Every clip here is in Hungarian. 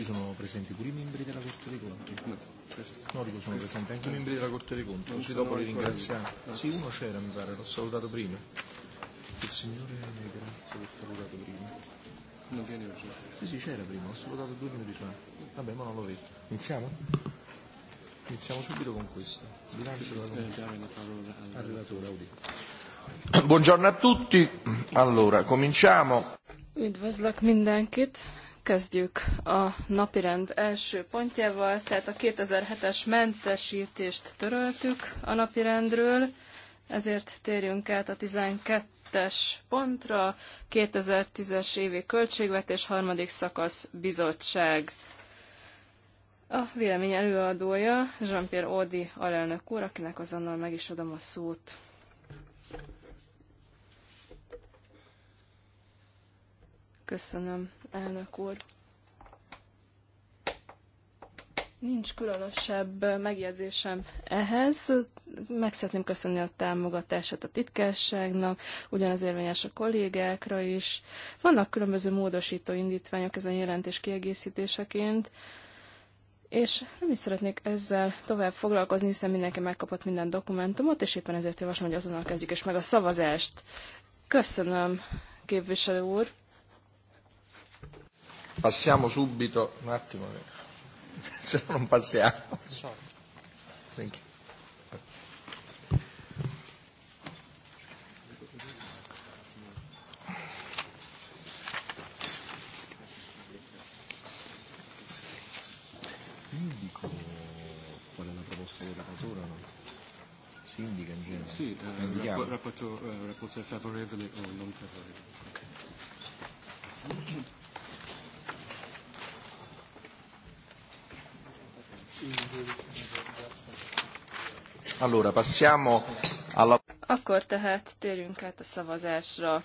ci sono presenti pure i membri della Corte dei Conti? No, dico sono presenti anche i membri della Corte dei Conti, così dopo li ringraziamo. Sì, uno c'era mi pare, l'ho salutato prima. Il signore Grazio l'ho salutato prima. Non viene oggi? Sì, sì, c'era prima, l'ho salutato due minuti fa. Vabbè, ma non lo vedo. Iniziamo? Iniziamo subito con questo. Bilancio della al relatore Audi. Buongiorno a tutti. Allora, cominciamo. Üdvözlök mindenkit! Kezdjük a napirend első pontjával, tehát a 2007-es mentesítést töröltük a napirendről, ezért térjünk át a 12-es pontra, 2010-es évi költségvetés harmadik szakasz bizottság. A vélemény előadója Jean-Pierre Audi alelnök úr, akinek azonnal meg is adom a szót. Köszönöm, elnök úr. Nincs különösebb megjegyzésem ehhez. Meg szeretném köszönni a támogatását a titkárságnak, ugyanaz érvényes a kollégákra is. Vannak különböző módosító indítványok ezen jelentés kiegészítéseként, és nem is szeretnék ezzel tovább foglalkozni, hiszen mindenki megkapott minden dokumentumot, és éppen ezért javaslom, hogy azonnal kezdjük és meg a szavazást. Köszönöm, képviselő úr. Passiamo subito, un attimo, se no non passiamo. Thank you. si indica in genere? Sì, eh, rapporto, eh, rapporto favorevole o non favorevole. Okay. Allora, passiamo alla... Akkor tehát térjünk át a szavazásra.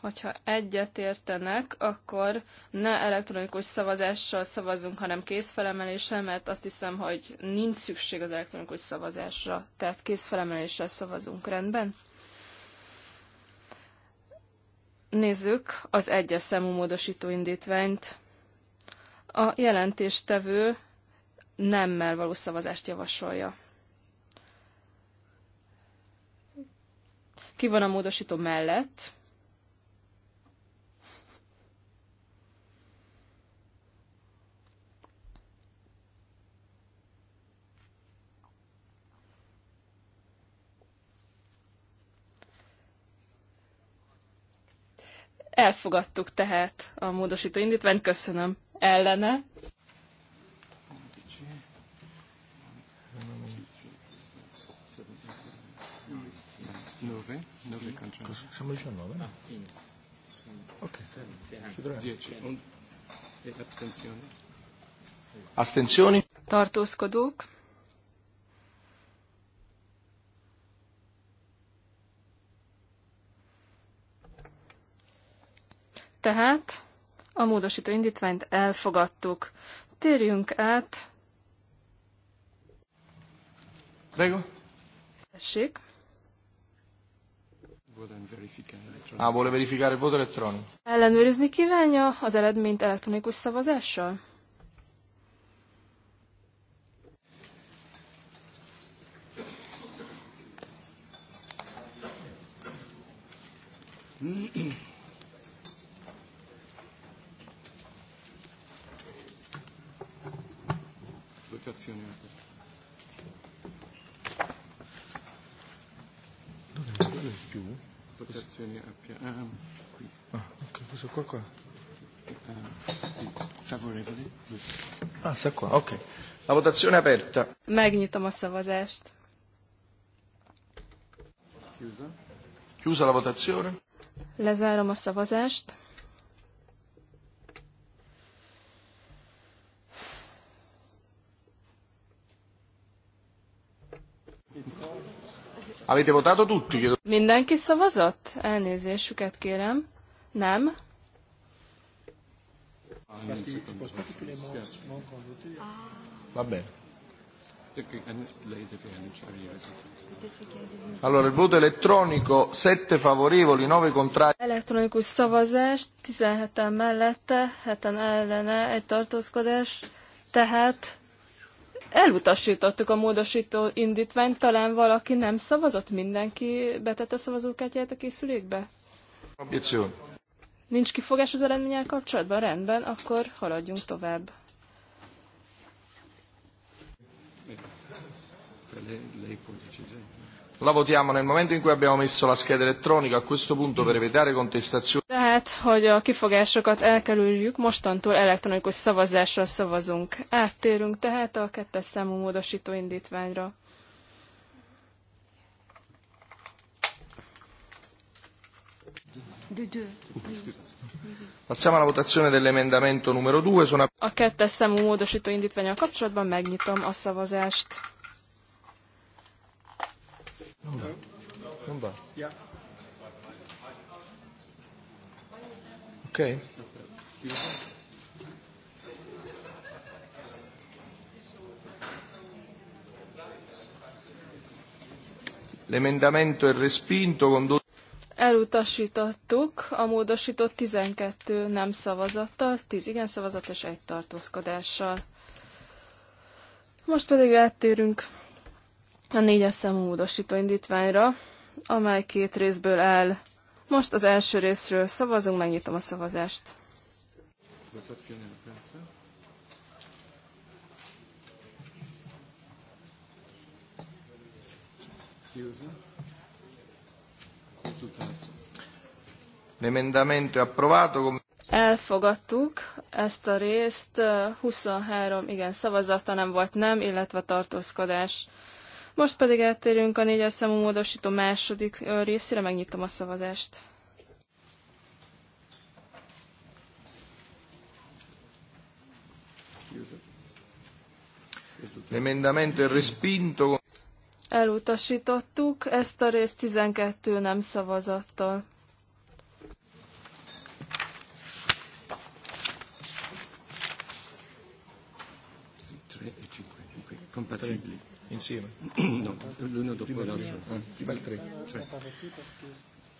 Hogyha egyet értenek, akkor ne elektronikus szavazással szavazunk, hanem kézfelemeléssel, mert azt hiszem, hogy nincs szükség az elektronikus szavazásra. Tehát kézfelemeléssel szavazunk, rendben? Nézzük az egyes számú módosító indítványt. A jelentéstevő nemmel való szavazást javasolja. Ki van a módosító mellett? Elfogadtuk tehát a módosító indítványt, köszönöm ellene. Siamo ah. e Astenzioni? Tartózkodók. Tehát a módosító indítványt elfogadtuk. Térjünk át. Prego. Tessék. Ah, vuole verificare il voto elettronico. Ellenőrizni kívánja az eredményt elektronikus szavazással? Mm-hmm. votazione. Non è più? a piano. Ah, qui. Ah, ok, questo qua qua. Ah, ah qua, ok. La votazione è aperta. Megnyitom a szavazást. Chiusa. Chiusa la votazione. Lezárom a szavazást. Avete votato tutti? Chiedo. Mindenki szavazott? Elnézésüket kérem. Nem? Va bene. Allora, il voto elettronico, 7 favorevoli, 9 contrari. Elektronikus szavazás, 17 mellette, 7 ellene, egy tartózkodás, tehát Elutasítottuk a módosító indítványt, talán valaki nem szavazott, mindenki betette szavazókártyáját a készülékbe? Ambíció. Nincs kifogás az eredménnyel kapcsolatban? Rendben, akkor haladjunk tovább. La votiamo nel momento in cui abbiamo messo la scheda elettronica, a questo punto per evitare contestazioni. Tehát, hogy a kifogásokat elkerüljük, mostantól elektronikus szavazásra szavazunk. Áttérünk tehát a kettes számú módosító indítványra. Passiamo alla votazione dell'emendamento numero 2. A kettes számú módosító indítványra kapcsolatban megnyitom a szavazást. Okay. L'emendamento è respinto con due... Elutasítottuk a módosított 12 nem szavazattal, 10 igen szavazat és egy tartózkodással. Most pedig áttérünk a négyes számú módosító indítványra, amely két részből áll. Most az első részről szavazunk, megnyitom a szavazást. Elfogadtuk ezt a részt, 23 igen szavazata nem volt nem, illetve tartózkodás. Most pedig eltérünk a négyes számú módosító második részére, megnyitom a szavazást. respinto. Elutasítottuk ezt a részt 12 nem szavazattal. E Compatibili. Insieme? No, l'uno dopo l'altro. Ah, il tre.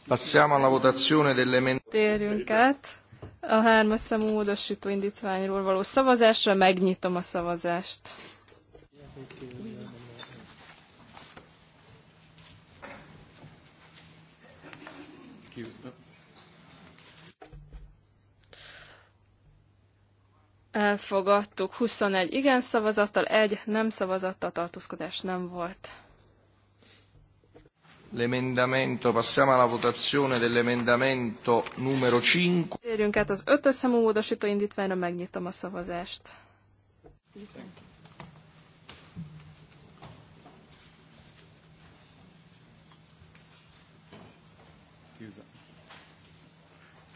Passiamo alla votazione dell'emendamento. a hármas számú módosító indítványról való szavazásra, megnyitom a szavazást. elfogadtuk 21 igen szavazattal, egy nem szavazattal tartózkodás nem volt. L'emendamento, passiamo alla votazione dell'emendamento numero 5. érjünk át az ötös számú módosító indítványra, megnyitom a szavazást. Viszont.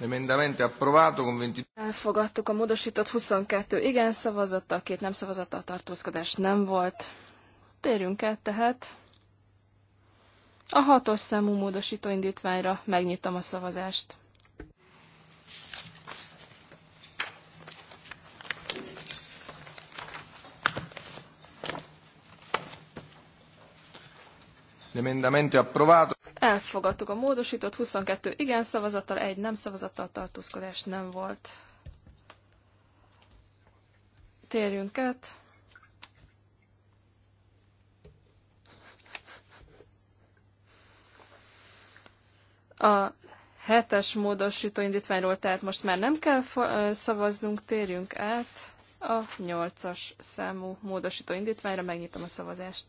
Emendamento approvato con 20... Elfogadtuk a módosított 22 igen szavazattal, két nem szavazattal tartózkodás nem volt. Térjünk el tehát a hatos számú módosító indítványra megnyitom a szavazást. L'emendamento è approvato. Elfogadtuk a módosított 22 igen szavazattal, egy nem szavazattal tartózkodás nem volt. Térjünk át. A hetes módosító indítványról, tehát most már nem kell szavaznunk, térjünk át a nyolcas számú módosító indítványra, megnyitom a szavazást.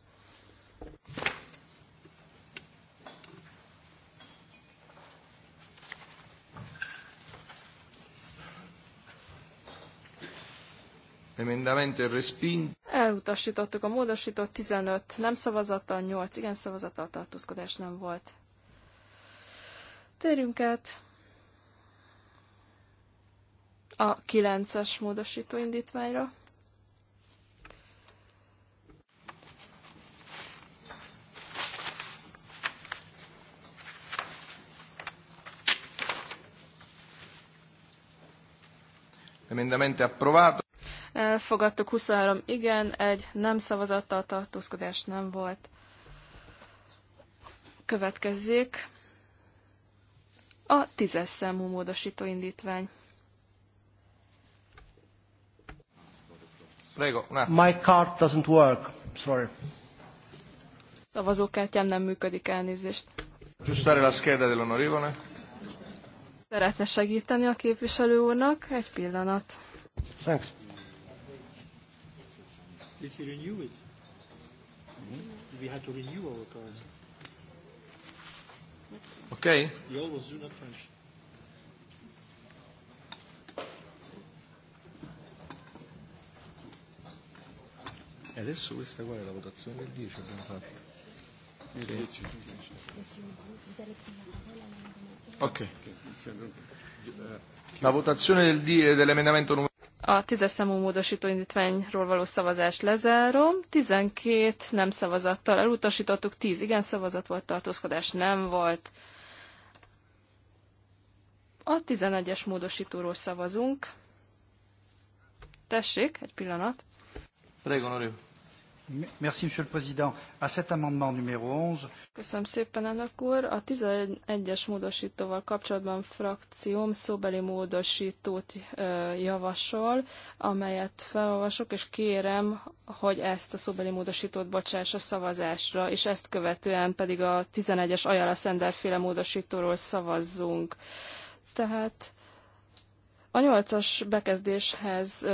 Emendamento respinto. Elutasítottuk a módosított 15 nem szavazattal, 8 igen szavazattal tartózkodás nem volt. Térjünk át a 9-es módosító indítványra. Emendamento approvato elfogadtuk 23 igen, egy nem szavazattal tartózkodás nem volt. Következzék a tízes számú módosító indítvány. Lego, ne. My card doesn't work. Sorry. Szavazókártyám nem működik, elnézést. Giustare la scheda dell'onorevole. Szeretne segíteni a képviselő úrnak? Egy pillanat. Thanks. Did you renew it? Mm-hmm. We had to renew our cards. Okay. You always do not French. E adesso questa qua è la votazione del 10 abbiamo fatto. Ok. La votazione del, dell'emendamento numero a tízes számú módosító indítványról való szavazást lezárom. 12 nem szavazattal elutasítottuk, 10 igen szavazat volt, tartózkodás nem volt. A 11-es módosítóról szavazunk. Tessék, egy pillanat. Pregonorió. Merci, Monsieur le Président. À cet amendement numéro 11... Köszönöm szépen, elnök úr. A 11-es módosítóval kapcsolatban frakcióm szóbeli módosítót javasol, amelyet felolvasok, és kérem, hogy ezt a szóbeli módosítót bocsássa szavazásra, és ezt követően pedig a 11-es Ajala Szenderféle módosítóról szavazzunk. Tehát a 8-as bekezdéshez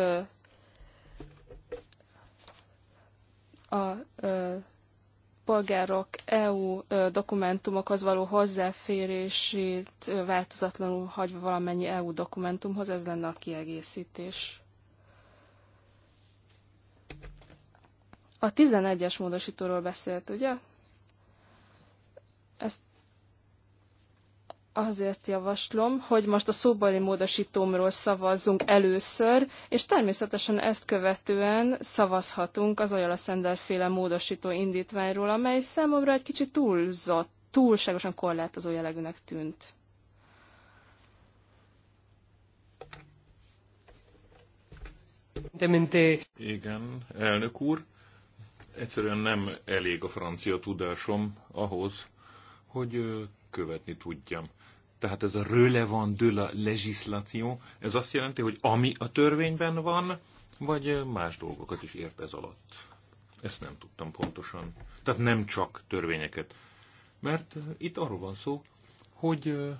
a polgárok EU dokumentumokhoz való hozzáférését változatlanul hagyva valamennyi EU dokumentumhoz, ez lenne a kiegészítés. A 11-es módosítóról beszélt, ugye? Ezt azért javaslom, hogy most a szóbeli módosítómról szavazzunk először, és természetesen ezt követően szavazhatunk az Ajala Szender féle módosító indítványról, amely számomra egy kicsit túlzott, túlságosan korlátozó jellegűnek tűnt. Igen, elnök úr, egyszerűen nem elég a francia tudásom ahhoz, hogy követni tudjam tehát ez a relevant de la legislation, ez azt jelenti, hogy ami a törvényben van, vagy eh, más dolgokat is ért ez alatt. Ezt nem tudtam pontosan. Tehát nem csak törvényeket. Mert eh, itt arról van szó, hogy eh,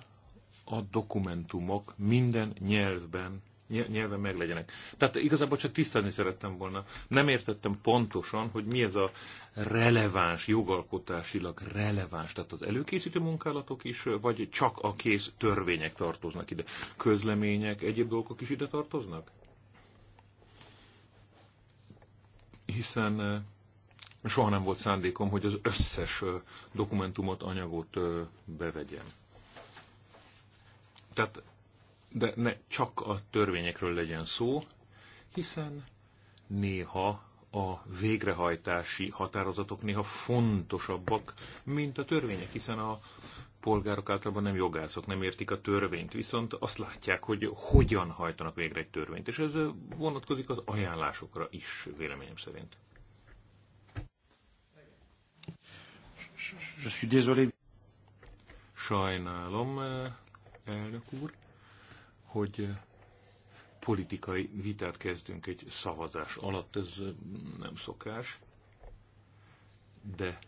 a dokumentumok minden nyelvben nyelven meglegyenek. Tehát igazából csak tisztázni szerettem volna. Nem értettem pontosan, hogy mi ez a releváns, jogalkotásilag releváns, tehát az előkészítő munkálatok is, vagy csak a kész törvények tartoznak ide. Közlemények, egyéb dolgok is ide tartoznak? Hiszen eh, soha nem volt szándékom, hogy az összes eh, dokumentumot, anyagot eh, bevegyem. Tehát de ne csak a törvényekről legyen szó, hiszen néha a végrehajtási határozatok néha fontosabbak, mint a törvények, hiszen a polgárok általában nem jogászok, nem értik a törvényt, viszont azt látják, hogy hogyan hajtanak végre egy törvényt, és ez vonatkozik az ajánlásokra is, véleményem szerint. Sajnálom, eh, elnök úr hogy eh, politikai vitát kezdünk egy szavazás alatt, ez eh, nem szokás, de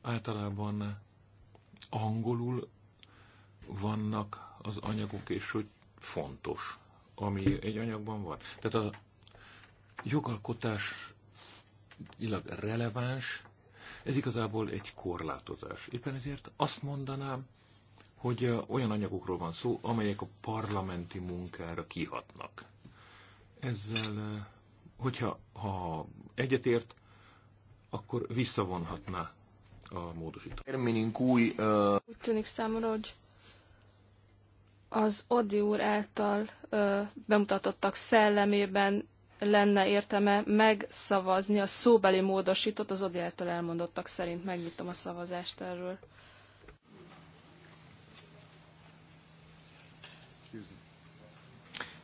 általában eh, angolul vannak az anyagok, és hogy fontos, ami egy anyagban van. Tehát a jogalkotás ilag releváns, ez igazából egy korlátozás. Éppen ezért azt mondanám, hogy olyan anyagokról van szó, amelyek a parlamenti munkára kihatnak. Ezzel, hogyha ha egyetért, akkor visszavonhatná a módosító. Úgy tűnik számomra, hogy az Odi úr által uh, bemutatottak szellemében lenne értelme megszavazni a szóbeli módosított az Odi által elmondottak szerint. Megnyitom a szavazást erről.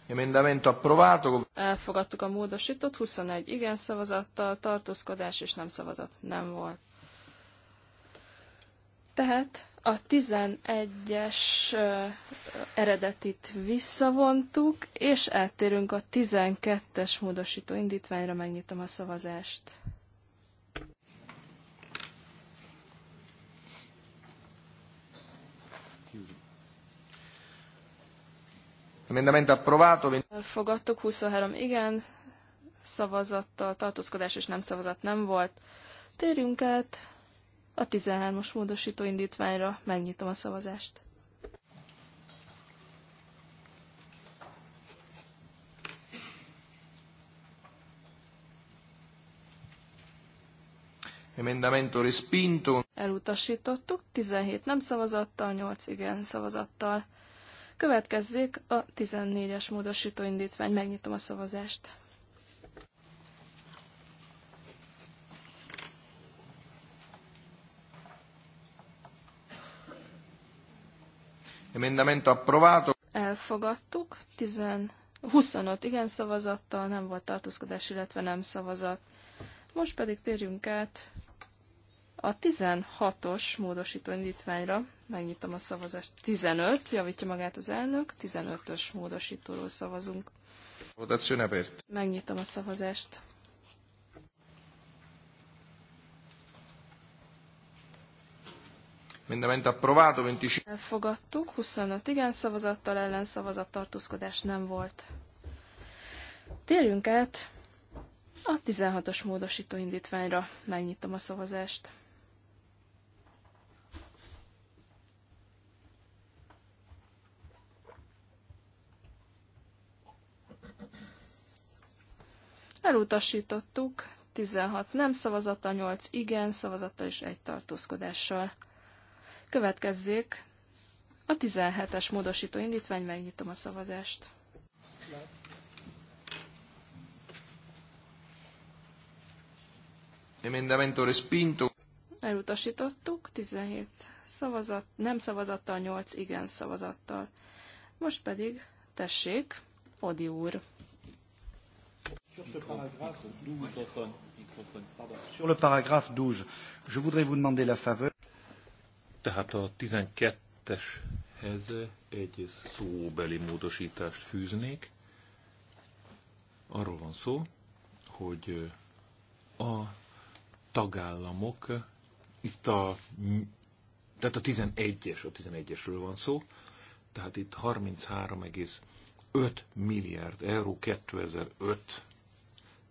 Emendamento approvato. Elfogadtuk a módosított, 21 igen szavazattal, tartózkodás és nem szavazat nem volt. Tehát a 11-es eredetit visszavontuk, és eltérünk a 12-es módosító indítványra, megnyitom a szavazást. Emendamento approvato. Elfogadtuk 23 igen, szavazattal, tartózkodás és nem szavazat nem volt. Térjünk át a 13-as módosító indítványra, megnyitom a szavazást. Emendamento respinto. Elutasítottuk, 17 nem szavazattal, 8 igen szavazattal. Következzék a 14-es módosító indítvány. Megnyitom a szavazást. Emendamento approvato. Elfogadtuk. 10, 25 igen szavazattal, nem volt tartózkodás, illetve nem szavazat. Most pedig térjünk át a 16-os módosító indítványra megnyitom a szavazást. 15, javítja magát az elnök, 15-ös módosítóról szavazunk. Megnyitom a szavazást. Mindement approvato, 25. Elfogadtuk, 25 igen szavazattal, ellen szavazat tartózkodás nem volt. Térjünk át a 16-os módosító indítványra. Megnyitom a szavazást. Elutasítottuk 16 nem szavazata, 8 igen szavazattal és egy tartózkodással. Következzék a 17-es módosító indítvány, megnyitom a szavazást. Emendamento respinto. Elutasítottuk, 17 szavazat, nem szavazattal, 8 igen szavazattal. Most pedig tessék, Odi úr. Sur ce paragraphe 12, Sur le paragraphe 12, je voudrais vous demander la faveur. Tehát a 12-eshez egy szóbeli módosítást fűznék. Arról van szó, hogy a tagállamok, itt a, tehát a 11-es, a 11-esről van szó, tehát itt 33,5 milliárd euró 2005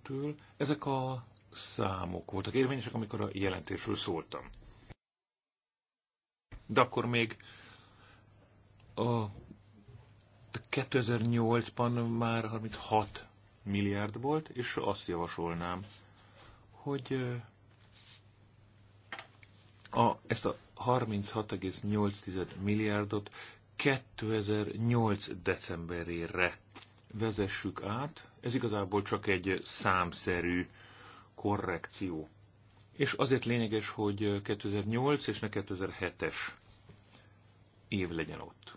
től. Ezek a számok voltak érvényesek, amikor a jelentésről szóltam. De akkor még a 2008-ban már 36 milliárd volt, és azt javasolnám, hogy a, ezt a 36,8 milliárdot 2008 decemberére vezessük át, ez igazából csak egy számszerű korrekció. És azért lényeges, hogy 2008 és ne 2007-es év legyen ott.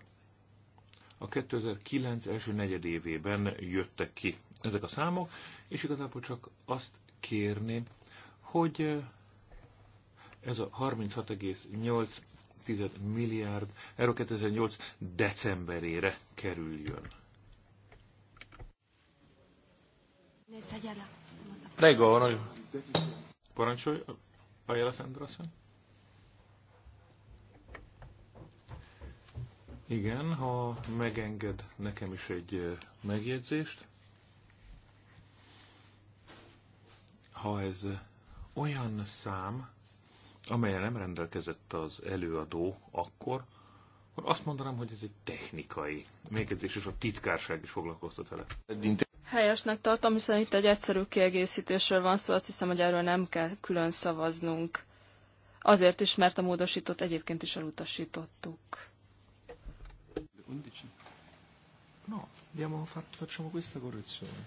A 2009 első negyedévében jöttek ki ezek a számok, és igazából csak azt kérni, hogy ez a 36,8 milliárd euró 2008 decemberére kerüljön. Prego, onorevole. Parancsolj, Ajala Szendraszony. Igen, ha megenged nekem is egy megjegyzést. Ha ez olyan szám, amelyen nem rendelkezett az előadó akkor, akkor azt mondanám, hogy ez egy technikai megjegyzés, és a titkárság is foglalkoztat vele. Helyesnek tartom, hiszen itt egy egyszerű kiegészítésről van szó, azt hiszem, hogy erről nem kell külön szavaznunk. Azért is, mert a módosítót egyébként is elutasítottuk. No, abbiamo fatto, facciamo questa correzione.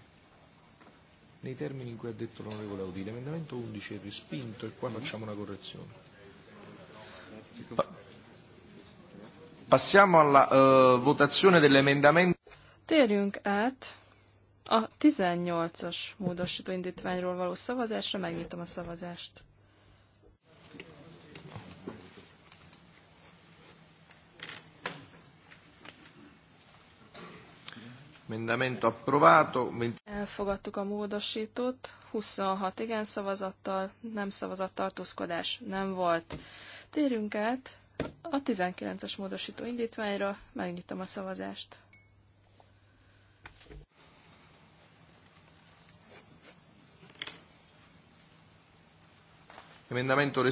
Nei termini in cui ha detto l'onorevole Audi, l'emendamento 11 è respinto e qua facciamo una correzione. passiamo alla uh, votazione dell'emendamento. Térjünk át a 18-as módosító indítványról való szavazásra megnyitom a szavazást. Mindemento approvato. Elfogadtuk a módosítót, 26 igen szavazattal, nem szavazat tartózkodás nem volt. Térjünk át a 19-es módosító indítványra, megnyitom a szavazást. Emendamento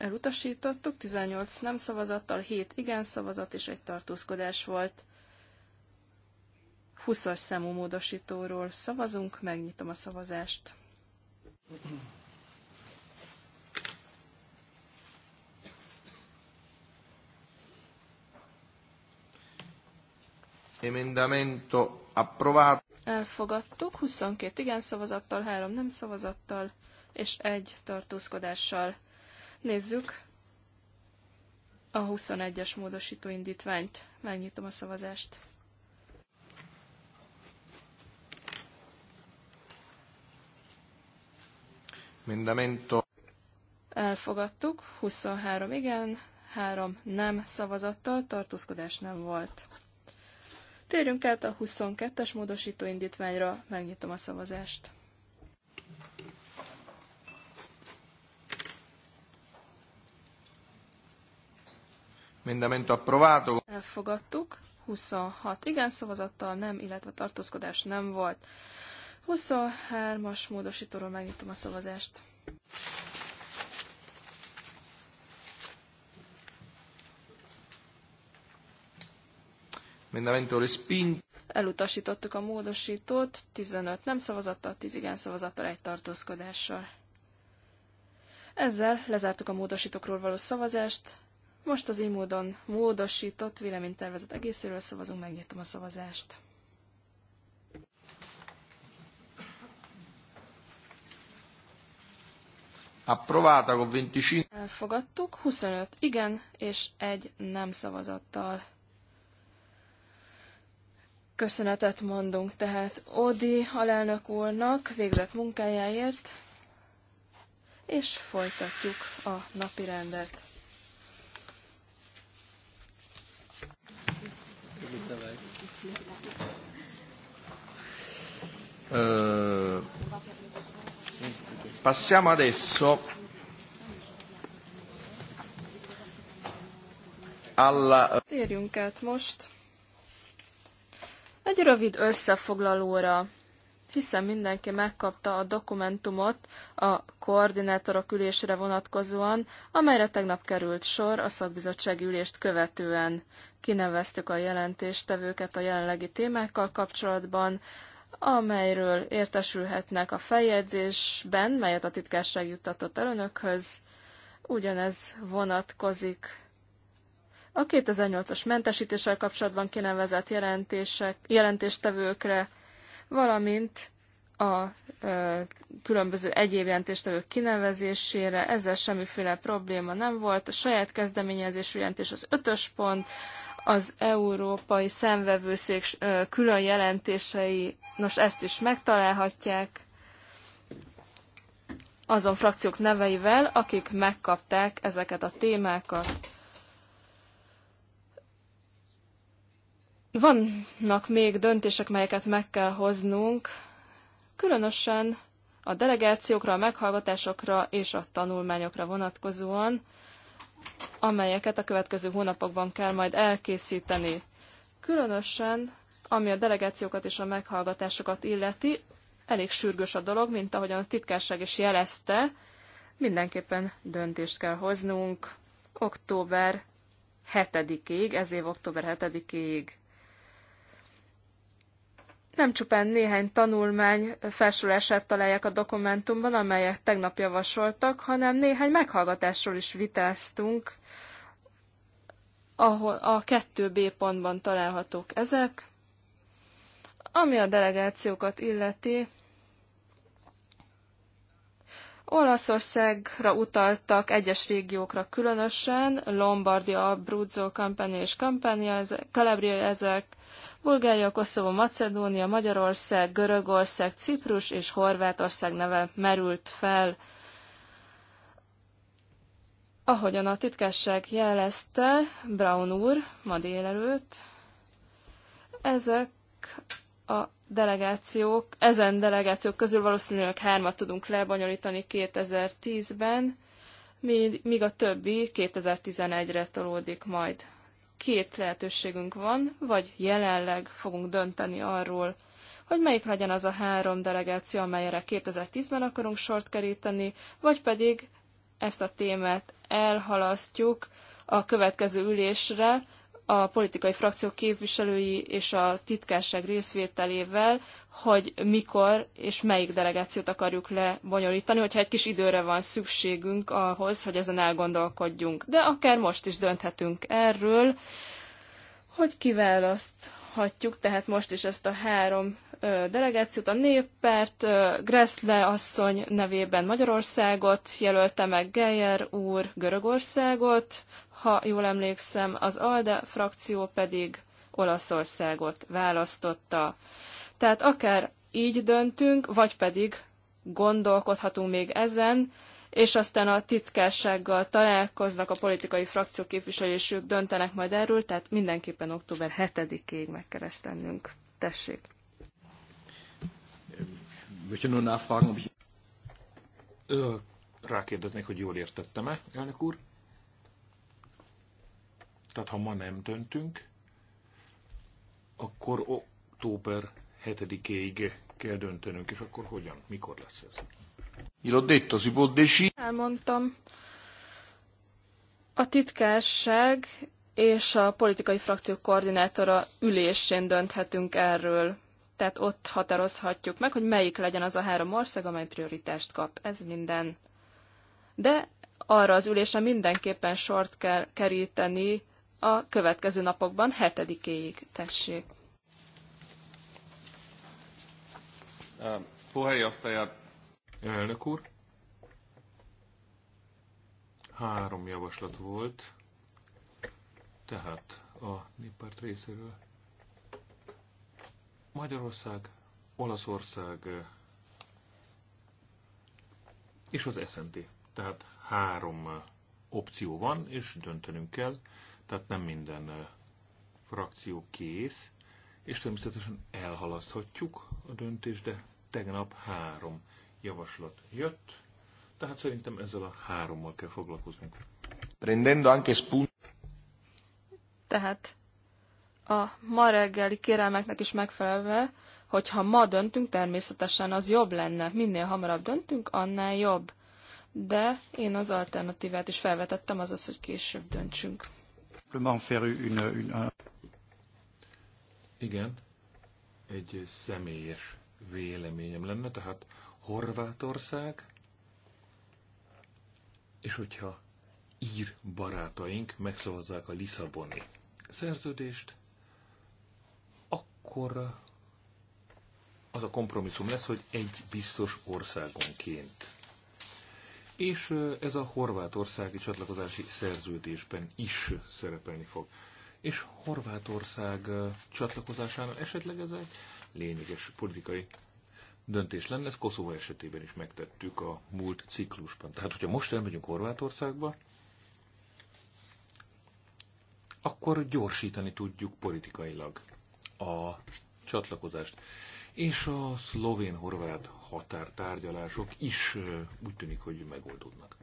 Elutasítottuk, 18 nem szavazattal, 7 igen szavazat és egy tartózkodás volt. 20-as számú módosítóról szavazunk, megnyitom a szavazást. Emendamento approvato. Elfogadtuk, 22 igen szavazattal, 3 nem szavazattal és egy tartózkodással. Nézzük a 21-es módosító indítványt. Megnyitom a szavazást. Mindamento. Elfogadtuk, 23 igen, 3 nem szavazattal, tartózkodás nem volt. Térjünk át a 22-es módosító indítványra, megnyitom a szavazást. Mindamento approvato. Elfogadtuk. 26 igen szavazattal, nem, illetve tartózkodás nem volt. 23-as módosítóról megnyitom a szavazást. Mindamento respinto. Elutasítottuk a módosítót, 15 nem szavazattal, 10 igen szavazattal, egy tartózkodással. Ezzel lezártuk a módosítókról való szavazást, most az így módon módosított véleménytervezet egészéről szavazunk, megnyitom a szavazást. Approvata con 25. Elfogadtuk, 25 igen, és egy nem szavazattal. Köszönetet mondunk tehát Odi alelnök úrnak végzett munkájáért, és folytatjuk a napi rendet. Eh, passiamo adesso alla... Térjünk át most egy rövid összefoglalóra hiszen mindenki megkapta a dokumentumot a koordinátorok ülésre vonatkozóan, amelyre tegnap került sor a szakbizottsági ülést követően. Kineveztük a jelentéstevőket a jelenlegi témákkal kapcsolatban, amelyről értesülhetnek a feljegyzésben, melyet a titkárság juttatott el önökhöz. Ugyanez vonatkozik a 2008-as mentesítéssel kapcsolatban kinevezett jelentések, jelentéstevőkre, valamint a ö, különböző egyéb jelentéstevők kinevezésére, ezzel semmiféle probléma nem volt. A saját kezdeményezésű jelentés az ötös pont, az Európai Szemvevőszék külön jelentései, nos ezt is megtalálhatják azon frakciók neveivel, akik megkapták ezeket a témákat. Vannak még döntések, melyeket meg kell hoznunk, különösen a delegációkra, a meghallgatásokra és a tanulmányokra vonatkozóan, amelyeket a következő hónapokban kell majd elkészíteni. Különösen, ami a delegációkat és a meghallgatásokat illeti, elég sürgős a dolog, mint ahogyan a titkárság is jelezte, mindenképpen döntést kell hoznunk október 7-ig, ez év október 7-ig nem csupán néhány tanulmány felsorását találják a dokumentumban, amelyet tegnap javasoltak, hanem néhány meghallgatásról is vitáztunk, ahol a 2B pontban találhatók ezek. Ami a delegációkat illeti, Olaszországra utaltak egyes régiókra különösen, Lombardia, Abruzzo, Campania és Campania, Calabria ezek, Bulgária, Koszovó, Macedónia, Magyarország, Görögország, Ciprus és Horvátország neve merült fel. Ahogyan a titkásság jelezte, Brown úr ma délelőtt, ezek a delegációk, ezen delegációk közül valószínűleg hármat tudunk lebonyolítani 2010-ben, míg a többi 2011-re tolódik majd. Két lehetőségünk van, vagy jelenleg fogunk dönteni arról, hogy melyik legyen az a három delegáció, amelyre 2010-ben akarunk sort keríteni, vagy pedig ezt a témát elhalasztjuk a következő ülésre, a politikai frakciók képviselői és a titkárság részvételével, hogy mikor és melyik delegációt akarjuk lebonyolítani, hogyha egy kis időre van szükségünk ahhoz, hogy ezen elgondolkodjunk. De akár most is dönthetünk erről, hogy kiválaszt meghatjuk tehát most is ezt a három delegációt. A néppárt Gressle asszony nevében Magyarországot jelölte meg Geyer úr Görögországot, ha jól emlékszem, az ALDE frakció pedig Olaszországot választotta. Tehát akár így döntünk, vagy pedig gondolkodhatunk még ezen, és aztán a titkársággal találkoznak, a politikai frakciók képviselői, és ők döntenek majd erről, tehát mindenképpen október 7-ig meg kell ezt tennünk. Tessék! rákérdeznék, hogy jól értettem-e, elnök úr? Tehát ha ma nem döntünk, akkor október 7-ig kell döntenünk, és akkor hogyan, mikor lesz ez? Gliel'ho detto, si può decidere. Elmondtam. A titkárság és a politikai frakció koordinátora ülésén dönthetünk erről. Tehát ott határozhatjuk meg, hogy melyik legyen az a három ország, amely prioritást kap. Ez minden. De arra az ülésre mindenképpen sort kell keríteni a következő napokban, hetedikéig. Tessék. Um, Puheenjohtaja, Elnök úr, három javaslat volt, tehát a néppárt részéről. Magyarország, Olaszország eh, és az SNT. Tehát három eh, opció van, és döntenünk kell. Tehát nem minden eh, frakció kész, és természetesen elhalaszthatjuk a döntést, de tegnap három javaslat jött, tehát szerintem ezzel a hárommal kell foglalkoznunk. Prendendo anche Tehát a ma reggeli kérelmeknek is megfelelve, hogyha ma döntünk, természetesen az jobb lenne. Minél hamarabb döntünk, annál jobb. De én az alternatívát is felvetettem, azaz, hogy később döntsünk. Igen, egy személyes véleményem lenne, tehát Horvátország, és hogyha ír barátaink megszavazzák a Lisszaboni szerződést, akkor az a kompromisszum lesz, hogy egy biztos országonként. És ez a horvátországi csatlakozási szerződésben is szerepelni fog. És Horvátország csatlakozásánál esetleg ez egy lényeges politikai döntés lenne, ezt Koszovó esetében is megtettük a múlt ciklusban. Tehát, hogyha most elmegyünk Horvátországba, akkor gyorsítani tudjuk politikailag a csatlakozást. És a szlovén-horvát határtárgyalások is úgy tűnik, hogy megoldódnak.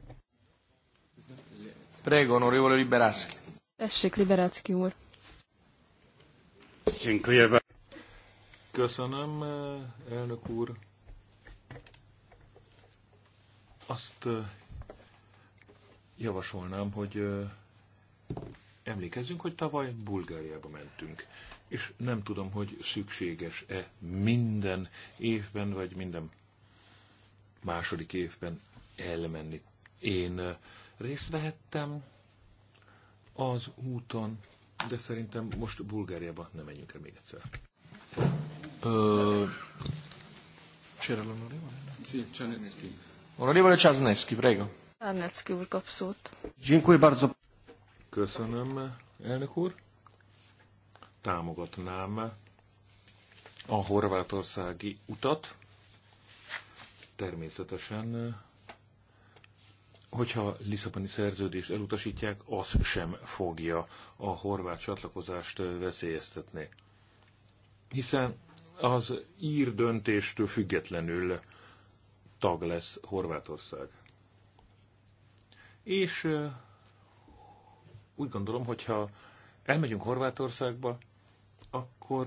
Prego, onorevole Liberászki. Tessék, Liberászki úr. Dziękuję Köszönöm, elnök úr. Azt javasolnám, hogy emlékezzünk, hogy tavaly Bulgáriába mentünk. És nem tudom, hogy szükséges-e minden évben, vagy minden második évben elmenni. Én részt vehettem az úton, de szerintem most Bulgáriába nem menjünk el még egyszer c'era l'onorevole? Sì, Cianeschi. Onorevole Ciasneschi, prego. Ciasneschi úr kap szót. Dziękuję bardzo. Köszönöm, elnök úr. Támogatnám a horvátországi utat. Természetesen, hogyha Lisszaboni szerződést elutasítják, az sem fogja a horvát csatlakozást veszélyeztetni. Hiszen az ír döntéstől függetlenül tag lesz Horvátország. És úgy gondolom, hogyha elmegyünk Horvátországba, akkor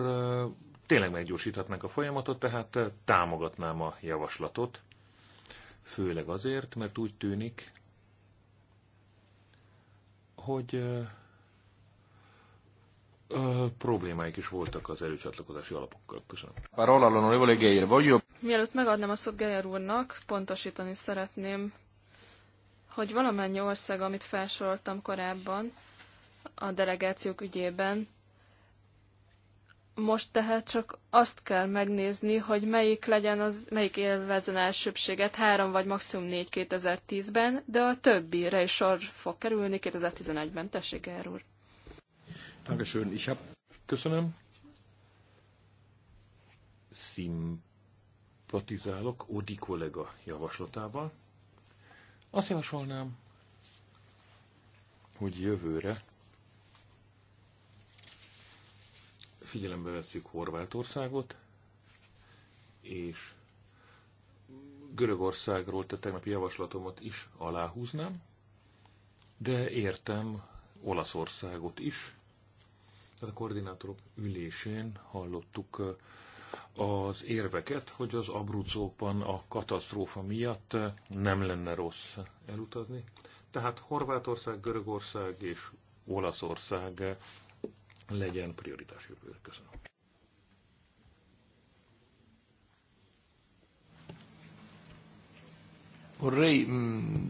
tényleg meggyorsíthatnánk a folyamatot, tehát támogatnám a javaslatot, főleg azért, mert úgy tűnik, hogy Ö, problémáik is voltak az előcsatlakozási alapokkal. Köszönöm. Parola l'onorevole Geyer, voglio... Mielőtt megadnám a szót Geyer úrnak, pontosítani szeretném, hogy valamennyi ország, amit felsoroltam korábban a delegációk ügyében, most tehát csak azt kell megnézni, hogy melyik legyen az, melyik élvezen elsőbséget három vagy maximum négy 2010-ben, de a többire is sor fog kerülni 2011-ben. Tessék, Geyer úr! Dankeschön. Ich Köszönöm. Szimpatizálok Odi kollega javaslatával. Azt javasolnám, hogy jövőre figyelembe veszük Horvátországot, és Görögországról tett tegnapi javaslatomat is aláhúznám, de értem Olaszországot is, a koordinátorok ülésén hallottuk az érveket, hogy az Abruzzóban a katasztrófa miatt nem lenne rossz elutazni. Tehát Horvátország, Görögország és Olaszország legyen prioritás jövőre. Köszönöm. Vorrei mm,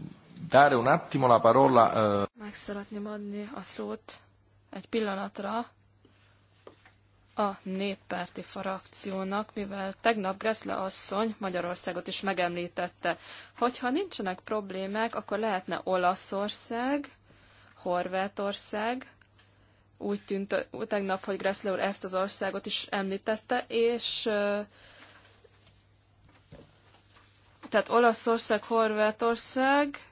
dare un attimo la parola. Meg szeretném adni a szót egy pillanatra a néppárti frakciónak, mivel tegnap Greszle asszony Magyarországot is megemlítette. Hogyha nincsenek problémák, akkor lehetne Olaszország, Horvátország, úgy tűnt tegnap, hogy Greszle úr ezt az országot is említette, és tehát Olaszország, Horvátország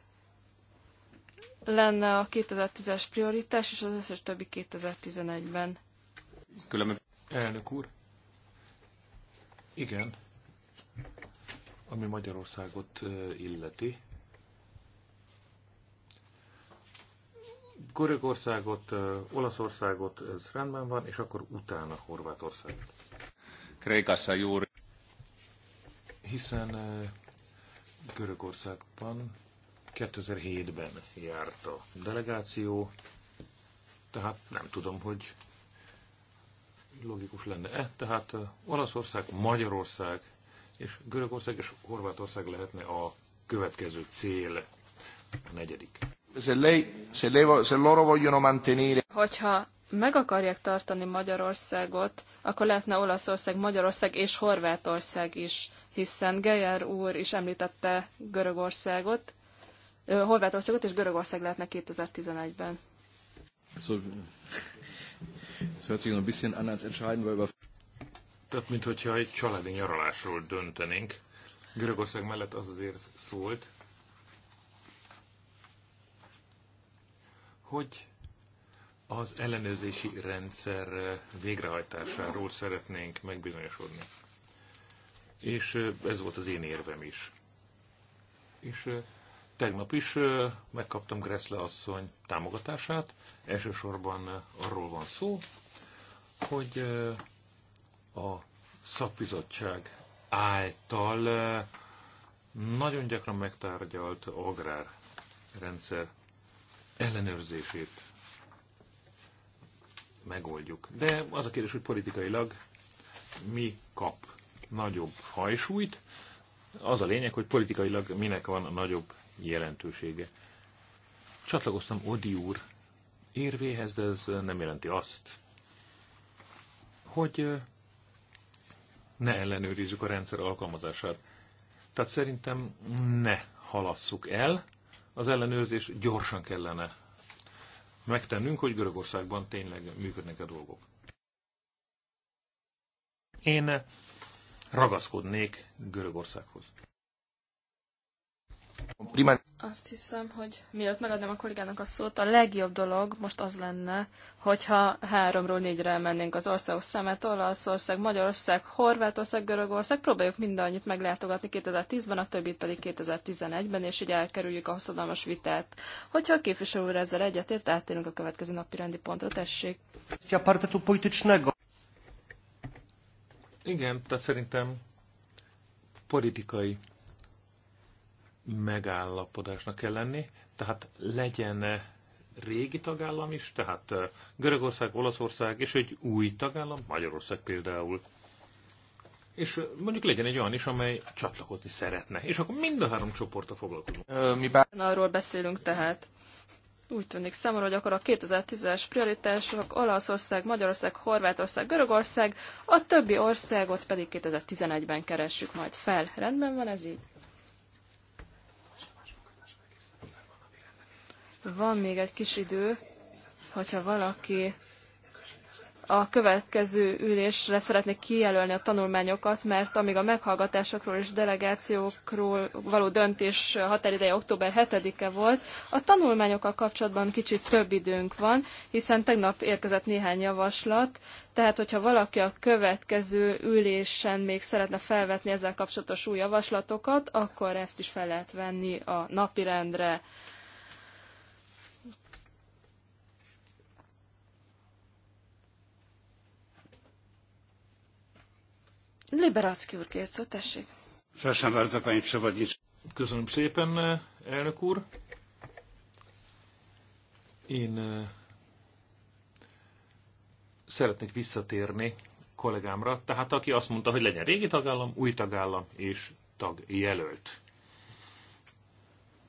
lenne a 2010-es prioritás, és az összes többi 2011-ben. Elnök úr, igen, ami Magyarországot illeti, Görögországot, Olaszországot, ez rendben van, és akkor utána Horvátország. Krékassa júr. Hiszen Görögországban 2007-ben járt a delegáció, tehát nem tudom, hogy logikus lenne-e? Tehát Olaszország, Magyarország és Görögország és Horvátország lehetne a következő cél, a negyedik. Se lei, se se loro vogliono mantenere... Hogyha meg akarják tartani Magyarországot, akkor lehetne Olaszország, Magyarország és Horvátország is, hiszen Geyer úr is említette Görögországot, Horvátországot és Görögország lehetne 2011-ben. Das hört sich so ein bisschen an, als entscheiden wir über... Tehát, mint hogyha egy családi nyaralásról döntenénk. Görögország mellett az azért szólt, hogy az ellenőrzési rendszer végrehajtásáról szeretnénk megbizonyosodni. És ez volt az én érvem is. És Tegnap is megkaptam Gressle asszony támogatását. Elsősorban arról van szó, hogy a szakbizottság által nagyon gyakran megtárgyalt agrárrendszer ellenőrzését megoldjuk. De az a kérdés, hogy politikailag mi kap nagyobb hajsúlyt. Az a lényeg, hogy politikailag minek van a nagyobb jelentősége. Csatlakoztam Odi úr érvéhez, de ez nem jelenti azt, hogy ne ellenőrizzük a rendszer alkalmazását. Tehát szerintem ne halasszuk el, az ellenőrzés gyorsan kellene megtennünk, hogy Görögországban tényleg működnek a dolgok. Én ragaszkodnék Görögországhoz. Azt hiszem, hogy mielőtt megadnám a kollégának a szót, a legjobb dolog most az lenne, hogyha háromról négyre elmennénk az országos szemet, Olaszország, Magyarország, Horvátország, Görögország, próbáljuk mindannyit meglátogatni 2010-ben, a többit pedig 2011-ben, és így elkerüljük a hosszadalmas vitát. Hogyha a képviselő úr ezzel egyetért, áttérünk a következő napi rendi pontra, tessék. Igen, tehát szerintem politikai megállapodásnak kell lenni, tehát legyen -e régi tagállam is, tehát Görögország, Olaszország és egy új tagállam, Magyarország például. És mondjuk legyen egy olyan is, amely csatlakozni szeretne. És akkor mind a három csoportra foglalkozunk. Ö, mi bár... Arról beszélünk tehát. Úgy tűnik számomra, hogy akkor a 2010-es prioritások Olaszország, Magyarország, Horvátország, Görögország, a többi országot pedig 2011-ben keressük majd fel. Rendben van ez így? Van még egy kis idő, hogyha valaki a következő ülésre szeretnék kijelölni a tanulmányokat, mert amíg a meghallgatásokról és delegációkról való döntés határideje október 7-e volt, a tanulmányokkal kapcsolatban kicsit több időnk van, hiszen tegnap érkezett néhány javaslat, tehát hogyha valaki a következő ülésen még szeretne felvetni ezzel kapcsolatos új javaslatokat, akkor ezt is fel lehet venni a napirendre. rendre. Liberácki úr kért szó, tessék. Köszönöm szépen, elnök úr. Én eh, szeretnék visszatérni kollégámra, tehát aki azt mondta, hogy legyen régi tagállam, új tagállam és tagjelölt.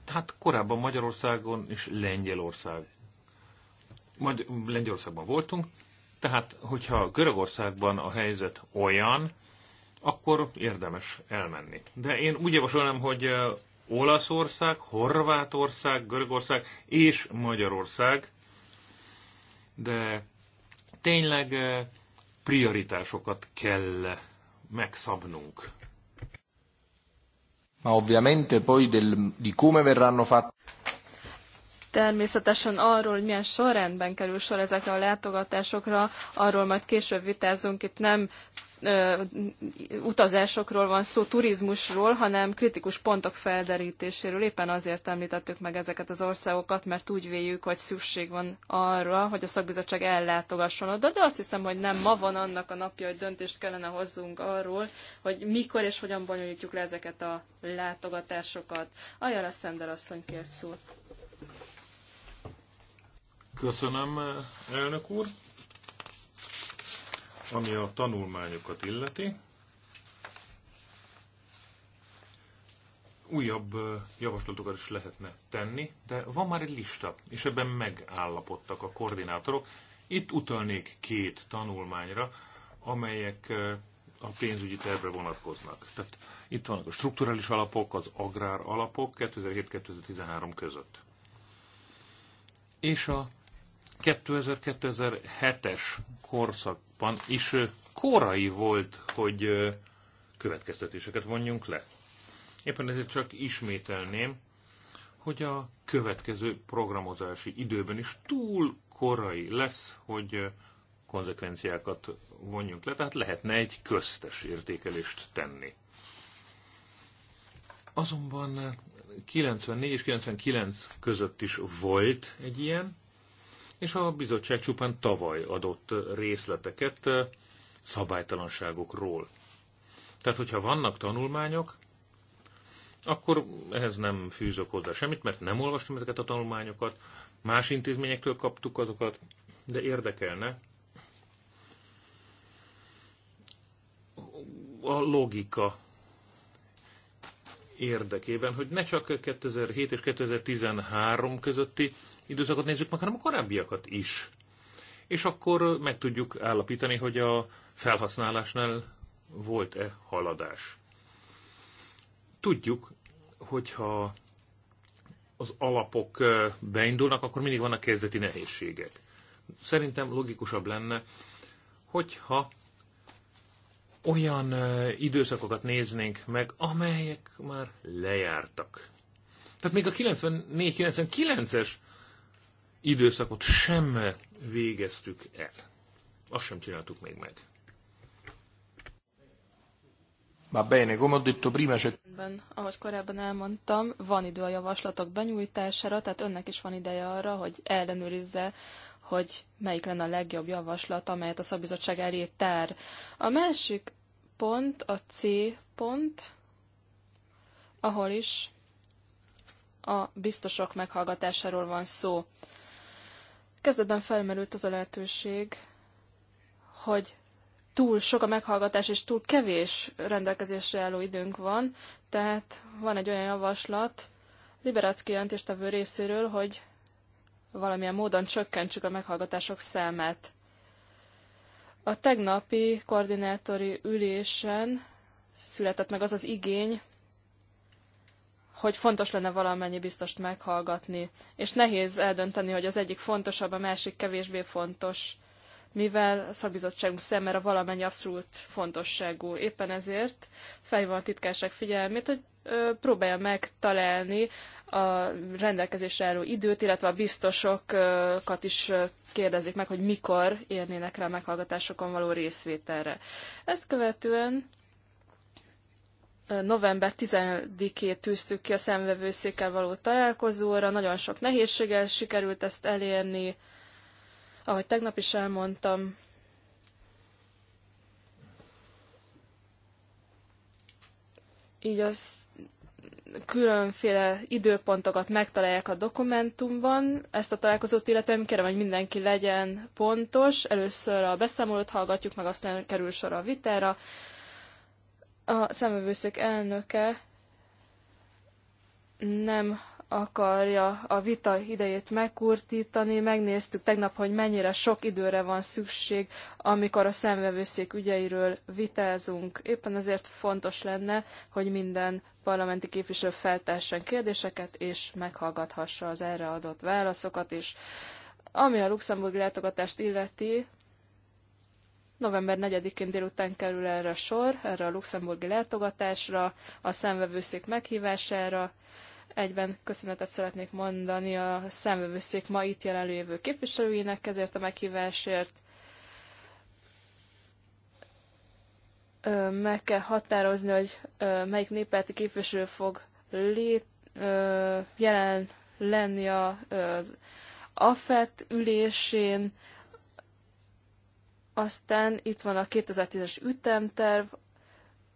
Tehát korábban Magyarországon és Lengyelország. Magy- Lengyelországban voltunk, tehát hogyha Görögországban a helyzet olyan, akkor érdemes elmenni. De én úgy javasolnám, hogy Olaszország, Horvátország, Görögország és Magyarország, de tényleg prioritásokat kell megszabnunk. Ma ovviamente poi del, di come verranno fatte. Természetesen arról, hogy milyen sorrendben kerül sor ezekre a látogatásokra, arról majd később vitázunk, itt nem utazásokról van szó, turizmusról, hanem kritikus pontok felderítéséről. Éppen azért említettük meg ezeket az országokat, mert úgy véljük, hogy szükség van arra, hogy a szakbizottság ellátogasson oda, de azt hiszem, hogy nem ma van annak a napja, hogy döntést kellene hozzunk arról, hogy mikor és hogyan bonyolítjuk le ezeket a látogatásokat. Ajara Szender asszony kért szót. Köszönöm, elnök úr. Ami a tanulmányokat illeti, újabb javaslatokat is lehetne tenni, de van már egy lista, és ebben megállapodtak a koordinátorok. Itt utalnék két tanulmányra, amelyek a pénzügyi tervre vonatkoznak. Tehát itt vannak a strukturális alapok, az agrár alapok 2007-2013 között. És a 2000-2007-es korszakban is korai volt, hogy következtetéseket vonjunk le. Éppen ezért csak ismételném, hogy a következő programozási időben is túl korai lesz, hogy konzekvenciákat vonjunk le, tehát lehetne egy köztes értékelést tenni. Azonban 94 és 99 között is volt egy ilyen, és a bizottság csupán tavaly adott részleteket szabálytalanságokról. Tehát, hogyha vannak tanulmányok, akkor ehhez nem fűzök hozzá semmit, mert nem olvastam ezeket a tanulmányokat, más intézményektől kaptuk azokat, de érdekelne a logika érdekében, hogy ne csak 2007 és 2013 közötti időszakot nézzük meg, hanem a korábbiakat is. És akkor meg tudjuk állapítani, hogy a felhasználásnál volt-e haladás. Tudjuk, hogyha az alapok beindulnak, akkor mindig vannak kezdeti nehézségek. Szerintem logikusabb lenne, hogyha olyan időszakokat néznénk meg, amelyek már lejártak. Tehát még a 94-99-es időszakot sem végeztük el. Azt sem csináltuk még meg. Va bene, come ho detto prima, c'è... Ahogy korábban elmondtam, van idő a javaslatok benyújtására, tehát önnek is van ideje arra, hogy ellenőrizze, hogy melyik lenne a legjobb javaslat, amelyet a szakbizottság elé tár. A másik pont, a C pont, ahol is a biztosok meghallgatásáról van szó. Kezdetben felmerült az a lehetőség, hogy túl sok a meghallgatás, és túl kevés rendelkezésre álló időnk van, tehát van egy olyan javaslat Liberácki jelentéstevő részéről, hogy valamilyen módon csökkentsük a meghallgatások számát. A tegnapi koordinátori ülésen született meg az az igény, hogy fontos lenne valamennyi biztost meghallgatni, és nehéz eldönteni, hogy az egyik fontosabb, a másik kevésbé fontos, mivel a szakbizottságunk a valamennyi abszolút fontosságú. Éppen ezért felhívom a titkárság figyelmét, hogy próbálja megtalálni a rendelkezésre álló időt, illetve a biztosokat is kérdezik meg, hogy mikor érnének rá a meghallgatásokon való részvételre. Ezt követően november 10-ét tűztük ki a szemvevőszékkel való találkozóra, nagyon sok nehézséggel sikerült ezt elérni, ahogy tegnap is elmondtam. Így az különféle időpontokat megtalálják a dokumentumban. Ezt a találkozót illetően kérem, hogy mindenki legyen pontos. Először a beszámolót hallgatjuk meg, aztán kerül sor a vitára. A szemövőszék elnöke nem akarja a vita idejét megkurtítani. Megnéztük tegnap, hogy mennyire sok időre van szükség, amikor a szemvevőszék ügyeiről vitázunk. Éppen ezért fontos lenne, hogy minden parlamenti képviselő feltessen kérdéseket, és meghallgathassa az erre adott válaszokat is. Ami a luxemburgi látogatást illeti, november 4-én délután kerül erre sor, erre a luxemburgi látogatásra, a szemvevőszék meghívására. Egyben köszönetet szeretnék mondani a szemvevőszék ma itt jelenlévő képviselőinek ezért a meghívásért meg kell határozni, hogy melyik néppárti képviselő fog lét, jelen lenni az AFET ülésén, aztán itt van a 2010-es ütemterv,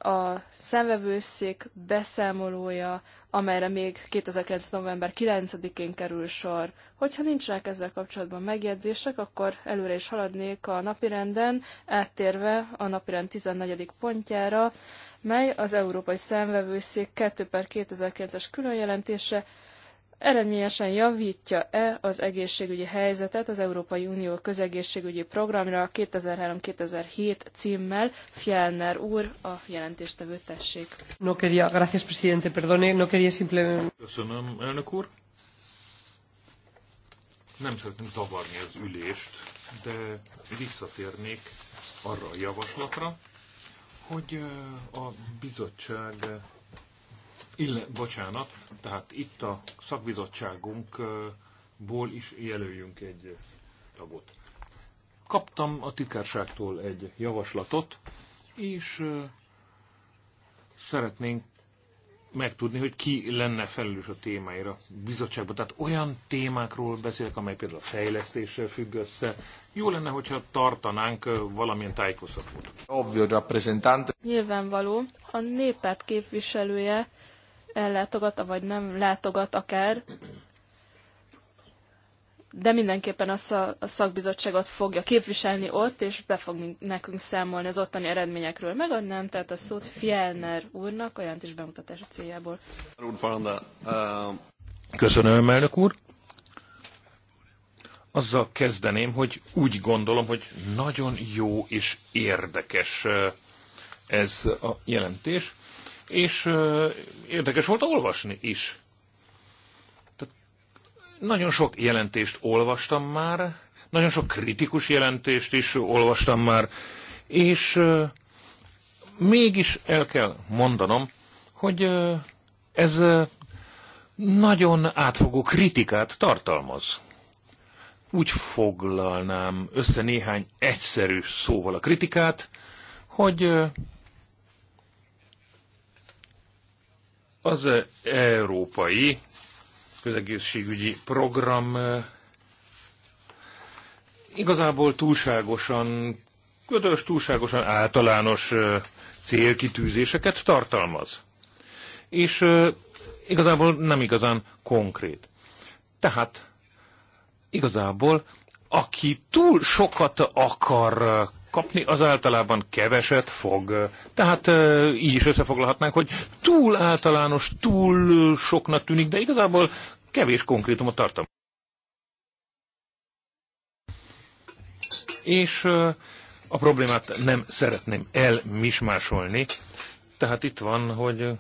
a szemvevőszék beszámolója, amelyre még 2009. november 9-én kerül sor. Hogyha nincsenek ezzel kapcsolatban megjegyzések, akkor előre is haladnék a napirenden, áttérve a napirend 14. pontjára, mely az Európai Szemvevőszék 2 per 2009-es különjelentése eredményesen javítja-e az egészségügyi helyzetet az Európai Unió közegészségügyi programra 2003-2007 címmel. Fjellner úr, a jelentéstevő tessék. No quería, gracias presidente, perdone, no quería simplemente... Köszönöm, elnök úr. Nem szeretném zavarni az ülést, de visszatérnék arra a javaslatra, hogy a bizottság ille, bocsánat, tehát itt a szakbizottságunkból is jelöljünk egy tagot. Kaptam a titkárságtól egy javaslatot, és szeretnénk megtudni, hogy ki lenne felelős a témáira bizottságban. Tehát olyan témákról beszélek, amely például a fejlesztéssel függ össze. Jó lenne, hogyha tartanánk valamilyen tájékoztatót. Nyilvánvaló, a népet képviselője ellátogat, vagy nem látogat akár, de mindenképpen a szakbizottságot fogja képviselni ott, és be fog nekünk számolni az ottani eredményekről. Megadnám tehát a szót Fjellner úrnak, olyan is bemutatása céljából. Uh, Köszönöm, elnök úr. Azzal kezdeném, hogy úgy gondolom, hogy nagyon jó és érdekes uh, ez a jelentés, és érdekes volt olvasni is. Tehát nagyon sok jelentést olvastam már, nagyon sok kritikus jelentést is olvastam már, és mégis el kell mondanom, hogy ez nagyon átfogó kritikát tartalmaz. Úgy foglalnám össze néhány egyszerű szóval a kritikát, hogy Az európai közegészségügyi program eh, igazából túlságosan ködös, túlságosan általános eh, célkitűzéseket tartalmaz. És eh, igazából nem igazán konkrét. Tehát igazából aki túl sokat akar kapni, az általában keveset fog. Tehát így is összefoglalhatnánk, hogy túl általános, túl soknak tűnik, de igazából kevés konkrétumot tartom. És a problémát nem szeretném elmismásolni. Tehát itt van, hogy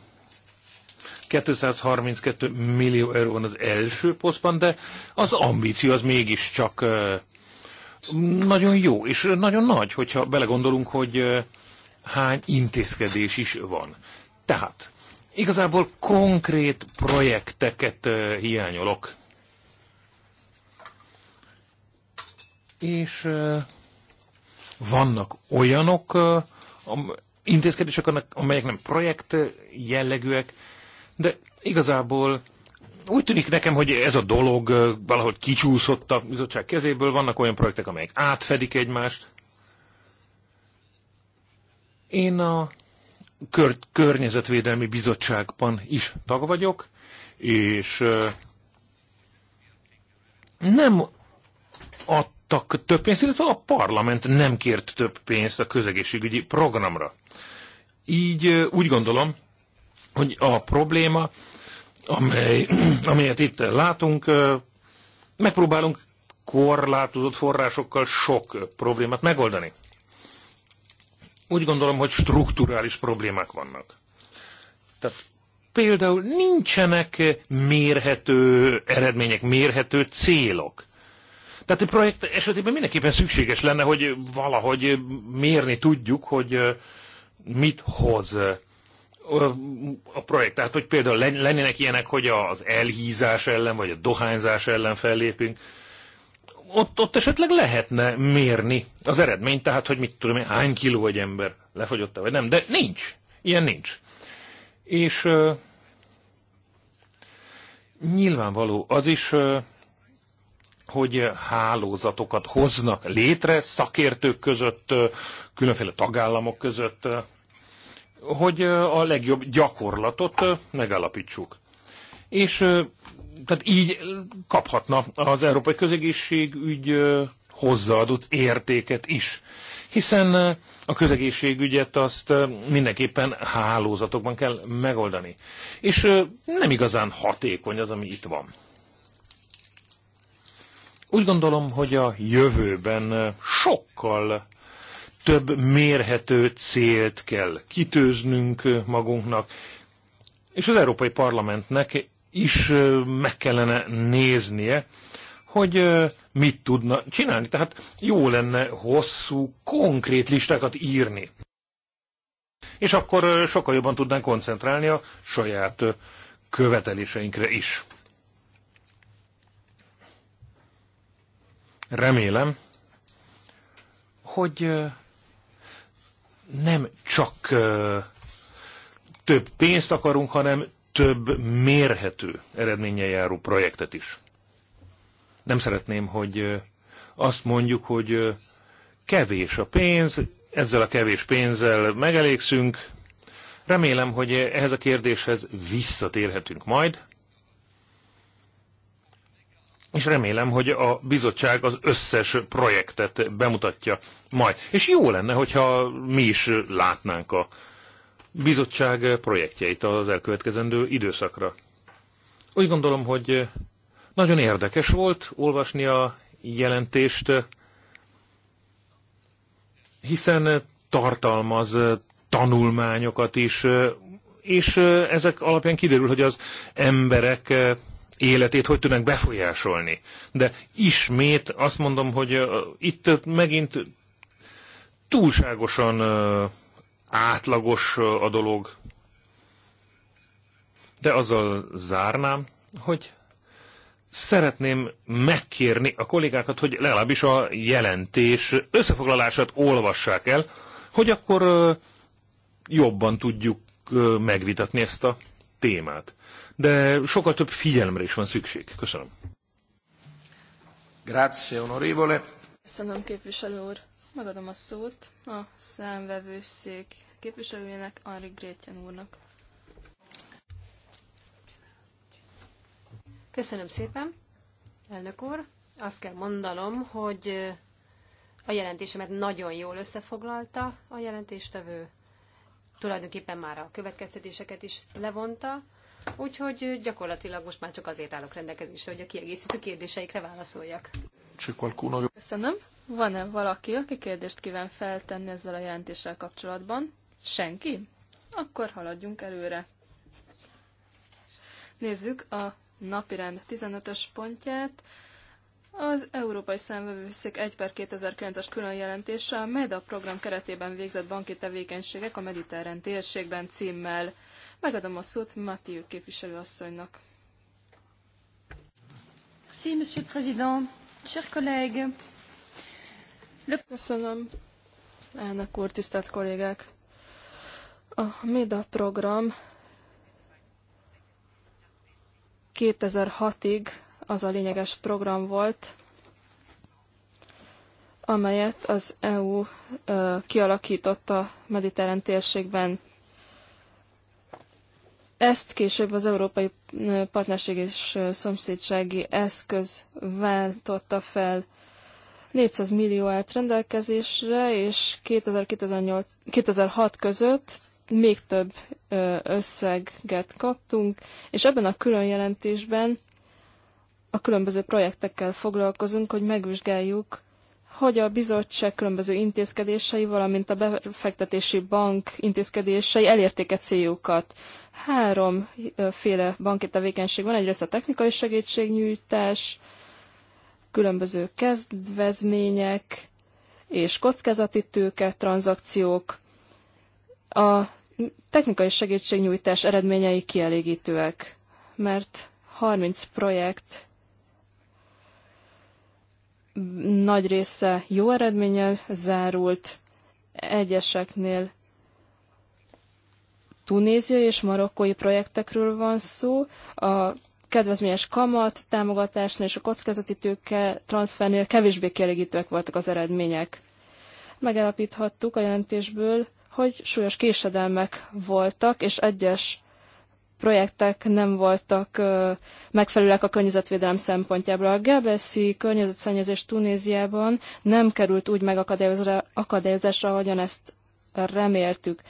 232 millió euró van az első posztban, de az ambíció az mégiscsak nagyon jó, és nagyon nagy, hogyha belegondolunk, hogy hány intézkedés is van. Tehát, igazából konkrét projekteket hiányolok. És vannak olyanok, intézkedések, amelyek nem projekt jellegűek, de igazából úgy tűnik nekem, hogy ez a dolog valahogy kicsúszott a bizottság kezéből, vannak olyan projektek, amelyek átfedik egymást. Én a Kör Környezetvédelmi Bizottságban is tag vagyok, és nem adtak több pénzt, illetve a parlament nem kért több pénzt a közegészségügyi programra. Így úgy gondolom, hogy a probléma amely, amelyet itt látunk, megpróbálunk korlátozott forrásokkal sok problémát megoldani. Úgy gondolom, hogy strukturális problémák vannak. Tehát például nincsenek mérhető eredmények, mérhető célok. Tehát egy projekt esetében mindenképpen szükséges lenne, hogy valahogy mérni tudjuk, hogy mit hoz a projekt. Tehát, hogy például lennének ilyenek, hogy az elhízás ellen, vagy a dohányzás ellen fellépünk, ott, ott esetleg lehetne mérni az eredményt, tehát, hogy mit tudom én, hány kiló egy ember lefogyott vagy nem, de nincs. Ilyen nincs. És uh, nyilvánvaló az is, uh, hogy hálózatokat hoznak létre szakértők között, különféle tagállamok között, hogy a legjobb gyakorlatot megállapítsuk. És tehát így kaphatna az Európai Közegészségügy hozzáadott értéket is. Hiszen a közegészségügyet azt mindenképpen hálózatokban kell megoldani. És nem igazán hatékony az, ami itt van. Úgy gondolom, hogy a jövőben sokkal több mérhető célt kell kitőznünk magunknak, és az Európai Parlamentnek is meg kellene néznie, hogy mit tudna csinálni. Tehát jó lenne hosszú, konkrét listákat írni. És akkor sokkal jobban tudnánk koncentrálni a saját követeléseinkre is. Remélem, hogy nem csak több pénzt akarunk, hanem több mérhető eredménnyel járó projektet is. Nem szeretném, hogy azt mondjuk, hogy kevés a pénz, ezzel a kevés pénzzel megelégszünk. Remélem, hogy ehhez a kérdéshez visszatérhetünk majd, és remélem, hogy a bizottság az összes projektet bemutatja majd. És jó lenne, hogyha mi is látnánk a bizottság projektjeit az elkövetkezendő időszakra. Úgy gondolom, hogy nagyon érdekes volt olvasni a jelentést, hiszen tartalmaz tanulmányokat is, és ezek alapján kiderül, hogy az emberek életét hogy tudnak befolyásolni. De ismét azt mondom, hogy itt megint túlságosan átlagos a dolog. De azzal zárnám, hogy szeretném megkérni a kollégákat, hogy legalábbis a jelentés összefoglalását olvassák el, hogy akkor jobban tudjuk megvitatni ezt a témát de sokkal több figyelemre is van szükség. Köszönöm. Grazie, onorevole. Köszönöm, képviselő úr. Megadom a szót a számvevőszék képviselőjének, Henri Grétjen úrnak. Köszönöm szépen, elnök úr. Azt kell mondanom, hogy a jelentésemet nagyon jól összefoglalta a jelentéstevő. Tulajdonképpen már a következtetéseket is levonta, Úgyhogy gyakorlatilag most már csak azért állok rendelkezésre, hogy a kiegészítő kérdéseikre válaszoljak. Köszönöm. Van-e valaki, aki kérdést kíván feltenni ezzel a jelentéssel kapcsolatban? Senki? Akkor haladjunk előre. Nézzük a napirend 15-ös pontját. Az Európai Számvevőszék 1 per 2009-es külön jelentése a MEDA program keretében végzett banki tevékenységek a mediterrán térségben címmel. Megadom a szót Matthieu képviselőasszonynak. Merci, Monsieur le Président. Chers collègues, Köszönöm, elnök úr, tisztelt kollégák. A MEDA program 2006-ig az a lényeges program volt, amelyet az EU kialakított a mediterrán térségben. Ezt később az Európai Partnerség és Szomszédsági Eszköz váltotta fel 400 millió állt rendelkezésre, és 2006 között még több összeget kaptunk, és ebben a külön jelentésben a különböző projektekkel foglalkozunk, hogy megvizsgáljuk, hogy a bizottság különböző intézkedései, valamint a befektetési bank intézkedései elérték-e céljukat. Háromféle banki tevékenység van, egyrészt a technikai segítségnyújtás, különböző kezdvezmények és kockázati tőke, tranzakciók. A technikai segítségnyújtás eredményei kielégítőek, mert 30 projekt nagy része jó eredménnyel zárult, egyeseknél tunéziai és marokkói projektekről van szó, a kedvezményes kamat, támogatásnál és a kockázati tőke transfernél kevésbé kielégítőek voltak az eredmények. Megállapíthattuk a jelentésből, hogy súlyos késedelmek voltak, és egyes projektek nem voltak megfelelőek a környezetvédelem szempontjából. A Gebeszi környezetszennyezés Tunéziában nem került úgy megakadályozásra, ahogyan ezt reméltük.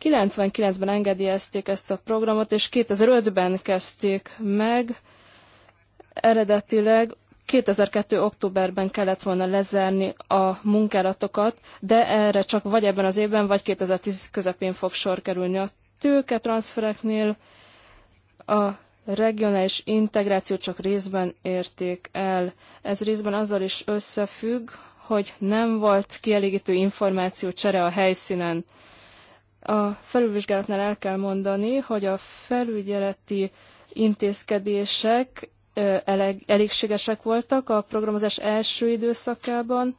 99-ben engedélyezték ezt a programot, és 2005-ben kezdték meg. Eredetileg 2002. októberben kellett volna lezárni a munkálatokat, de erre csak vagy ebben az évben, vagy 2010 közepén fog sor kerülni a tőketranszfereknél. transfereknél a regionális integráció csak részben érték el. Ez részben azzal is összefügg, hogy nem volt kielégítő információ csere a helyszínen. A felülvizsgálatnál el kell mondani, hogy a felügyeleti intézkedések eleg, elégségesek voltak a programozás első időszakában.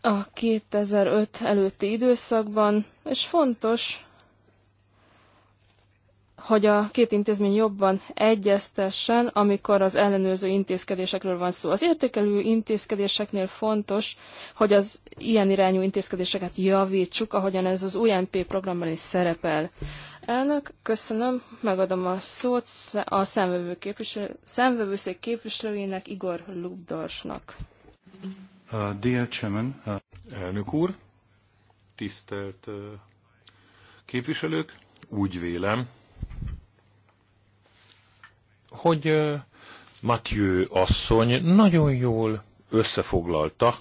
A 2005 előtti időszakban, és fontos, hogy a két intézmény jobban egyeztessen, amikor az ellenőrző intézkedésekről van szó. Az értékelő intézkedéseknél fontos, hogy az ilyen irányú intézkedéseket javítsuk, ahogyan ez az UNP programban is szerepel. Elnök, köszönöm, megadom a szót a számvevő képviselő, számvevőszék képviselőjének, Igor Lubdorsnak. Uh, dear Chairman, uh... Elnök úr, tisztelt uh, képviselők, úgy vélem, hogy Mathieu asszony nagyon jól összefoglalta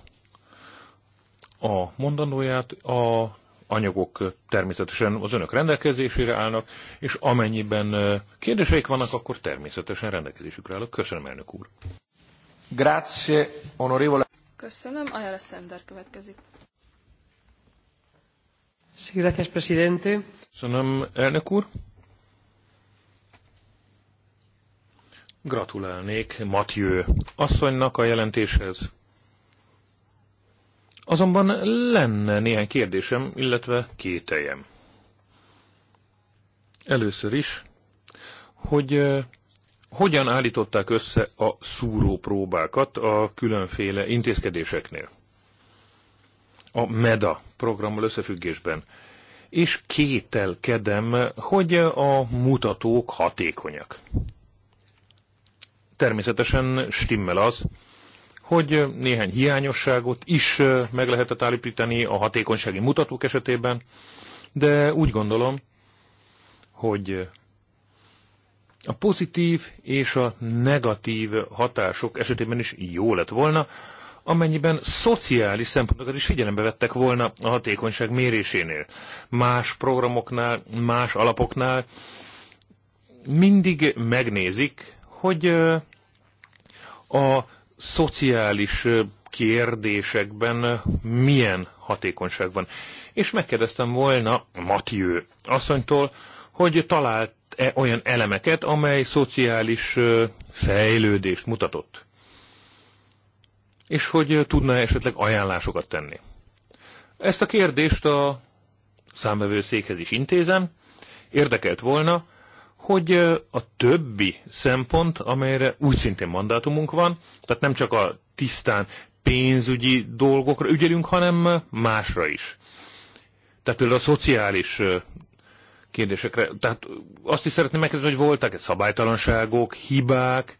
a mondandóját, a anyagok természetesen az önök rendelkezésére állnak, és amennyiben kérdéseik vannak, akkor természetesen rendelkezésükre állok. Köszönöm, elnök úr. Grazie, onorevole. Köszönöm, Ajala Szender következik. Sí, gracias, presidente. Köszönöm, elnök úr. Gratulálnék Mathieu asszonynak a jelentéshez. Azonban lenne néhány kérdésem, illetve kételjem. Először is, hogy hogyan állították össze a szúró próbákat a különféle intézkedéseknél? A MEDA programmal összefüggésben. És kételkedem, hogy a mutatók hatékonyak természetesen stimmel az, hogy néhány hiányosságot is meg lehetett állapítani a hatékonysági mutatók esetében, de úgy gondolom, hogy a pozitív és a negatív hatások esetében is jó lett volna, amennyiben szociális szempontokat is figyelembe vettek volna a hatékonyság mérésénél. Más programoknál, más alapoknál mindig megnézik hogy a szociális kérdésekben milyen hatékonyság van. És megkérdeztem volna Matyő asszonytól, hogy talált-e olyan elemeket, amely szociális fejlődést mutatott. És hogy tudna -e esetleg ajánlásokat tenni. Ezt a kérdést a számbevőszékhez is intézem. Érdekelt volna, hogy a többi szempont, amelyre úgy szintén mandátumunk van, tehát nem csak a tisztán pénzügyi dolgokra ügyelünk, hanem másra is. Tehát például a szociális kérdésekre. Tehát azt is szeretném megkérdezni, hogy voltak-e szabálytalanságok, hibák,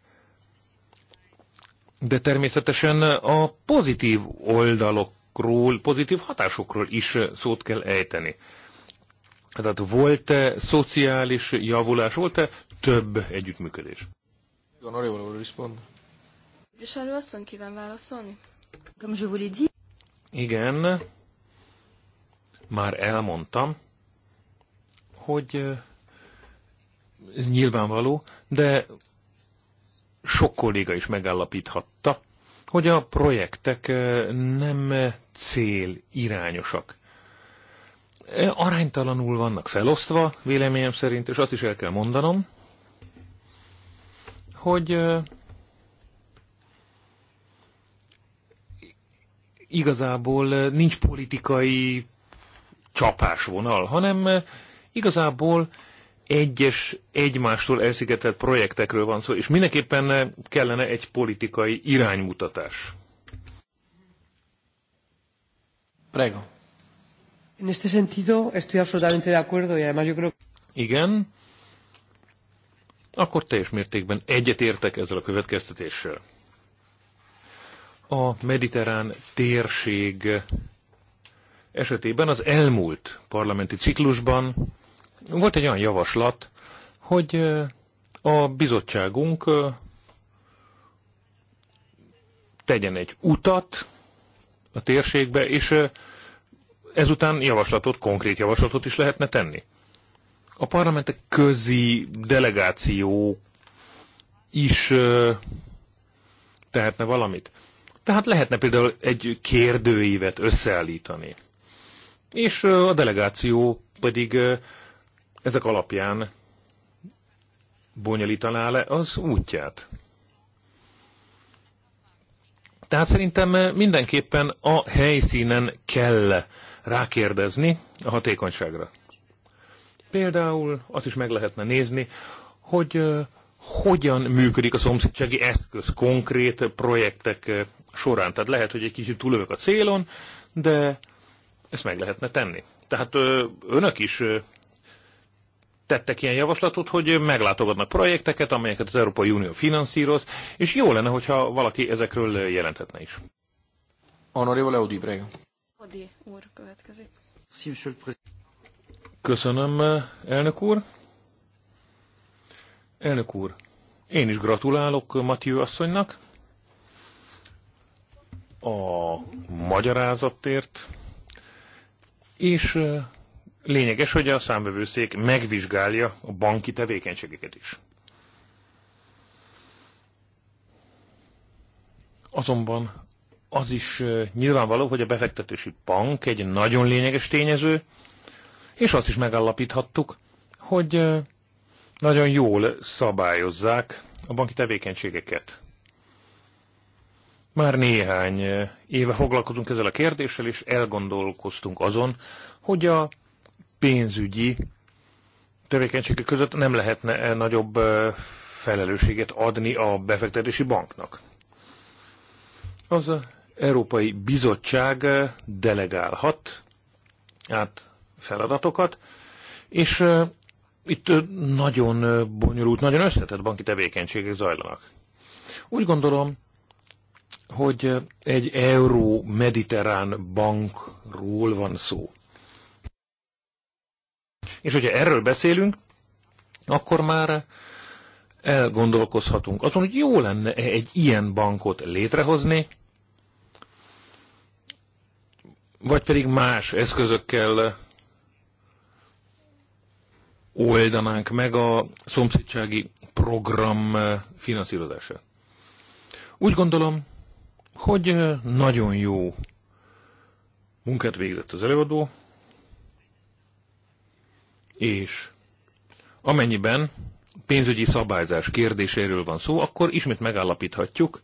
de természetesen a pozitív oldalokról, pozitív hatásokról is szót kell ejteni. Tehát volt-e szociális javulás, volt-e több együttműködés? Honorable respond. Viselő asszony kíván válaszolni? Comme je vous l'ai Igen, már elmondtam, hogy nyilvánvaló, de sok kolléga is megállapíthatta, hogy a projektek nem célirányosak aránytalanul vannak felosztva, véleményem szerint, és azt is el kell mondanom, hogy igazából nincs politikai csapásvonal, hanem igazából egyes, egymástól elszigetelt projektekről van szó, és mindenképpen kellene egy politikai iránymutatás. Prego. En este sentido estoy absolutamente de acuerdo y además yo creo... Igen, akkor teljes mértékben egyetértek ezzel a következtetéssel. A mediterrán térség esetében az elmúlt parlamenti ciklusban volt egy olyan javaslat, hogy a bizottságunk tegyen egy utat a térségbe, és ezután javaslatot, konkrét javaslatot is lehetne tenni. A parlamentek közi delegáció is tehetne valamit. Tehát lehetne például egy kérdőívet összeállítani. És a delegáció pedig ezek alapján bonyolítaná le az útját. Tehát szerintem mindenképpen a helyszínen kell rákérdezni a hatékonyságra. Például azt is meg lehetne nézni, hogy hogyan működik a szomszédsági eszköz konkrét projektek során. Tehát lehet, hogy egy kicsit túlövök a célon, de ezt meg lehetne tenni. Tehát önök is tettek ilyen javaslatot, hogy meglátogatnak projekteket, amelyeket az Európai Unió finanszíroz, és jó lenne, hogyha valaki ezekről jelentetne is. Honorable Audi, prego. Odi úr következik. Köszönöm, elnök úr. Elnök úr, én is gratulálok Matyő asszonynak a magyarázatért, és lényeges, hogy a számvevőszék megvizsgálja a banki tevékenységeket is. Azonban az is nyilvánvaló, hogy a befektetési bank egy nagyon lényeges tényező, és azt is megállapíthattuk, hogy nagyon jól szabályozzák a banki tevékenységeket. Már néhány éve foglalkozunk ezzel a kérdéssel, és elgondolkoztunk azon, hogy a pénzügyi tevékenységek között nem lehetne -e nagyobb felelősséget adni a befektetési banknak. Az Európai Bizottság delegálhat át feladatokat, és itt nagyon bonyolult, nagyon összetett banki tevékenységek zajlanak. Úgy gondolom, hogy egy euró-mediterrán bankról van szó. És hogyha erről beszélünk, akkor már elgondolkozhatunk azon, hogy jó lenne egy ilyen bankot létrehozni, vagy pedig más eszközökkel oldanánk meg a szomszédsági program finanszírozását. Úgy gondolom, hogy nagyon jó munkát végzett az előadó, és amennyiben pénzügyi szabályzás kérdéséről van szó, akkor ismét megállapíthatjuk,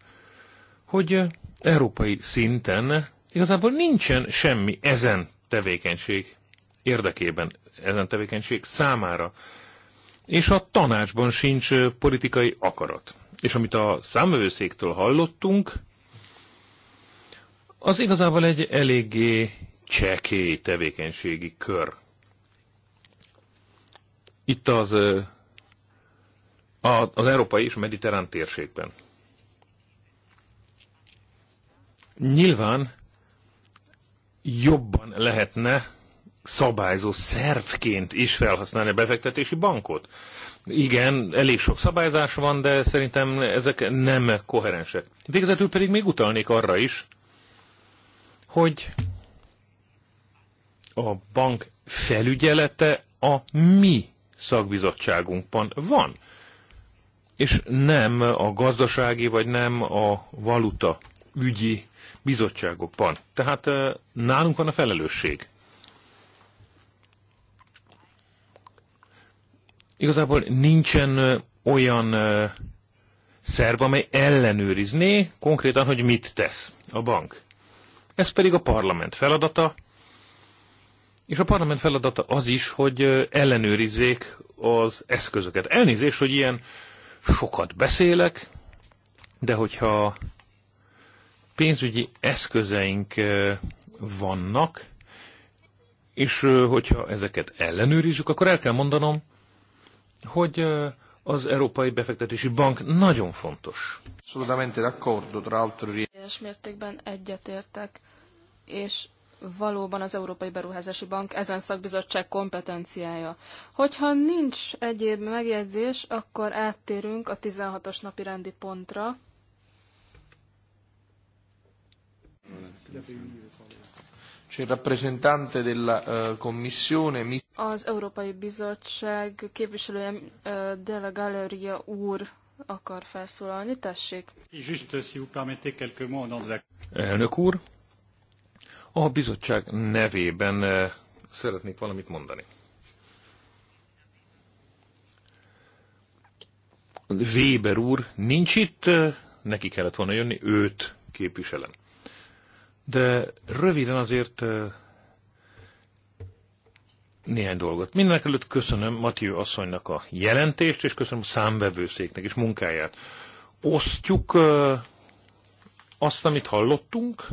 hogy európai szinten Igazából nincsen semmi ezen tevékenység érdekében, ezen tevékenység számára. És a tanácsban sincs politikai akarat. És amit a számövőszéktől hallottunk, az igazából egy eléggé csekély tevékenységi kör. Itt az, az európai és mediterrán térségben. Nyilván jobban lehetne szabályzó szervként is felhasználni a befektetési bankot. Igen, elég sok szabályzás van, de szerintem ezek nem koherensek. Végezetül pedig még utalnék arra is, hogy a bank felügyelete a mi szakbizottságunkban van, és nem a gazdasági vagy nem a valuta ügyi bizottságokban. Tehát nálunk van a felelősség. Igazából nincsen olyan szerv, amely ellenőrizné konkrétan, hogy mit tesz a bank. Ez pedig a parlament feladata, és a parlament feladata az is, hogy ellenőrizzék az eszközöket. Elnézést, hogy ilyen sokat beszélek, de hogyha pénzügyi eszközeink vannak, és hogyha ezeket ellenőrizzük, akkor el kell mondanom, hogy az Európai Befektetési Bank nagyon fontos. Assolutamente d'accordo, tra l'altro. Teljes mértékben egyetértek, és valóban az Európai Beruházási Bank ezen szakbizottság kompetenciája. Hogyha nincs egyéb megjegyzés, akkor áttérünk a 16-os napi rendi pontra, Eh, Az Európai Bizottság képviselője eh, de la Galleria úr akar felszólalni, tessék. Elnök úr, a bizottság nevében eh, szeretnék valamit mondani. Weber úr nincs itt, neki kellett volna jönni, őt képviselem de röviden azért néhány dolgot. Mindenek előtt köszönöm Matyő asszonynak a jelentést, és köszönöm a számvevőszéknek is munkáját. Osztjuk azt, amit hallottunk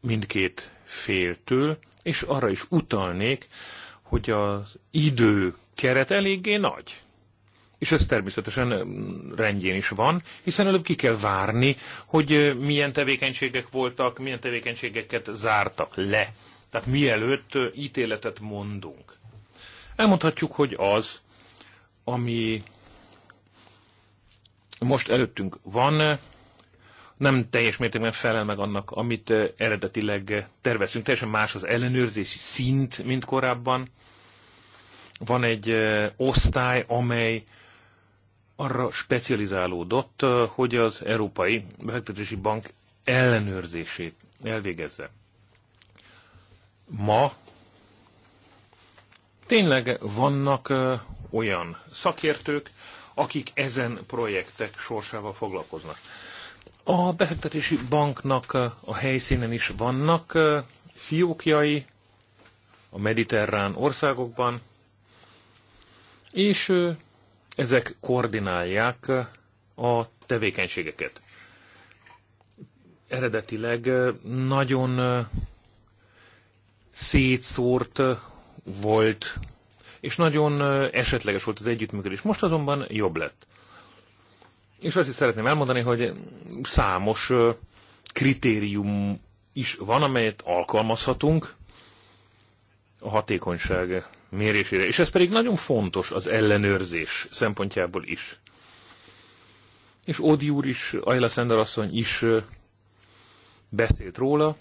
mindkét féltől, és arra is utalnék, hogy az idő keret eléggé nagy. És ez természetesen rendjén is van, hiszen előbb ki kell várni, hogy milyen tevékenységek voltak, milyen tevékenységeket zártak le. Tehát mielőtt ítéletet mondunk. Elmondhatjuk, hogy az, ami most előttünk van, nem teljes mértékben felel meg annak, amit eredetileg terveztünk. Teljesen más az ellenőrzési szint, mint korábban. Van egy osztály, amely arra specializálódott, hogy az Európai Befektetési Bank ellenőrzését elvégezze. Ma tényleg vannak olyan szakértők, akik ezen projektek sorsával foglalkoznak. A befektetési banknak a helyszínen is vannak fiókjai a mediterrán országokban, és ezek koordinálják a tevékenységeket. Eredetileg nagyon szétszórt volt, és nagyon esetleges volt az együttműködés. Most azonban jobb lett. És azt is szeretném elmondani, hogy számos kritérium is van, amelyet alkalmazhatunk a hatékonyság mérésére, és ez pedig nagyon fontos az ellenőrzés szempontjából is. És Odi úr is, Ajla Szender asszony is beszélt róla,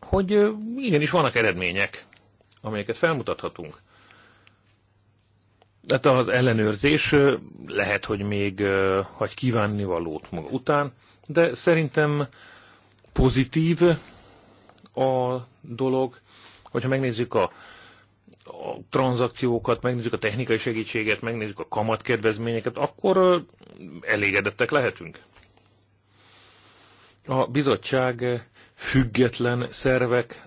hogy igenis vannak eredmények, amelyeket felmutathatunk. Tehát az ellenőrzés lehet, hogy még hagy kívánni valót maga után, de szerintem pozitív a dolog, hogyha megnézzük a a tranzakciókat, megnézzük a technikai segítséget, megnézzük a kamatkedvezményeket, akkor elégedettek lehetünk. A bizottság független szervek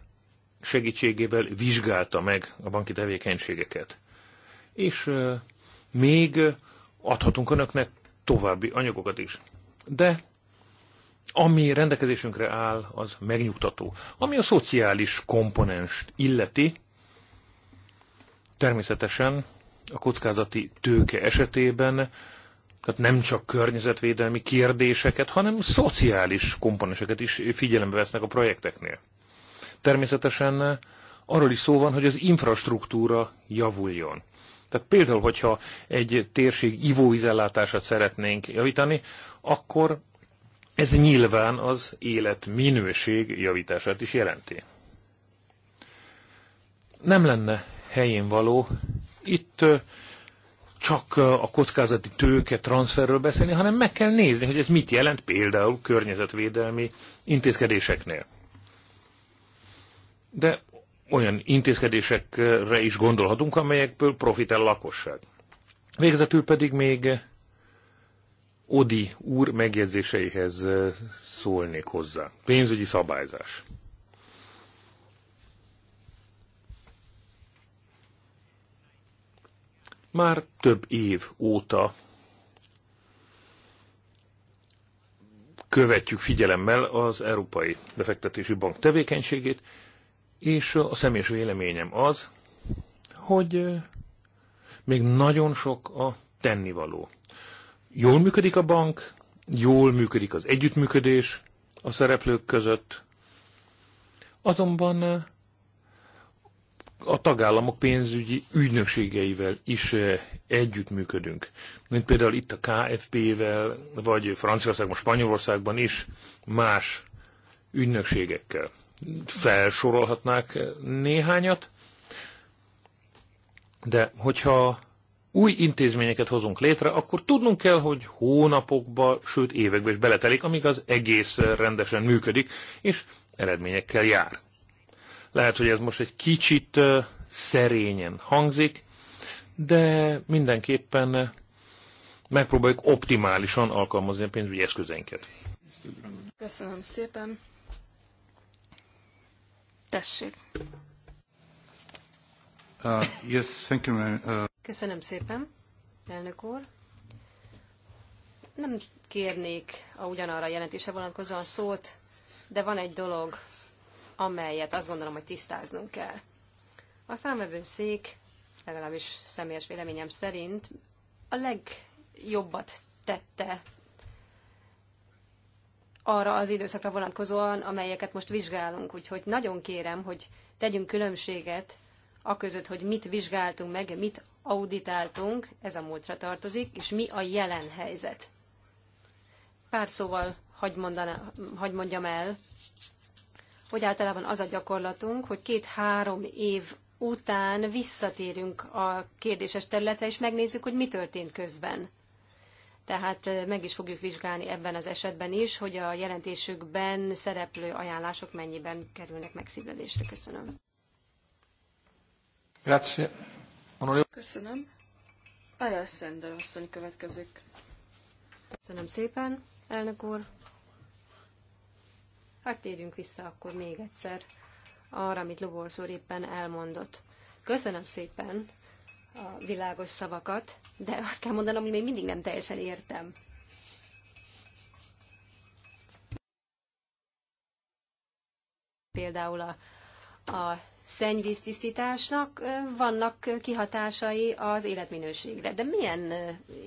segítségével vizsgálta meg a banki tevékenységeket. És még adhatunk önöknek további anyagokat is. De ami rendelkezésünkre áll, az megnyugtató. Ami a szociális komponenst illeti, Természetesen a kockázati tőke esetében tehát nem csak környezetvédelmi kérdéseket, hanem szociális komponenseket is figyelembe vesznek a projekteknél. Természetesen arról is szó van, hogy az infrastruktúra javuljon. Tehát például, hogyha egy térség ivóvízellátását szeretnénk javítani, akkor ez nyilván az élet minőség javítását is jelenti. Nem lenne helyén való itt csak a kockázati tőke transferről beszélni, hanem meg kell nézni, hogy ez mit jelent például környezetvédelmi intézkedéseknél. De olyan intézkedésekre is gondolhatunk, amelyekből profitál a lakosság. Végezetül pedig még Odi úr megjegyzéseihez szólnék hozzá. Pénzügyi szabályzás. Már több év óta követjük figyelemmel az Európai Befektetési Bank tevékenységét, és a személyes véleményem az, hogy még nagyon sok a tennivaló. Jól működik a bank, jól működik az együttműködés a szereplők között, azonban a tagállamok pénzügyi ügynökségeivel is eh, együttműködünk. Mint például itt a KFP-vel, vagy Franciaországban, Spanyolországban is más ügynökségekkel. Felsorolhatnák eh, néhányat, de hogyha új intézményeket hozunk létre, akkor tudnunk kell, hogy hónapokba, sőt évekbe is beletelik, amíg az egész rendesen működik, és eredményekkel jár. Lehet, hogy ez most egy kicsit szerényen hangzik, de mindenképpen megpróbáljuk optimálisan alkalmazni a pénzügyi eszközeinket. Köszönöm szépen. Tessék. Uh, yes, thank you, uh... Köszönöm szépen, elnök úr. Nem kérnék a ugyanarra jelentése vonatkozóan szót, de van egy dolog, amelyet azt gondolom, hogy tisztáznunk kell. A számvevőszék, legalábbis személyes véleményem szerint, a legjobbat tette arra az időszakra vonatkozóan, amelyeket most vizsgálunk. Úgyhogy nagyon kérem, hogy tegyünk különbséget a között, hogy mit vizsgáltunk meg, mit auditáltunk, ez a múltra tartozik, és mi a jelen helyzet. Pár szóval hagyd, mondaná, mondjam el hogy általában az a gyakorlatunk, hogy két-három év után visszatérünk a kérdéses területre, és megnézzük, hogy mi történt közben. Tehát eh, meg is fogjuk vizsgálni ebben az esetben is, hogy a jelentésükben szereplő ajánlások mennyiben kerülnek megszívlelésre. Köszönöm. Grazie. Köszönöm. Aja Szender asszony következik. Köszönöm szépen, elnök úr. Hát térjünk vissza akkor még egyszer arra, amit Lubolsz úr éppen elmondott. Köszönöm szépen a világos szavakat, de azt kell mondanom, hogy még mindig nem teljesen értem. Például a a szennyvíztisztításnak vannak kihatásai az életminőségre. De milyen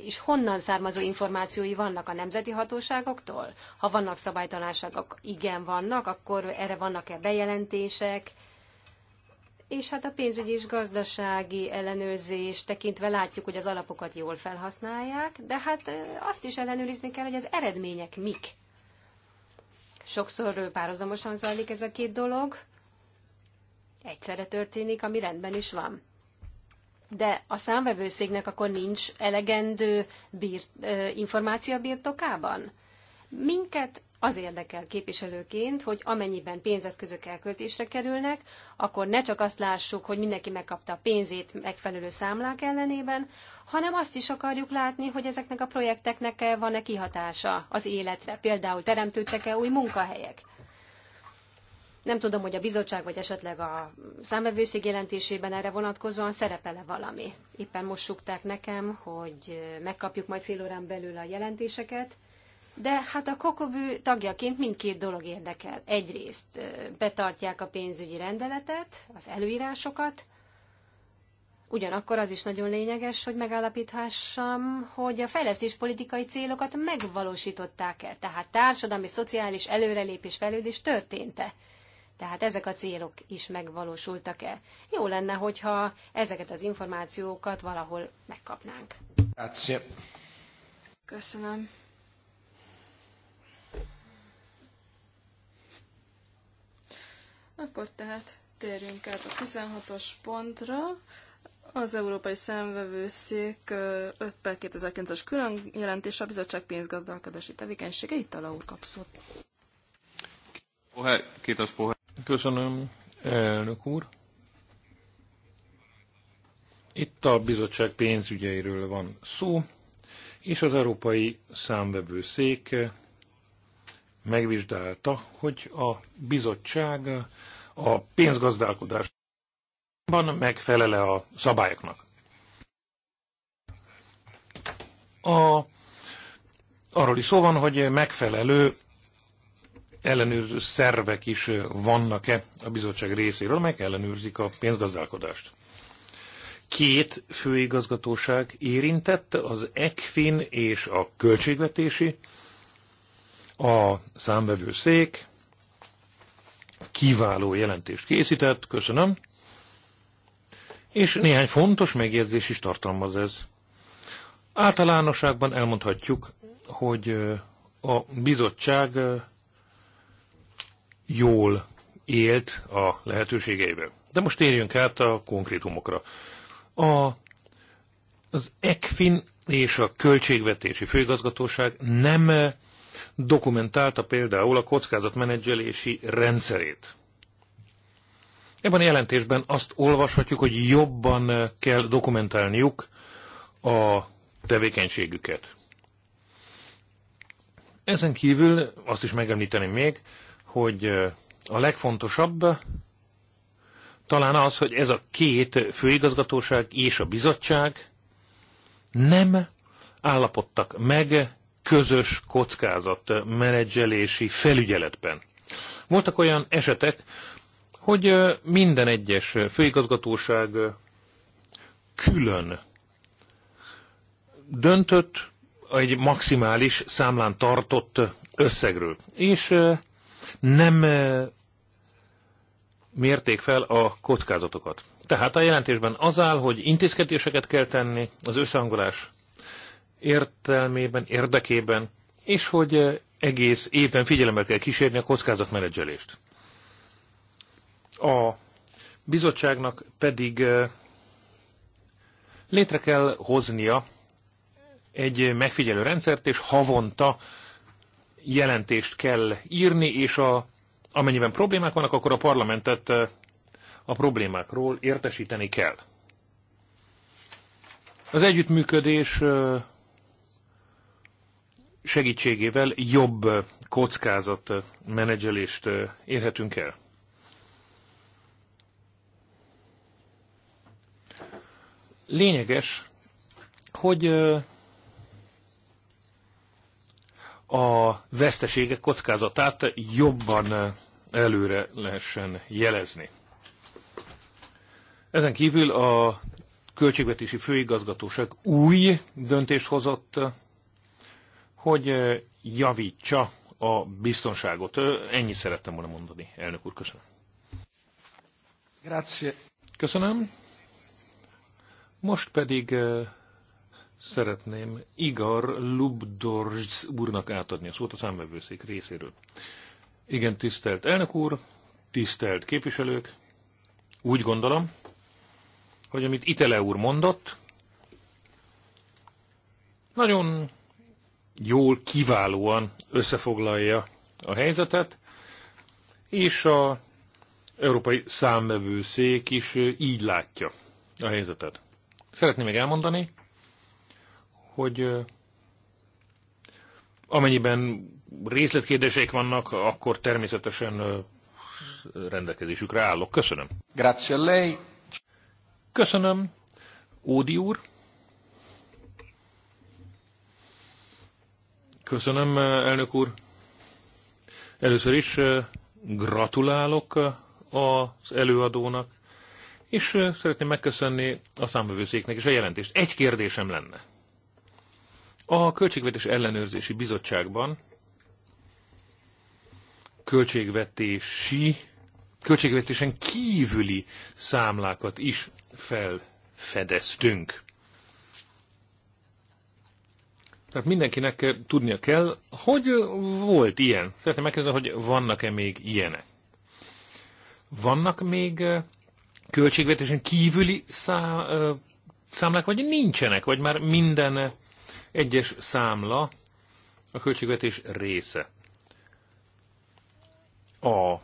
és honnan származó információi vannak a nemzeti hatóságoktól? Ha vannak szabálytalanságok, igen vannak, akkor erre vannak-e bejelentések? És hát a pénzügyi és gazdasági ellenőrzés tekintve látjuk, hogy az alapokat jól felhasználják, de hát azt is ellenőrizni kell, hogy az eredmények mik. Sokszor párhuzamosan zajlik ez a két dolog, egyszerre történik, ami rendben is van. De a számvevőszéknek akkor nincs elegendő bír, információ a birtokában? Minket az érdekel képviselőként, hogy amennyiben pénzeszközök elköltésre kerülnek, akkor ne csak azt lássuk, hogy mindenki megkapta a pénzét megfelelő számlák ellenében, hanem azt is akarjuk látni, hogy ezeknek a projekteknek van-e kihatása az életre. Például teremtődtek-e új munkahelyek? Nem tudom, hogy a bizottság vagy esetleg a számvevőszék jelentésében erre vonatkozóan szerepele valami. Éppen most súgták nekem, hogy megkapjuk majd fél órán belül a jelentéseket, de hát a kokobű tagjaként mindkét dolog érdekel. Egyrészt betartják a pénzügyi rendeletet, az előírásokat, Ugyanakkor az is nagyon lényeges, hogy megállapíthassam, hogy a fejlesztéspolitikai célokat megvalósították-e, tehát társadalmi, szociális előrelépés, fejlődés történt-e. Tehát ezek a célok is megvalósultak-e? Jó lenne, hogyha ezeket az információkat valahol megkapnánk. Grazie. Köszönöm. Akkor tehát térjünk át a 16-os pontra. Az Európai Szemvevőszék 5 per 2009-es külön jelentés a bizottság pénzgazdálkodási tevékenysége. Itt a úr kapszott. Oh, Köszönöm, elnök úr. Itt a bizottság pénzügyeiről van szó, és az Európai Számvevőszék megvizsgálta, hogy a bizottság a pénzgazdálkodásban megfelele a szabályoknak. A, arról is szó van, hogy megfelelő ellenőrző szervek is vannak-e a bizottság részéről, amelyek ellenőrzik a pénzgazdálkodást. Két főigazgatóság érintette, az ECFIN és a költségvetési, a szék kiváló jelentést készített, köszönöm, és néhány fontos megjegyzés is tartalmaz ez. Általánosságban elmondhatjuk, hogy a bizottság jól élt a lehetőségeivel. De most térjünk át a konkrétumokra. A, az ECFIN és a Költségvetési Főigazgatóság nem eh, dokumentálta például a kockázatmenedzselési rendszerét. Ebben a jelentésben azt olvashatjuk, hogy jobban eh, kell dokumentálniuk a tevékenységüket. Ezen kívül azt is megemlíteni még, hogy a legfontosabb talán az, hogy ez a két főigazgatóság és a bizottság nem állapodtak meg közös kockázat menedzselési felügyeletben. Voltak olyan esetek, hogy minden egyes főigazgatóság külön döntött egy maximális számlán tartott összegről. És nem mérték fel a kockázatokat. Tehát a jelentésben az áll, hogy intézkedéseket kell tenni az összehangolás értelmében, érdekében, és hogy egész évben figyelemmel kell kísérni a kockázatmenedzselést. A bizottságnak pedig létre kell hoznia egy megfigyelő rendszert, és havonta jelentést kell írni, és a, amennyiben problémák vannak, akkor a parlamentet a problémákról értesíteni kell. Az együttműködés segítségével jobb kockázat menedzselést érhetünk el. Lényeges, hogy a veszteségek kockázatát jobban előre lehessen jelezni. Ezen kívül a Költségvetési Főigazgatóság új döntést hozott, hogy javítsa a biztonságot. Ennyit szerettem volna mondani, elnök úr, köszönöm. Grazie. Köszönöm. Most pedig szeretném Igar Lubdorzs úrnak átadni a szót a számvevőszék részéről. Igen, tisztelt elnök úr, tisztelt képviselők, úgy gondolom, hogy amit Itele úr mondott, nagyon jól, kiválóan összefoglalja a helyzetet, és a Európai Számvevőszék is így látja a helyzetet. Szeretném még elmondani, hogy amennyiben részletkérdések vannak, akkor természetesen rendelkezésükre állok. Köszönöm. Grazie lei. Köszönöm. Ódi úr. Köszönöm, elnök úr. Először is gratulálok az előadónak, és szeretném megköszönni a számbevőszéknek és a jelentést. Egy kérdésem lenne. A Költségvetés Ellenőrzési Bizottságban költségvetési, költségvetésen kívüli számlákat is felfedeztünk. Tehát mindenkinek tudnia kell, hogy volt ilyen. Szeretném megkérdezni, hogy vannak-e még ilyenek. Vannak még költségvetésen kívüli szá, számlák, vagy nincsenek, vagy már minden egyes számla a költségvetés része. A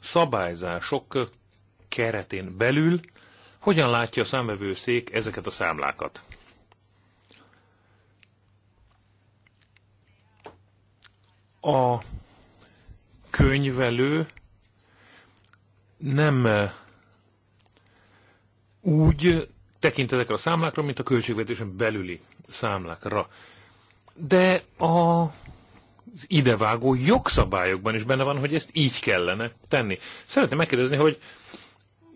szabályzások keretén belül hogyan látja a számvevőszék ezeket a számlákat? A könyvelő nem úgy tekint ezekre a számlákra, mint a költségvetésen belüli számlákra. De a idevágó jogszabályokban is benne van, hogy ezt így kellene tenni. Szeretném megkérdezni, hogy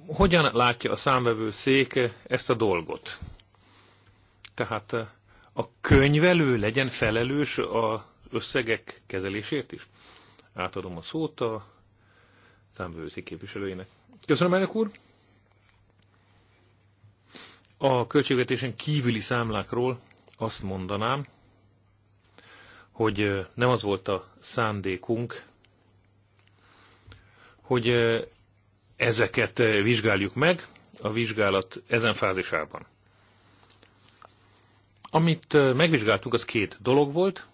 hogyan látja a szék ezt a dolgot? Tehát eh, a könyvelő legyen felelős az összegek kezelésért is? Átadom a szót a szék képviselőjének. Köszönöm, elnök úr! A költségvetésen kívüli számlákról azt mondanám, hogy nem az volt a szándékunk, hogy ezeket vizsgáljuk meg a vizsgálat ezen fázisában. Amit megvizsgáltuk az két dolog volt.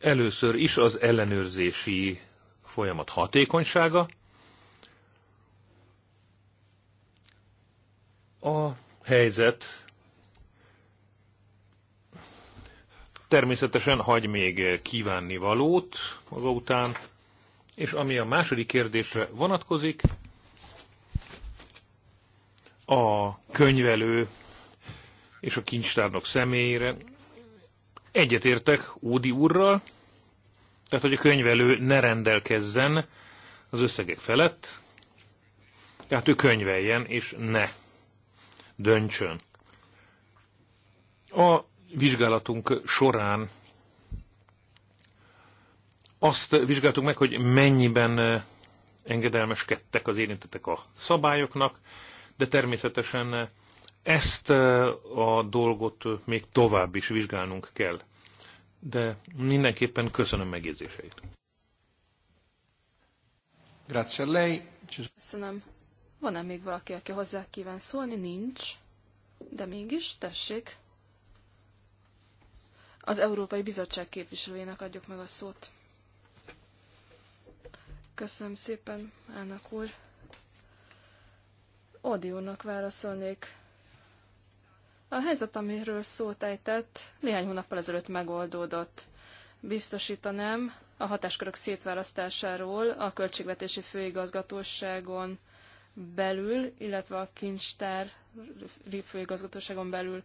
Először is az ellenőrzési folyamat hatékonysága. A helyzet természetesen hagy még kívánni valót maga után, és ami a második kérdésre vonatkozik, a könyvelő és a kincstárnok személyére. Egyetértek Ódi úrral, tehát hogy a könyvelő ne rendelkezzen az összegek felett, tehát ő könyveljen és ne döntsön. A vizsgálatunk során azt vizsgáltuk meg, hogy mennyiben eh, engedelmeskedtek az érintettek a szabályoknak, de természetesen eh, ezt eh, a dolgot még tovább is vizsgálnunk kell. De mindenképpen köszönöm megjegyzéseit. Grazie lei. Köszönöm. Van-e még valaki, aki hozzá kíván szólni? Nincs. De mégis, tessék. Az Európai Bizottság képviselőjének adjuk meg a szót. Köszönöm szépen, elnök úr. Odiónak válaszolnék. A helyzet, amiről szót ejtett, néhány hónappal ezelőtt megoldódott. Biztosítanám a hatáskörök szétválasztásáról a Költségvetési Főigazgatóságon belül, illetve a Kincstár Főigazgatóságon belül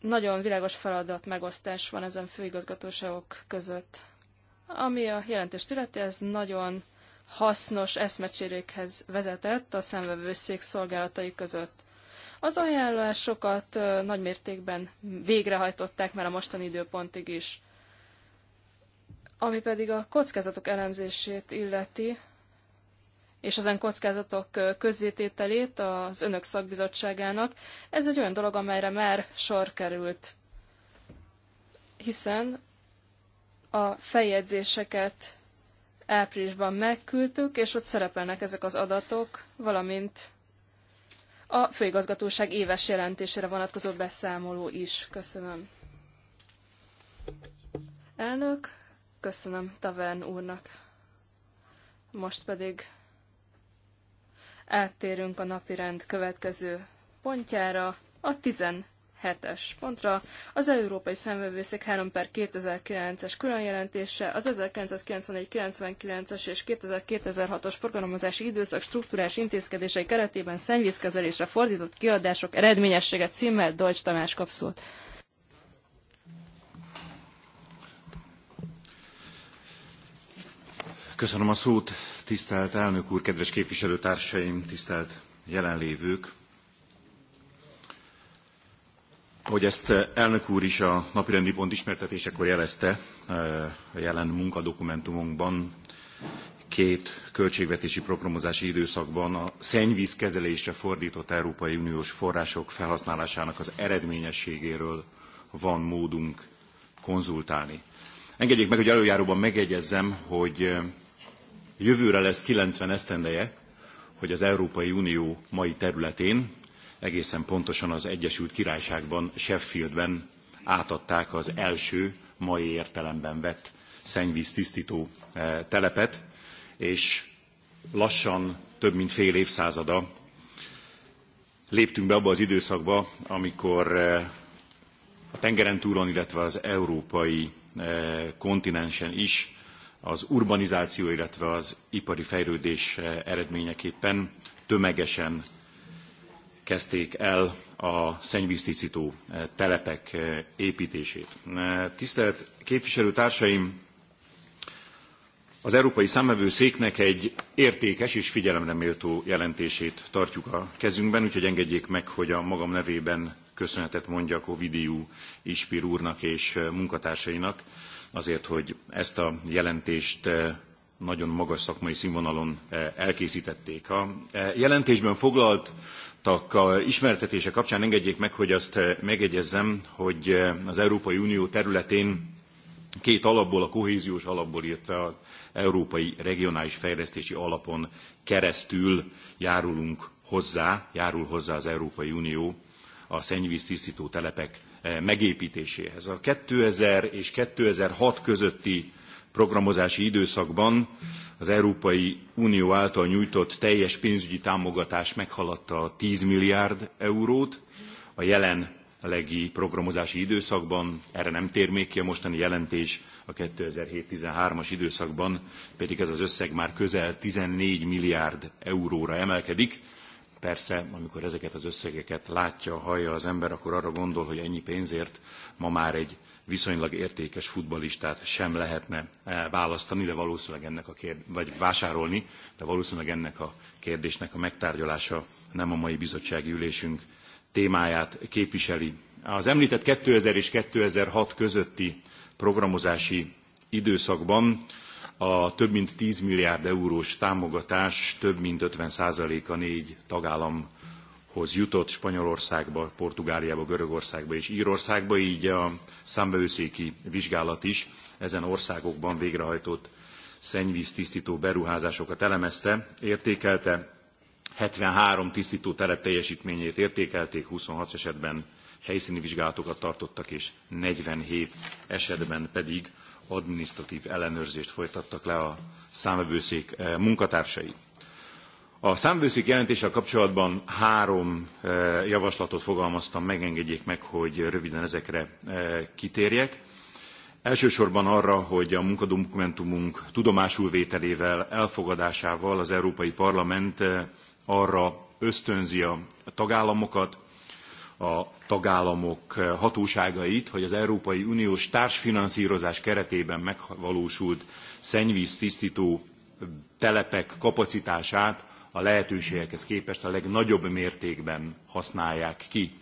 nagyon világos feladat megosztás van ezen főigazgatóságok között. Ami a jelentés illeti, ez nagyon hasznos eszmecsérékhez vezetett a szemvevőszék szolgálatai között. Az ajánlásokat nagymértékben végrehajtották már a mostani időpontig is. Ami pedig a kockázatok elemzését illeti, és ezen kockázatok közzétételét az önök szakbizottságának. Ez egy olyan dolog, amelyre már sor került, hiszen a feljegyzéseket áprilisban megküldtük, és ott szerepelnek ezek az adatok, valamint a főigazgatóság éves jelentésére vonatkozó beszámoló is. Köszönöm. Elnök, köszönöm Tavern úrnak. Most pedig Áttérünk a napirend következő pontjára, a 17-es pontra. Az Európai Szemvevőszék 3 per 2009-es különjelentése, az 1994 99 es és 2006-os programozási időszak struktúrás intézkedései keretében szennyvízkezelésre fordított kiadások eredményessége címmel Dolcs Tamás kapszult. Köszönöm a szót, Tisztelt elnök úr, kedves képviselőtársaim, tisztelt jelenlévők! Ahogy ezt eh, elnök úr is a napirendi pont ismertetésekor jelezte, eh, a jelen munkadokumentumunkban két költségvetési programozási időszakban a szennyvízkezelésre fordított Európai Uniós források felhasználásának az eredményességéről van módunk konzultálni. Engedjék meg, hogy előjáróban megegyezzem, hogy eh, jövőre lesz 90 esztendeje, hogy az Európai Unió mai területén, egészen pontosan az Egyesült Királyságban, Sheffieldben átadták az első mai értelemben vett szennyvíz tisztító eh, telepet, és lassan több mint fél évszázada léptünk be abba az időszakba, amikor eh, a tengeren túlon, illetve az európai eh, kontinensen is az urbanizáció, illetve az ipari fejlődés eredményeképpen tömegesen kezdték el a szennyvíztisztító telepek építését. Tisztelt képviselőtársaim, az Európai Számvevőszéknek egy értékes és figyelemre méltó jelentését tartjuk a kezünkben, úgyhogy engedjék meg, hogy a magam nevében köszönetet mondjak Ovidiu Ispir úrnak és munkatársainak azért, hogy ezt a jelentést eh, nagyon magas szakmai színvonalon eh, elkészítették. A eh, jelentésben foglaltak ismertetése kapcsán engedjék meg, hogy azt megjegyezzem, hogy az Európai Unió területén két alapból, a kohéziós alapból, illetve az Európai Regionális Fejlesztési Alapon keresztül járulunk hozzá, járul hozzá az Európai Unió a szennyvíz tisztító telepek Eh, megépítéséhez. A 2000 és 2006 közötti programozási időszakban az Európai Unió által nyújtott teljes pénzügyi támogatás meghaladta 10 milliárd eurót, a jelenlegi programozási időszakban, erre nem tér még ki a mostani jelentés, a 2007-13-as időszakban pedig ez az összeg már közel 14 milliárd euróra emelkedik, Persze, amikor ezeket az összegeket látja, hallja az ember, akkor arra gondol, hogy ennyi pénzért ma már egy viszonylag értékes futbalistát sem lehetne eh, választani, de valószínűleg ennek a kérd... vagy vásárolni, de valószínűleg ennek a kérdésnek a megtárgyalása nem a mai bizottsági ülésünk témáját képviseli. Az említett 2000 és 2006 közötti programozási időszakban a több mint 10 milliárd eurós támogatás több mint 50%-a négy tagállamhoz jutott Spanyolországba, Portugáliába, Görögországba és Írországba, így a számbevőszéki vizsgálat is ezen országokban végrehajtott szennyvíztisztító beruházásokat elemezte, értékelte, 73 tisztító telep teljesítményét értékelték, 26 esetben helyszíni vizsgálatokat tartottak, és 47 esetben pedig adminisztratív ellenőrzést folytattak le a számvevőszék eh, munkatársai. A számvevőszék jelentéssel kapcsolatban három eh, javaslatot fogalmaztam, megengedjék meg, hogy röviden ezekre eh, kitérjek. Elsősorban arra, hogy a munkadokumentumunk tudomásul vételével, elfogadásával az Európai Parlament arra ösztönzi a tagállamokat, a tagállamok hatóságait, hogy az Európai Uniós társfinanszírozás keretében megvalósult szennyvíztisztító telepek kapacitását a lehetőségekhez képest a legnagyobb mértékben használják ki.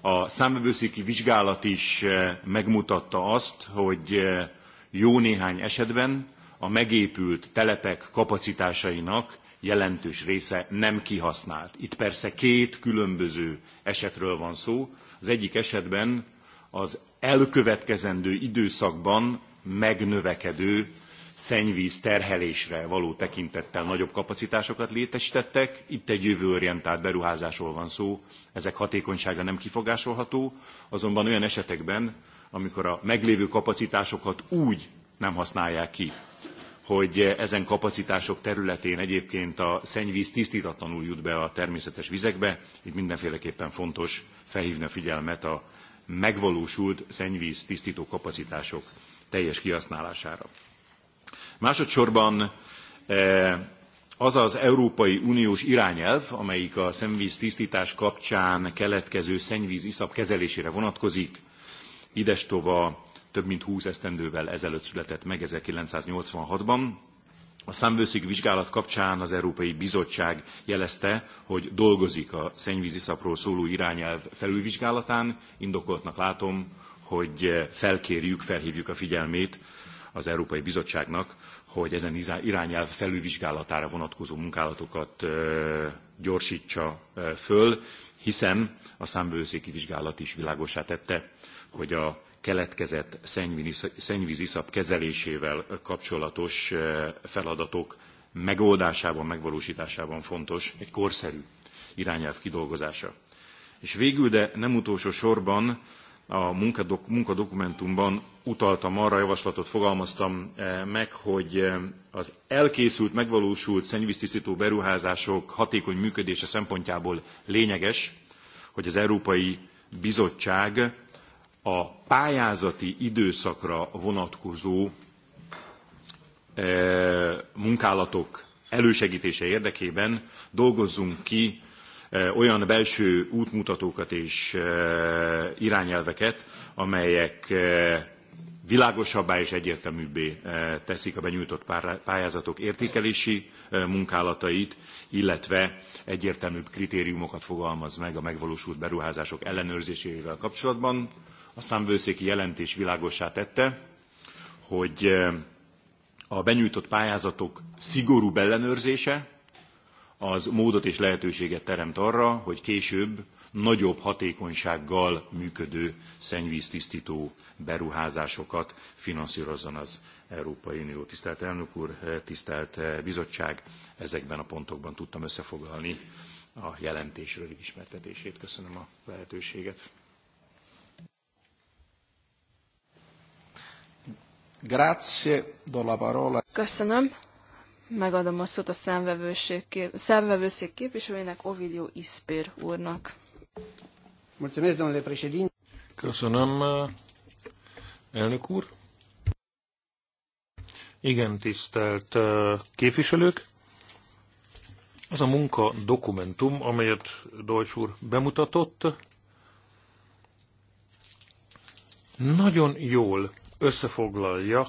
A számvevőszéki vizsgálat is eh, megmutatta azt, hogy eh, jó néhány esetben a megépült telepek kapacitásainak jelentős része nem kihasznált. Itt persze két különböző esetről van szó. Az egyik esetben az elkövetkezendő időszakban megnövekedő szennyvíz terhelésre való tekintettel nagyobb kapacitásokat létesítettek. Itt egy jövőorientált beruházásról van szó, ezek hatékonysága nem kifogásolható, azonban olyan esetekben, amikor a meglévő kapacitásokat úgy nem használják ki, hogy ezen kapacitások területén egyébként a szennyvíz tisztítatlanul jut be a természetes vizekbe. Itt mindenféleképpen fontos felhívni a figyelmet a megvalósult szennyvíz tisztító kapacitások teljes kihasználására. Másodszorban e, az az Európai Uniós irányelv, amelyik a szennyvíz tisztítás kapcsán keletkező szennyvíz iszap kezelésére vonatkozik, idestova több mint 20 esztendővel ezelőtt született meg 1986-ban. A számvőszék vizsgálat kapcsán az Európai Bizottság jelezte, hogy dolgozik a szennyvíziszapról szóló irányelv felülvizsgálatán. Indokoltnak látom, hogy felkérjük, felhívjuk a figyelmét az Európai Bizottságnak, hogy ezen irányelv felülvizsgálatára vonatkozó munkálatokat gyorsítsa föl, hiszen a számvőszéki vizsgálat is világosá tette, hogy a keletkezett szennyvíziszap kezelésével kapcsolatos eh, feladatok megoldásában, megvalósításában fontos egy korszerű irányelv kidolgozása. És végül, de nem utolsó sorban a munkadok, munkadokumentumban utaltam arra, javaslatot fogalmaztam eh, meg, hogy eh, az elkészült, megvalósult szennyvíztisztító beruházások hatékony működése szempontjából lényeges, hogy az Európai Bizottság a pályázati időszakra vonatkozó e, munkálatok elősegítése érdekében dolgozzunk ki e, olyan belső útmutatókat és e, irányelveket, amelyek világosabbá és egyértelműbbé teszik a benyújtott pályázatok értékelési munkálatait, illetve egyértelműbb kritériumokat fogalmaz meg a megvalósult beruházások ellenőrzésével kapcsolatban, a számvőszéki jelentés világosá tette, hogy eh, a benyújtott pályázatok szigorú ellenőrzése az módot és lehetőséget teremt arra, hogy később nagyobb hatékonysággal működő szennyvíztisztító beruházásokat finanszírozzon az Európai Unió. Tisztelt elnök úr, eh, tisztelt eh, bizottság, ezekben a pontokban tudtam összefoglalni a jelentésről ismertetését. Köszönöm a lehetőséget. Grazie, do la parola. Köszönöm. Megadom a szót a számvevőszék képviselőjének, Ovidio Ispér úrnak. Mulțumesc, domnule președinte. Köszönöm, elnök úr. Igen, tisztelt eh, képviselők. Az a munka dokumentum, amelyet Deutsch úr bemutatott, nagyon jól összefoglalja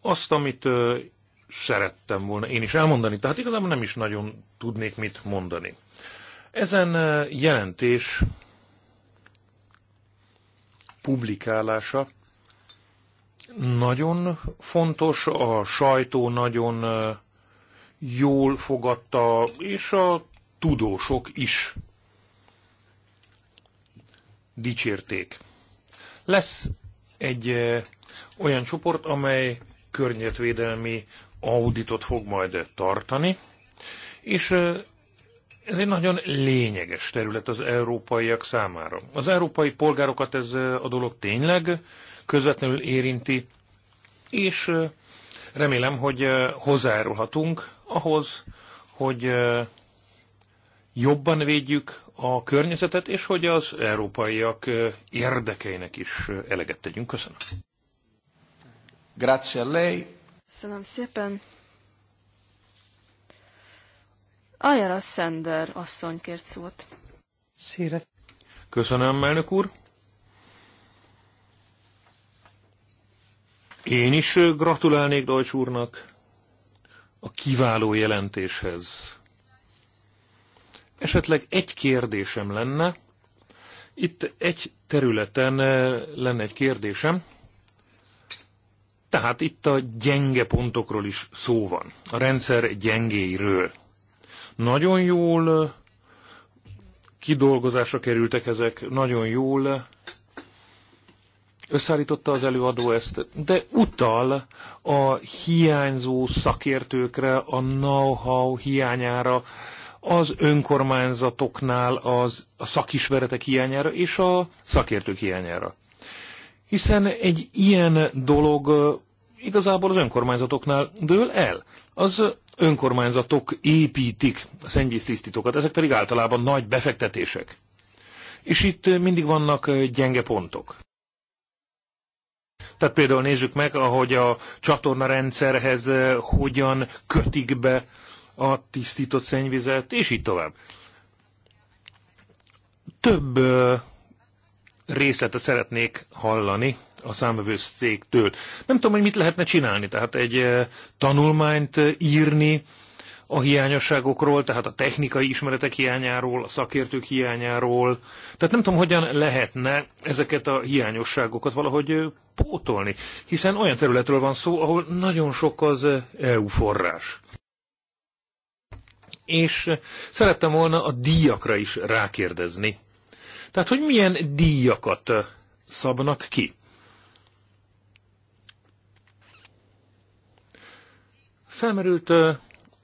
azt, amit szerettem volna én is elmondani. Tehát igazából nem is nagyon tudnék mit mondani. Ezen jelentés publikálása nagyon fontos, a sajtó nagyon jól fogadta, és a tudósok is dicsérték. Lesz egy olyan csoport, amely környezetvédelmi auditot fog majd tartani, és ez egy nagyon lényeges terület az európaiak számára. Az európai polgárokat ez a dolog tényleg közvetlenül érinti, és remélem, hogy hozzájárulhatunk ahhoz, hogy jobban védjük a környezetet, és hogy az európaiak érdekeinek is eleget tegyünk. Köszönöm. Grazie a lei. Köszönöm szépen. Ajara Sender asszony kért szót. Szíre. Köszönöm, elnök úr. Én is gratulálnék Deutsch úrnak a kiváló jelentéshez. Esetleg egy kérdésem lenne, itt egy területen eh, lenne egy kérdésem, tehát itt a gyenge pontokról is szó van, a rendszer gyengéiről. Nagyon jól eh, kidolgozásra kerültek ezek, nagyon jól eh, összeállította az előadó ezt, de utal a hiányzó szakértőkre, a know-how hiányára, az önkormányzatoknál az, a szakismeretek hiányára és a szakértők hiányára. Hiszen egy ilyen dolog igazából az önkormányzatoknál dől el. Az önkormányzatok építik a szennyvíztisztítókat, ezek pedig általában nagy befektetések. És itt mindig vannak gyenge pontok. Tehát például nézzük meg, ahogy a csatorna rendszerhez eh, hogyan kötik be a tisztított szennyvizet, és így tovább. Több részletet szeretnék hallani a számvevőszéktől. Nem tudom, hogy mit lehetne csinálni, tehát egy tanulmányt írni a hiányosságokról, tehát a technikai ismeretek hiányáról, a szakértők hiányáról. Tehát nem tudom, hogyan lehetne ezeket a hiányosságokat valahogy pótolni, hiszen olyan területről van szó, ahol nagyon sok az EU forrás és szerettem volna a díjakra is rákérdezni. Tehát, hogy milyen díjakat szabnak ki? Felmerült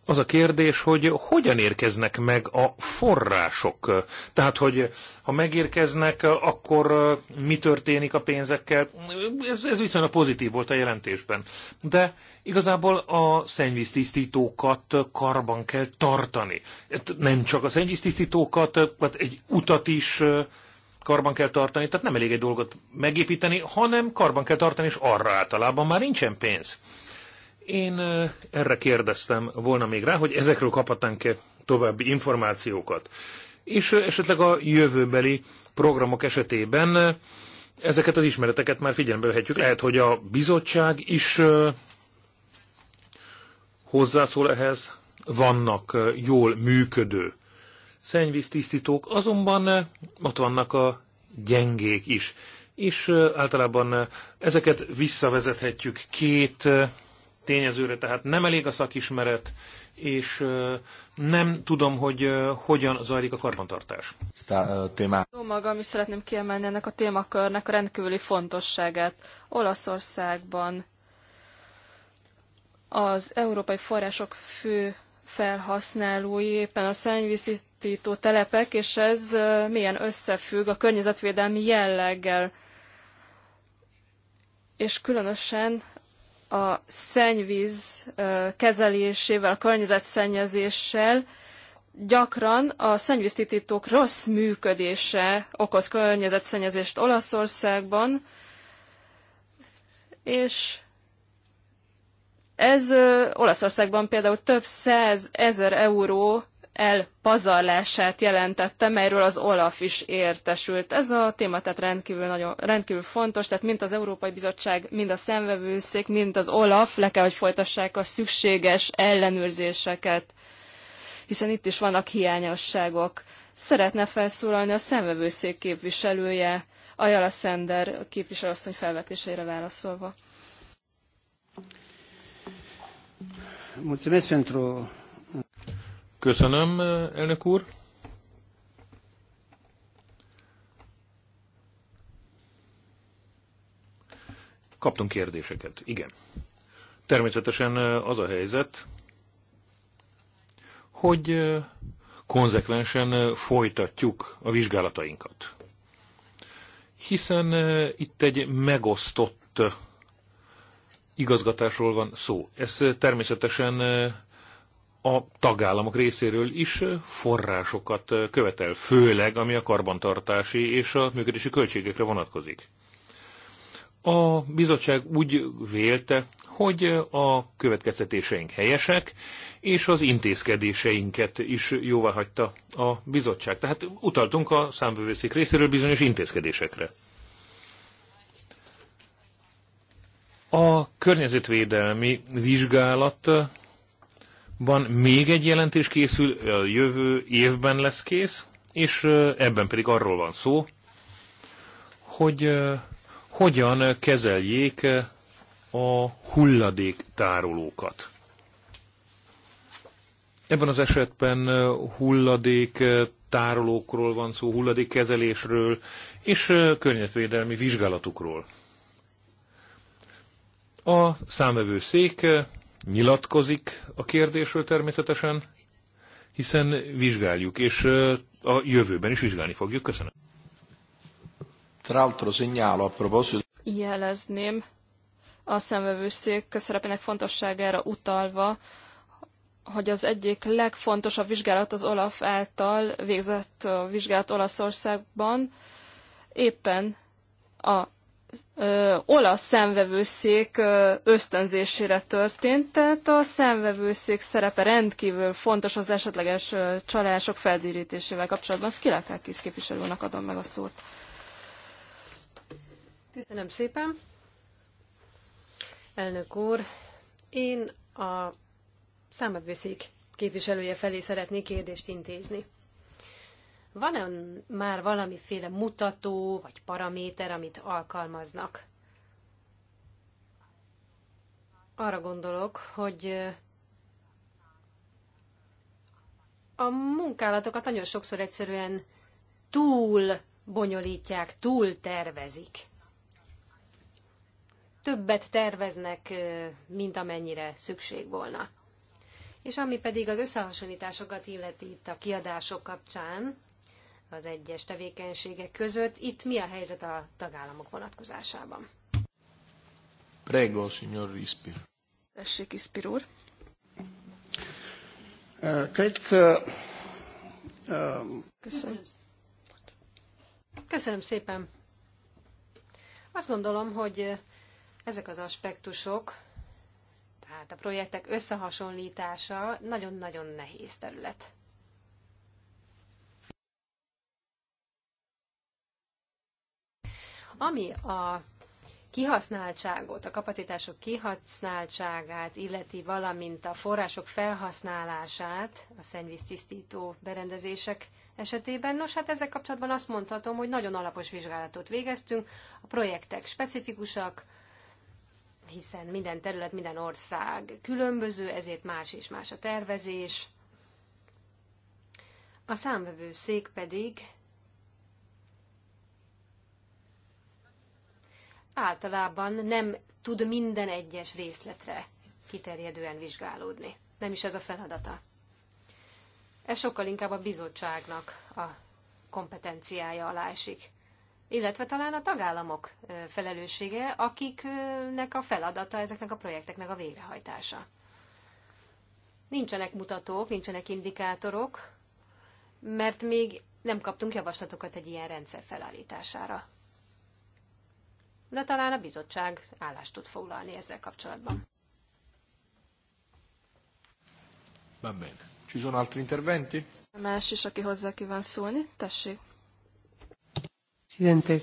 az a kérdés, hogy hogyan érkeznek meg a források. Tehát, hogy ha megérkeznek, akkor mi történik a pénzekkel? Ez, ez viszonylag pozitív volt a jelentésben. De igazából a szennyvíztisztítókat karban kell tartani. Nem csak a szennyvíztisztítókat, tehát egy utat is karban kell tartani, tehát nem elég egy dolgot megépíteni, hanem karban kell tartani, és arra általában már nincsen pénz. Én erre kérdeztem volna még rá, hogy ezekről kaphatnánk-e további információkat. És esetleg a jövőbeli programok esetében ezeket az ismereteket már figyelembe vehetjük. Lehet, hogy a bizottság is hozzászól ehhez. Vannak jól működő szennyvíztisztítók, azonban ott vannak a gyengék is. És általában ezeket visszavezethetjük két tényezőre, tehát nem elég a szakismeret, és nem tudom, hogy hogyan zajlik a karbantartás. Témá. Jó magam is szeretném kiemelni ennek a témakörnek a rendkívüli fontosságát. Olaszországban az európai források fő felhasználói éppen a szennyvíztisztító telepek, és ez milyen összefügg a környezetvédelmi jelleggel. És különösen a szennyvíz kezelésével, a környezetszennyezéssel, gyakran a szennyvíztitítók rossz működése okoz környezetszennyezést Olaszországban, és ez Olaszországban például több száz ezer euró elpazarlását jelentette, melyről az Olaf is értesült. Ez a téma tehát rendkívül, nagyon, rendkívül fontos, tehát mind az Európai Bizottság, mind a szemvevőszék, mind az Olaf le kell, hogy folytassák a szükséges ellenőrzéseket, hiszen itt is vannak hiányosságok. Szeretne felszólalni a szemvevőszék képviselője, Ajala Szender képviselőasszony felvetésére válaszolva. Mulțumesc pentru Köszönöm, elnök úr. Kaptunk kérdéseket, igen. Természetesen az a helyzet, hogy konzekvensen folytatjuk a vizsgálatainkat. Hiszen itt egy megosztott igazgatásról van szó. Ez természetesen a tagállamok részéről is forrásokat követel, főleg ami a karbantartási és a működési költségekre vonatkozik. A bizottság úgy vélte, hogy a következtetéseink helyesek, és az intézkedéseinket is jóvá hagyta a bizottság. Tehát utaltunk a számbevőszék részéről bizonyos intézkedésekre. A környezetvédelmi vizsgálat van még egy jelentés készül, a jövő évben lesz kész, és ebben pedig arról van szó, hogy hogyan kezeljék a hulladéktárolókat. Ebben az esetben hulladék tárolókról van szó, hulladékkezelésről és környezetvédelmi vizsgálatukról. A szék nyilatkozik a kérdésről természetesen, hiszen vizsgáljuk, és a jövőben is vizsgálni fogjuk. Köszönöm. Jelezném a szemvevőszék szerepének fontosságára utalva, hogy az egyik legfontosabb vizsgálat az Olaf által végzett vizsgálat Olaszországban éppen a ö, olasz szemvevőszék ö, ösztönzésére történt, tehát a szemvevőszék szerepe rendkívül fontos az esetleges ö, csalások feldírítésével kapcsolatban. Szkilákákis képviselőnek adom meg a szót. Köszönöm szépen. Elnök úr, én a számvevőszék képviselője felé szeretnék kérdést intézni. Van-e már valamiféle mutató vagy paraméter, amit alkalmaznak? Arra gondolok, hogy a munkálatokat nagyon sokszor egyszerűen túl bonyolítják, túl tervezik. Többet terveznek, mint amennyire szükség volna. És ami pedig az összehasonlításokat illeti itt a kiadások kapcsán, az egyes tevékenységek között. Itt mi a helyzet a tagállamok vonatkozásában? Prego, signor Rispir. Tessék, Ispir úr. Cred că... Köszönöm. Köszönöm szépen. Azt gondolom, hogy ezek az aspektusok, tehát a projektek összehasonlítása nagyon-nagyon nehéz terület. Ami a kihasználtságot, a kapacitások kihasználtságát, illeti valamint a források felhasználását a szennyvíztisztító berendezések esetében. Nos, hát ezzel kapcsolatban azt mondhatom, hogy nagyon alapos vizsgálatot végeztünk, a projektek specifikusak, hiszen minden terület, minden ország különböző, ezért más és más a tervezés. A számvevőszék pedig általában nem tud minden egyes részletre kiterjedően vizsgálódni. Nem is ez a feladata. Ez sokkal inkább a bizottságnak a kompetenciája alá esik. Illetve talán a tagállamok felelőssége, akiknek a feladata ezeknek a projekteknek a végrehajtása. Nincsenek mutatók, nincsenek indikátorok, mert még nem kaptunk javaslatokat egy ilyen rendszer felállítására de talán a bizottság állást tud foglalni ezzel kapcsolatban. Ben bene. Ci sono altri interventi? Más is, aki hozzá kíván szólni, tessék. Presidente,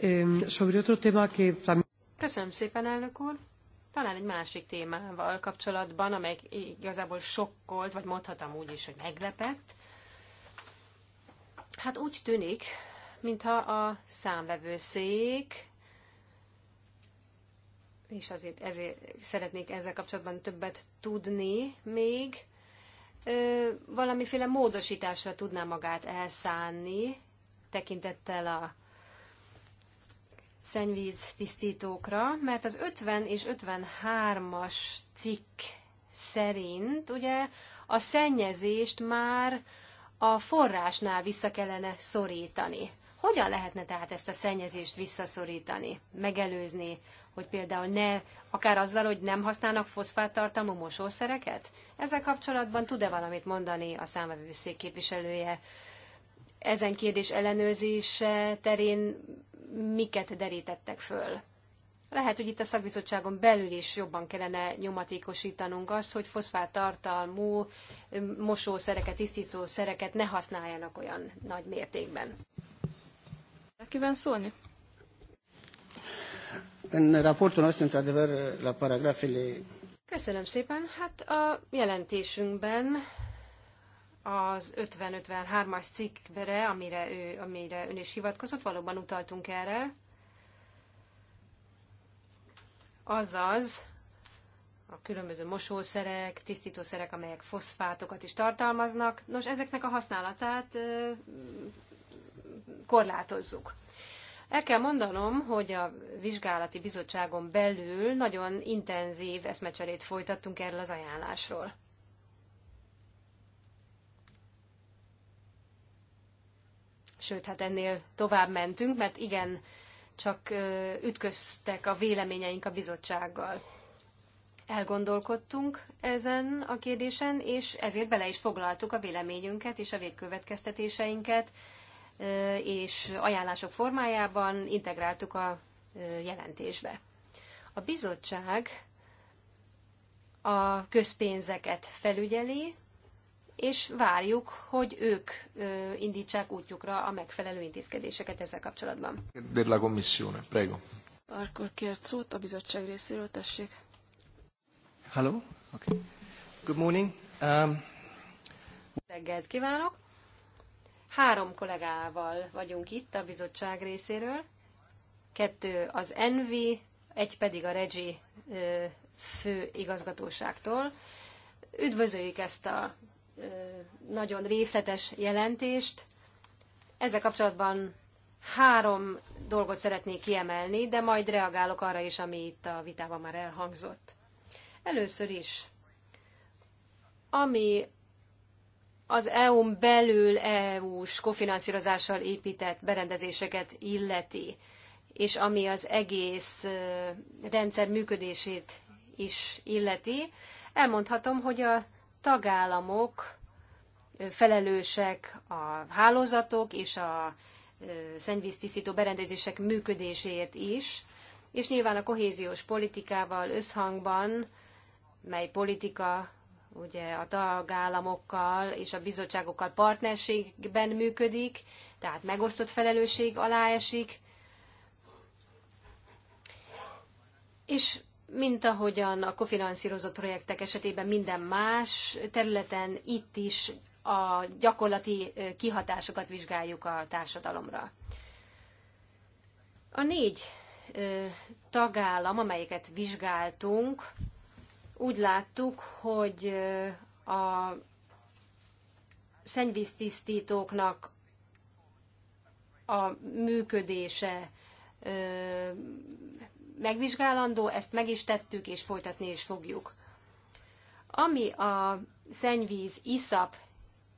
ehm, sobre otro tema que Köszönöm szépen, elnök úr. Talán egy másik témával kapcsolatban, amely igazából sokkolt, vagy mondhatom úgy is, hogy meglepett. Hát úgy tűnik, mintha a számvevőszék és azért ezért szeretnék ezzel kapcsolatban többet tudni még. Ö, valamiféle módosításra tudná magát elszánni, tekintettel a szennyvíz tisztítókra, mert az 50 és 53-as cikk szerint ugye a szennyezést már a forrásnál vissza kellene szorítani. Hogyan lehetne tehát ezt a szennyezést visszaszorítani, megelőzni, hogy például ne, akár azzal, hogy nem használnak foszfáttartalmú mosószereket? Ezzel kapcsolatban tud-e valamit mondani a számvevőszék képviselője? Ezen kérdés ellenőrzés terén miket derítettek föl? Lehet, hogy itt a szakbizottságon belül is jobban kellene nyomatékosítanunk azt, hogy foszfát tartalmú mosószereket, tisztítószereket ne használjanak olyan nagy mértékben. Kíván szólni? În raportul nostru, într-adevăr, la paragrafele... Köszönöm szépen. Hát a jelentésünkben az 50-53-as cikkbere, amire, ő, amire ön is hivatkozott, valóban utaltunk erre. Azaz, a különböző mosószerek, tisztítószerek, amelyek foszfátokat is tartalmaznak. Nos, ezeknek a használatát korlátozzuk. El kell mondanom, hogy a vizsgálati bizottságon belül nagyon intenzív eszmecserét folytattunk erről az ajánlásról. Sőt, hát ennél tovább mentünk, mert igen, csak ütköztek a véleményeink a bizottsággal. Elgondolkodtunk ezen a kérdésen, és ezért bele is foglaltuk a véleményünket és a végkövetkeztetéseinket és ajánlások formájában integráltuk a jelentésbe. A bizottság a közpénzeket felügyeli, és várjuk, hogy ők indítsák útjukra a megfelelő intézkedéseket ezzel kapcsolatban. De la commissione, prego. Akkor kért szót a bizottság részéről, tessék. Hello. Okay. Good morning. Um... Reggelt kívánok. Három kollégával vagyunk itt a bizottság részéről, kettő az Envi, egy pedig a Regi fő igazgatóságtól. Üdvözöljük ezt a nagyon részletes jelentést. Ezzel kapcsolatban három dolgot szeretnék kiemelni, de majd reagálok arra is, ami itt a vitában már elhangzott. Először is, ami az EU-n belül EU-s kofinanszírozással épített berendezéseket illeti, és ami az egész rendszer működését is illeti, elmondhatom, hogy a tagállamok felelősek a hálózatok és a szennyvíztisztító berendezések működéséért is, és nyilván a kohéziós politikával összhangban, mely politika ugye a tagállamokkal és a bizottságokkal partnerségben működik, tehát megosztott felelősség alá esik. És mint ahogyan a kofinanszírozott projektek esetében minden más területen, itt is a gyakorlati kihatásokat vizsgáljuk a társadalomra. A négy tagállam, amelyeket vizsgáltunk, úgy láttuk, hogy a szennyvíztisztítóknak a működése megvizsgálandó, ezt meg is tettük, és folytatni is fogjuk. Ami a szennyvíz iszap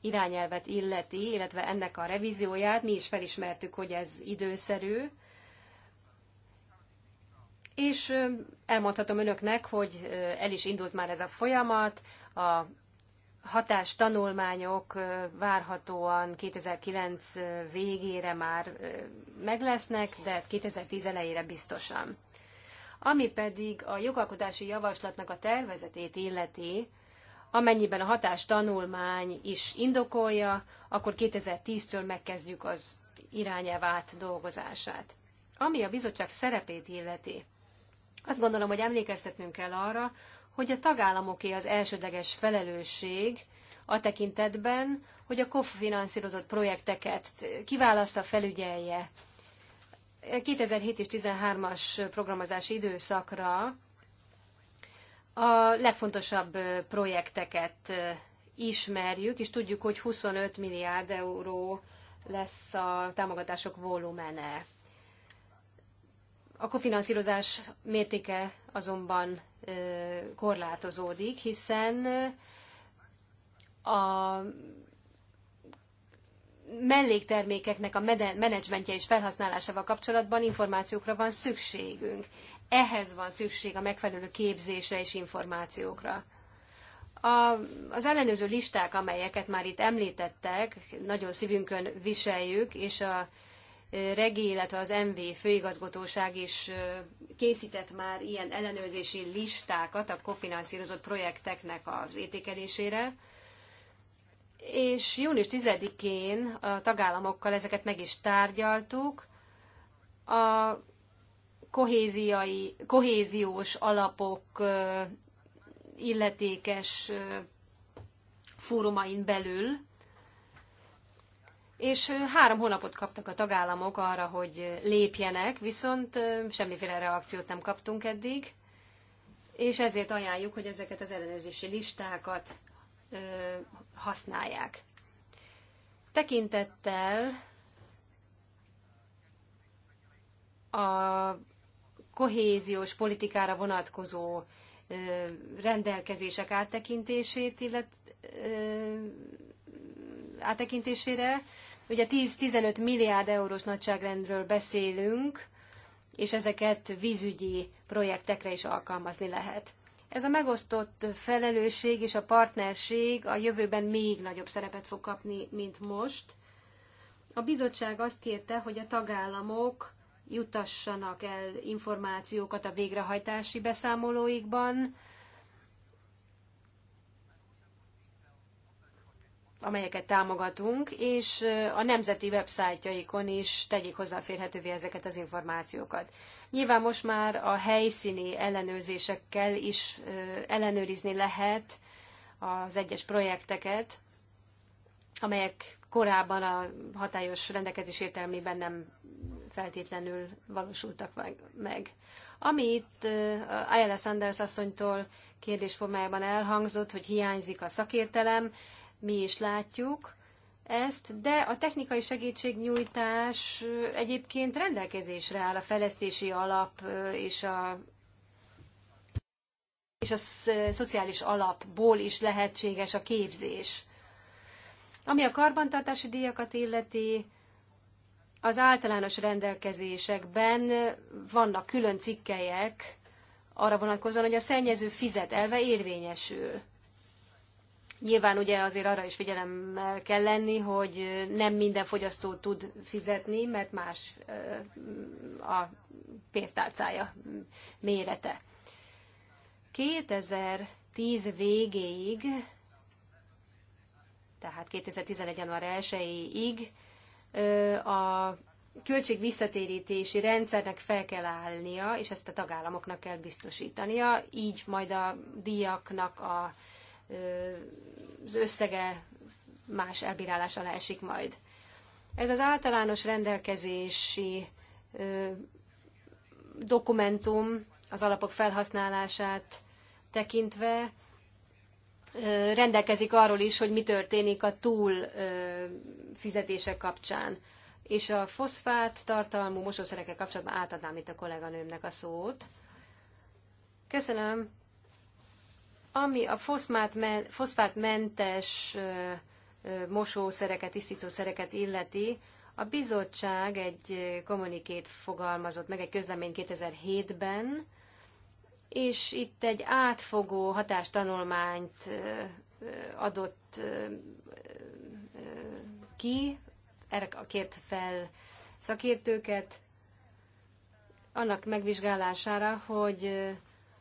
irányelvet illeti, illetve ennek a revízióját, mi is felismertük, hogy ez időszerű, és elmondhatom önöknek, hogy el is indult már ez a folyamat, a hatás tanulmányok várhatóan 2009 végére már meglesznek, de 2010 elejére biztosan. Ami pedig a jogalkotási javaslatnak a tervezetét illeti, amennyiben a hatás tanulmány is indokolja, akkor 2010-től megkezdjük az irányelv dolgozását. Ami a bizottság szerepét illeti, azt gondolom, hogy emlékeztetnünk kell arra, hogy a tagállamoké az elsődleges felelősség a tekintetben, hogy a finanszírozott projekteket kiválaszza, felügyelje. 2007 és 13 as programozási időszakra a legfontosabb projekteket ismerjük, és tudjuk, hogy 25 milliárd euró lesz a támogatások volumene a kofinanszírozás mértéke azonban korlátozódik, hiszen a melléktermékeknek a menedzsmentje és felhasználásával kapcsolatban információkra van szükségünk. Ehhez van szükség a megfelelő képzésre és információkra. A, az ellenőrző listák, amelyeket már itt említettek, nagyon szívünkön viseljük, és a Regi, illetve az MV főigazgatóság is készített már ilyen ellenőrzési listákat a kofinanszírozott projekteknek az értékelésére, és június 10-én a tagállamokkal ezeket meg is tárgyaltuk. A kohéziai, kohéziós alapok illetékes fórumain belül, és három hónapot kaptak a tagállamok arra, hogy lépjenek, viszont semmiféle reakciót nem kaptunk eddig, és ezért ajánljuk, hogy ezeket az ellenőrzési listákat használják. Tekintettel a kohéziós politikára vonatkozó rendelkezések áttekintését, illetve áttekintésére Ugye 10-15 milliárd eurós nagyságrendről beszélünk, és ezeket vízügyi projektekre is alkalmazni lehet. Ez a megosztott felelősség és a partnerség a jövőben még nagyobb szerepet fog kapni, mint most. A bizottság azt kérte, hogy a tagállamok jutassanak el információkat a végrehajtási beszámolóikban, amelyeket támogatunk, és a nemzeti websájtjaikon is tegyék hozzáférhetővé ezeket az információkat. Nyilván most már a helyszíni ellenőrzésekkel is ellenőrizni lehet az egyes projekteket, amelyek korábban a hatályos rendelkezés értelmében nem feltétlenül valósultak meg. Amit Ayala Sanders asszonytól formájában elhangzott, hogy hiányzik a szakértelem, mi is látjuk ezt, de a technikai segítségnyújtás egyébként rendelkezésre áll a fejlesztési alap és a és a szociális alapból is lehetséges a képzés. Ami a karbantartási díjakat illeti, az általános rendelkezésekben vannak külön cikkelyek arra vonatkozóan, hogy a szennyező fizet elve érvényesül. Nyilván ugye azért arra is figyelemmel kell lenni, hogy nem minden fogyasztó tud fizetni, mert más a pénztárcája mérete. 2010 végéig, tehát 2011. január 1-ig a költség visszatérítési rendszernek fel kell állnia, és ezt a tagállamoknak kell biztosítania, így majd a díjaknak a az összege más elbírálás alá esik majd. Ez az általános rendelkezési dokumentum az alapok felhasználását tekintve rendelkezik arról is, hogy mi történik a túl fizetése kapcsán. És a foszfát tartalmú mosószerekkel kapcsolatban átadnám itt a kolléganőmnek a szót. Köszönöm. Ami a foszfátmentes mosószereket, tisztítószereket illeti, a bizottság egy kommunikét fogalmazott meg, egy közlemény 2007-ben, és itt egy átfogó hatástanulmányt adott ki, erre kért fel szakértőket, annak megvizsgálására, hogy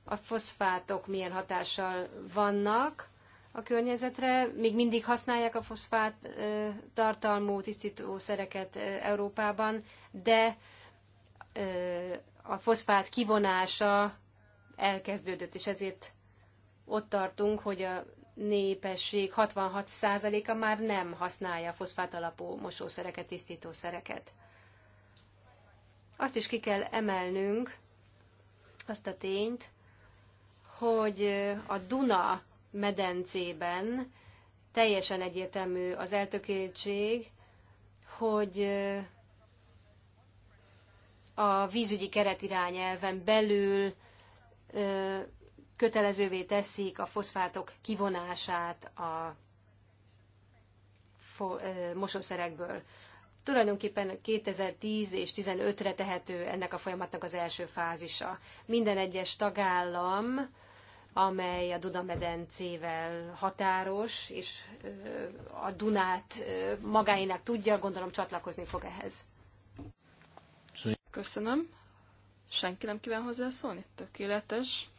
a foszfátok milyen hatással vannak a környezetre. Még mindig használják a foszfát tartalmú tisztítószereket Európában, de a foszfát kivonása elkezdődött, és ezért ott tartunk, hogy a népesség 66%-a már nem használja a foszfát alapú mosószereket, tisztítószereket. Azt is ki kell emelnünk, azt a tényt, hogy a Duna medencében teljesen egyértelmű az eltökéltség, hogy a vízügyi keretirányelven belül kötelezővé teszik a foszfátok kivonását a mosószerekből. Tulajdonképpen 2010 és 15 re tehető ennek a folyamatnak az első fázisa. Minden egyes tagállam amely a Dunamedencével határos, és a Dunát magáinak tudja, gondolom csatlakozni fog ehhez. Köszönöm. Senki nem kíván hozzászólni? Tökéletes.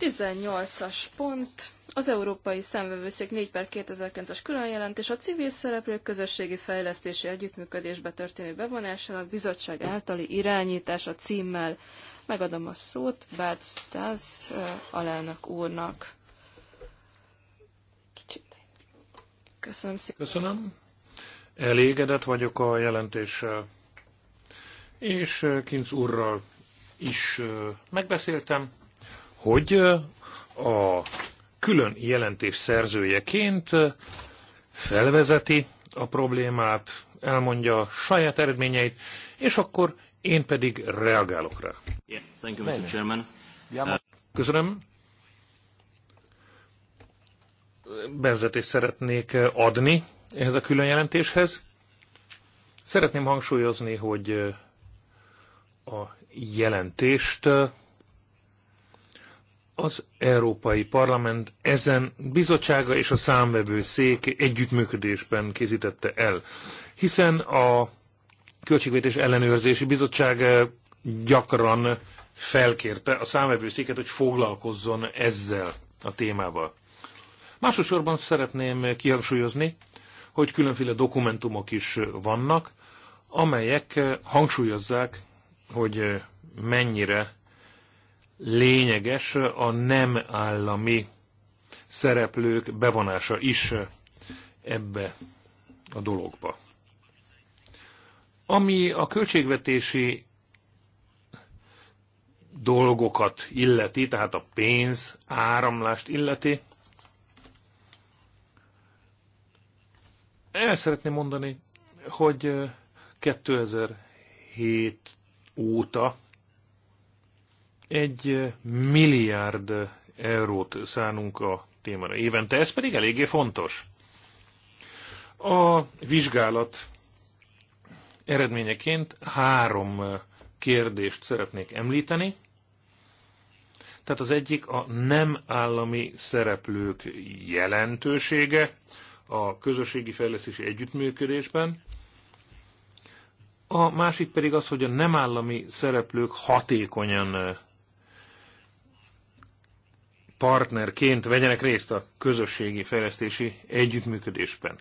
18-as pont. Az Európai Szemvevőszék 4 per 2009-es különjelentés a civil szereplők közösségi fejlesztési együttműködésbe történő bevonásának bizottság általi irányítása címmel. Megadom a szót Bert Stas alelnök úrnak. Kicsit. Köszönöm szépen. Köszönöm. Elégedett vagyok a jelentéssel. És Kinc úrral is megbeszéltem hogy a külön jelentés szerzőjeként felvezeti a problémát, elmondja a saját eredményeit, és akkor én pedig reagálok rá. Uh, Köszönöm. Bevezetést szeretnék adni ehhez a külön jelentéshez. Szeretném hangsúlyozni, hogy a jelentést az Európai Parlament ezen bizottsága és a számvevő szék együttműködésben készítette el, hiszen a Költségvetés Ellenőrzési Bizottság eh, gyakran felkérte a számvevőszéket, hogy foglalkozzon ezzel a témával. Másosorban szeretném kihangsúlyozni, hogy különféle dokumentumok is vannak, amelyek eh, hangsúlyozzák, hogy eh, mennyire lényeges a nem állami szereplők bevonása is ebbe a dologba. Ami a költségvetési dolgokat illeti, tehát a pénz áramlást illeti, el szeretném mondani, hogy 2007 óta egy milliárd eurót szánunk a témára évente, ez pedig eléggé fontos. A vizsgálat eredményeként három kérdést szeretnék említeni. Tehát az egyik a nem állami szereplők jelentősége a közösségi fejlesztési együttműködésben, a másik pedig az, hogy a nem állami szereplők hatékonyan partnerként vegyenek részt a közösségi fejlesztési együttműködésben.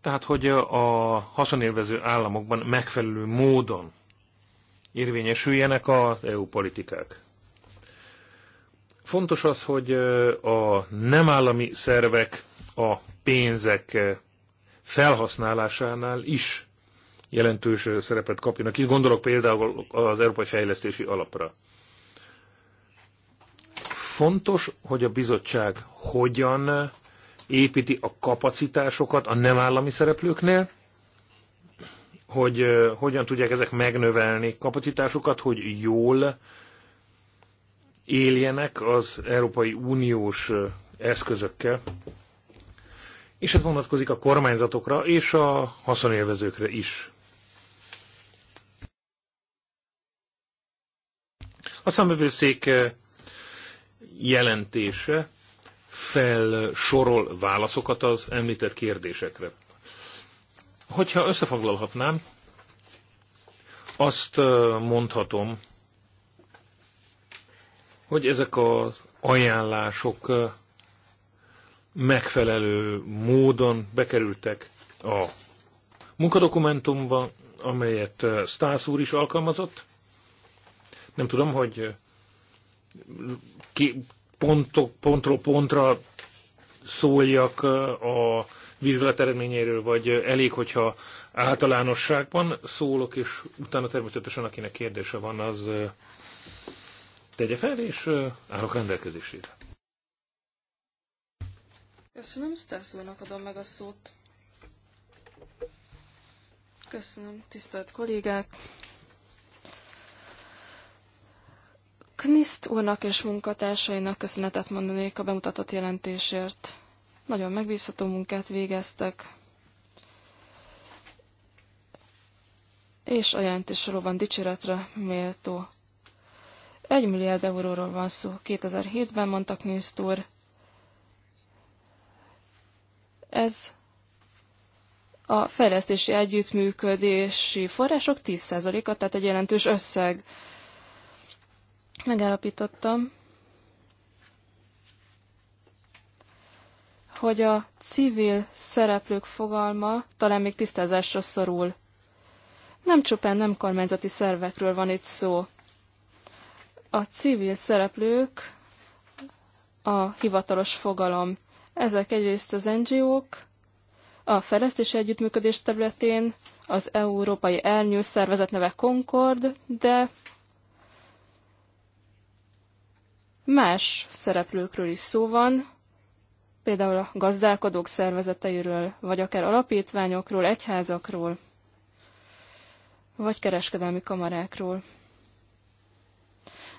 Tehát, hogy a haszonélvező államokban megfelelő módon érvényesüljenek az EU politikák. Fontos az, hogy a nem állami szervek a pénzek felhasználásánál is jelentős szerepet kapjanak. Itt gondolok például az Európai Fejlesztési Alapra. Fontos, hogy a bizottság hogyan építi a kapacitásokat a nem állami szereplőknél, hogy hogyan tudják ezek megnövelni kapacitásukat, hogy jól éljenek az Európai Uniós eszközökkel. És ez vonatkozik a kormányzatokra és a haszonélvezőkre is. A számövőszék jelentése felsorol válaszokat az említett kérdésekre. Hogyha összefoglalhatnám, azt mondhatom, hogy ezek az ajánlások megfelelő módon bekerültek a munkadokumentumba, amelyet Stász úr is alkalmazott. Nem tudom, hogy pontok, pontról pontra szóljak a vizsgálat eredményéről, vagy elég, hogyha általánosságban szólok, és utána természetesen akinek kérdése van, az tegye fel, és állok rendelkezésére. Köszönöm, Sztárszónak adom meg a szót. Köszönöm, tisztelt kollégák! Kniszt úrnak és munkatársainak köszönetet mondanék a bemutatott jelentésért. Nagyon megbízható munkát végeztek, és a jelentés valóban dicséretre méltó. Egy milliárd euróról van szó. 2007-ben mondta Kniszt úr. Ez a fejlesztési együttműködési források 10%-a, tehát egy jelentős összeg megállapítottam, hogy a civil szereplők fogalma talán még tisztázásra szorul. Nem csupán nem kormányzati szervekről van itt szó. A civil szereplők a hivatalos fogalom. Ezek egyrészt az NGO-k, a fejlesztési együttműködés területén az Európai Elnyő szervezet neve Concord, de Más szereplőkről is szó van, például a gazdálkodók szervezeteiről, vagy akár alapítványokról, egyházakról, vagy kereskedelmi kamarákról.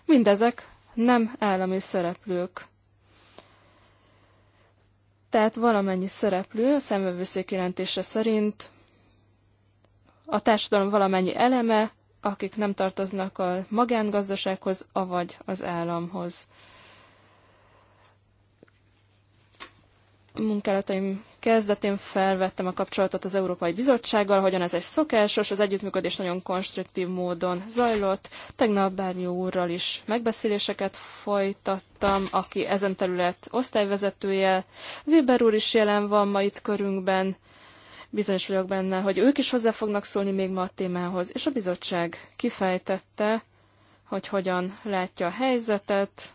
Mindezek nem állami szereplők. Tehát valamennyi szereplő a szemvevőszék jelentése szerint a társadalom valamennyi eleme akik nem tartoznak a magángazdasághoz, avagy az államhoz. munkálataim kezdetén felvettem a kapcsolatot az Európai Bizottsággal, hogyan ez egy szokásos, az együttműködés nagyon konstruktív módon zajlott. Tegnap bármi úrral is megbeszéléseket folytattam, aki ezen terület osztályvezetője. Weber úr is jelen van ma itt körünkben, Bizonyos vagyok benne, hogy ők is hozzá fognak szólni még ma a témához, és a bizottság kifejtette, hogy hogyan látja a helyzetet,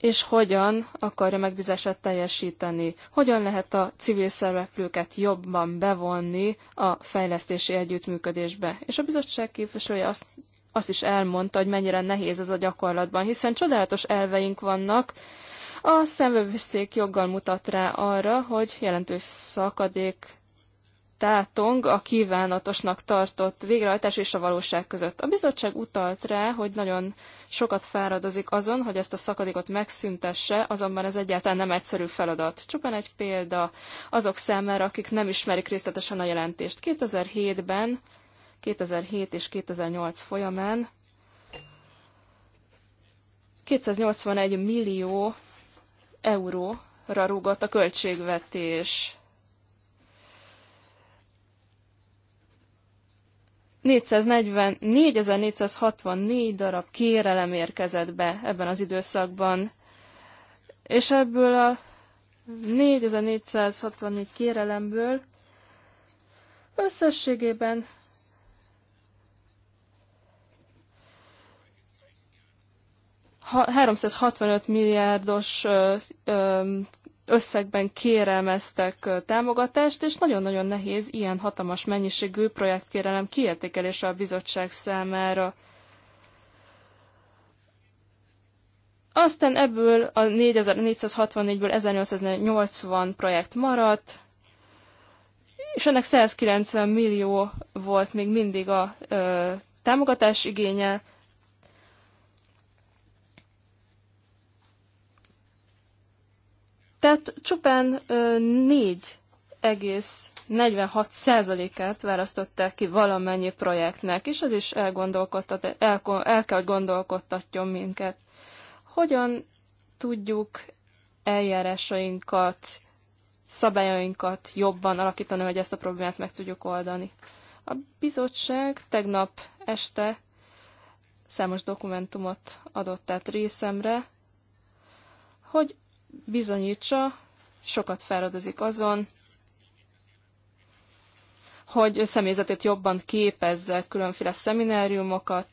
és hogyan akarja megbízását teljesíteni. Hogyan lehet a civil szereplőket jobban bevonni a fejlesztési együttműködésbe. És a bizottság képviselője azt, azt is elmondta, hogy mennyire nehéz ez a gyakorlatban, hiszen csodálatos elveink vannak, a szemvevőszék joggal mutat rá arra, hogy jelentős szakadék tátong a kívánatosnak tartott végrehajtás és a valóság között. A bizottság utalt rá, hogy nagyon sokat fáradozik azon, hogy ezt a szakadékot megszüntesse, azonban ez egyáltalán nem egyszerű feladat. Csupán egy példa azok számára, akik nem ismerik részletesen a jelentést. 2007-ben, 2007 és 2008 folyamán 281 millió euróra rúgott a költségvetés. 440, 4464 darab kérelem érkezett be ebben az időszakban, és ebből a 4464 kérelemből összességében 365 milliárdos összegben kérelmeztek támogatást, és nagyon-nagyon nehéz ilyen hatalmas mennyiségű projektkérelem kiértékelése a bizottság számára. Aztán ebből a 4464-ből 1880 projekt maradt, és ennek 190 millió volt még mindig a ö, támogatás igénye, Tehát csupán 4,46%-át választották ki valamennyi projektnek, és az is elgondolkodtat, el, el kell, hogy gondolkodtatjon minket. Hogyan tudjuk eljárásainkat, szabályainkat jobban alakítani, hogy ezt a problémát meg tudjuk oldani? A bizottság tegnap este számos dokumentumot adott át részemre, hogy bizonyítsa, sokat fáradozik azon, hogy személyzetét jobban képezze, különféle szemináriumokat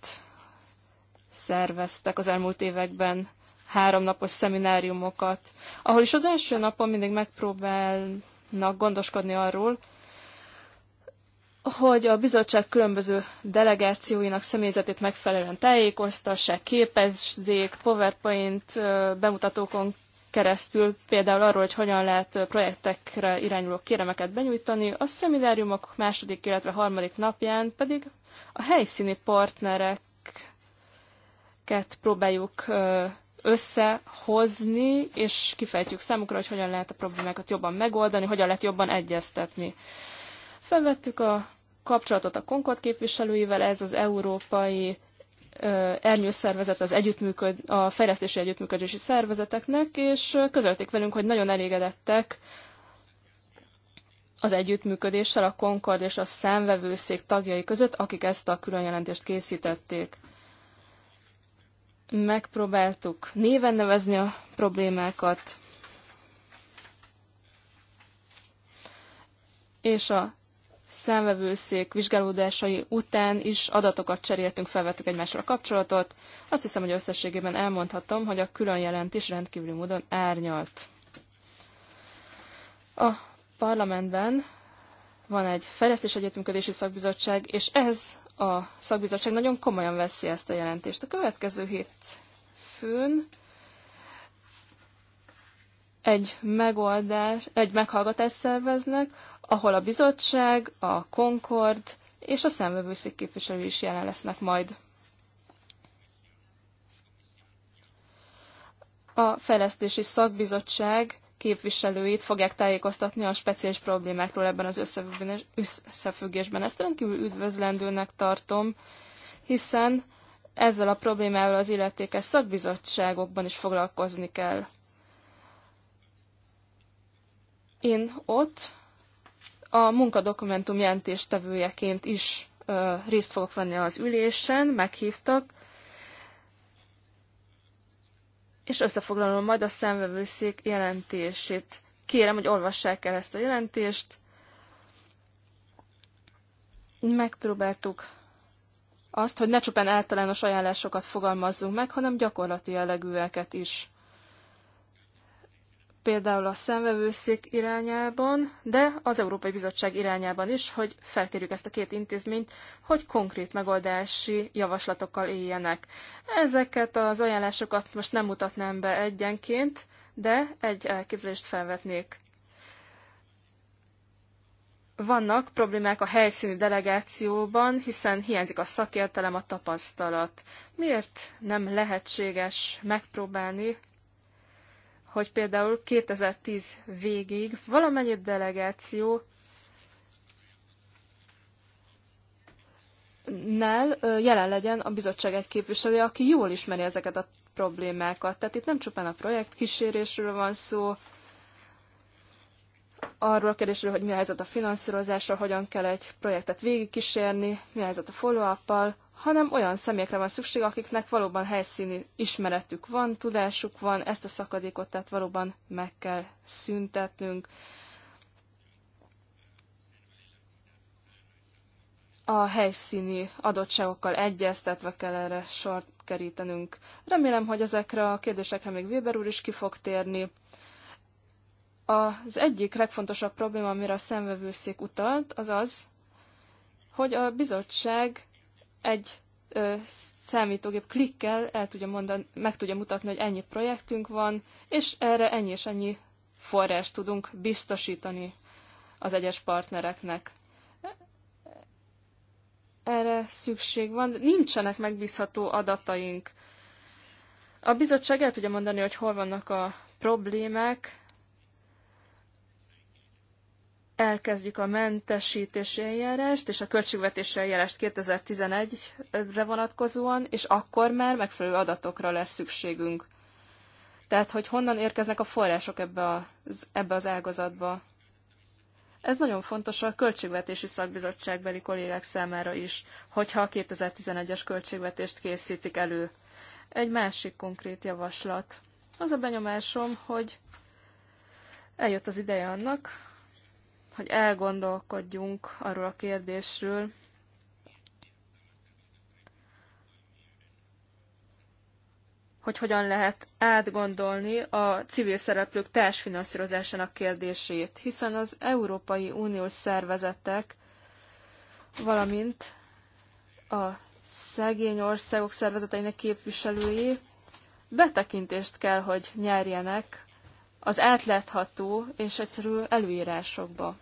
szerveztek az elmúlt években, háromnapos szemináriumokat, ahol is az első napon mindig megpróbálnak gondoskodni arról, hogy a bizottság különböző delegációinak személyzetét megfelelően tájékoztassák, képezzék, PowerPoint bemutatókon keresztül, például arról, hogy hogyan lehet projektekre irányuló kéremeket benyújtani, a szemináriumok második, illetve harmadik napján pedig a helyszíni partnereket próbáljuk összehozni, és kifejtjük számukra, hogy hogyan lehet a problémákat jobban megoldani, hogyan lehet jobban egyeztetni. Felvettük a kapcsolatot a Concord képviselőivel, ez az európai szervezet az együttműköd, a fejlesztési együttműködési szervezeteknek, és közölték velünk, hogy nagyon elégedettek az együttműködéssel a Concord és a szemvevőszék tagjai között, akik ezt a különjelentést készítették. Megpróbáltuk néven nevezni a problémákat, és a számvevőszék vizsgálódásai után is adatokat cseréltünk, felvettük egymásra a kapcsolatot. Azt hiszem, hogy összességében elmondhatom, hogy a külön jelentés rendkívüli módon árnyalt. A parlamentben van egy fejlesztés együttműködési szakbizottság, és ez a szakbizottság nagyon komolyan veszi ezt a jelentést. A következő főn egy megoldás, egy meghallgatást szerveznek, ahol a bizottság, a Concord és a szemvevőszék képviselői is jelen lesznek majd. A fejlesztési szakbizottság képviselőit fogják tájékoztatni a speciális problémákról ebben az összefüggésben. Ezt rendkívül üdvözlendőnek tartom, hiszen ezzel a problémával az illetékes szakbizottságokban is foglalkozni kell. Én ott a munkadokumentum jelentéstevőjeként is ö, részt fogok venni az ülésen, meghívtak, és összefoglalom majd a szemvevőszék jelentését. Kérem, hogy olvassák el ezt a jelentést. Megpróbáltuk azt, hogy ne csupán általános ajánlásokat fogalmazzunk meg, hanem gyakorlati jellegűeket is például a szemvevőszék irányában, de az Európai Bizottság irányában is, hogy felkérjük ezt a két intézményt, hogy konkrét megoldási javaslatokkal éljenek. Ezeket az ajánlásokat most nem mutatnám be egyenként, de egy elképzelést felvetnék. Vannak problémák a helyszíni delegációban, hiszen hiányzik a szakértelem, a tapasztalat. Miért nem lehetséges megpróbálni hogy például 2010 végig valamennyi delegáció nál jelen legyen a bizottság egy képviselője, aki jól ismeri ezeket a problémákat. Tehát itt nem csupán a projekt kísérésről van szó, arról a kérdésről, hogy mi a helyzet a finanszírozásra, hogyan kell egy projektet végigkísérni, mi a helyzet a follow-up-pal, hanem olyan személyekre van szükség, akiknek valóban helyszíni ismeretük van, tudásuk van, ezt a szakadékot tehát valóban meg kell szüntetnünk. a helyszíni adottságokkal egyeztetve kell erre sort kerítenünk. Remélem, hogy ezekre a kérdésekre még Weber úr is ki fog térni. Az egyik legfontosabb probléma, amire a szemvevőszék utalt, az az, hogy a bizottság egy ö, számítógép klikkel el tudja mondani, meg tudja mutatni, hogy ennyi projektünk van, és erre ennyi és ennyi forrást tudunk biztosítani az egyes partnereknek. Erre szükség van, nincsenek megbízható adataink. A bizottság el tudja mondani, hogy hol vannak a problémák, elkezdjük a mentesítési eljárást és a költségvetési eljárást 2011-re vonatkozóan, és akkor már megfelelő adatokra lesz szükségünk. Tehát, hogy honnan érkeznek a források ebbe az, ebbe az ágazatba. Ez nagyon fontos a költségvetési szakbizottságbeli kollégák számára is, hogyha a 2011-es költségvetést készítik elő. Egy másik konkrét javaslat. Az a benyomásom, hogy eljött az ideje annak, hogy elgondolkodjunk arról a kérdésről, hogy hogyan lehet átgondolni a civil szereplők társfinanszírozásának kérdését, hiszen az Európai Uniós szervezetek, valamint a szegény országok szervezeteinek képviselői betekintést kell, hogy nyerjenek az átlátható és egyszerű előírásokba.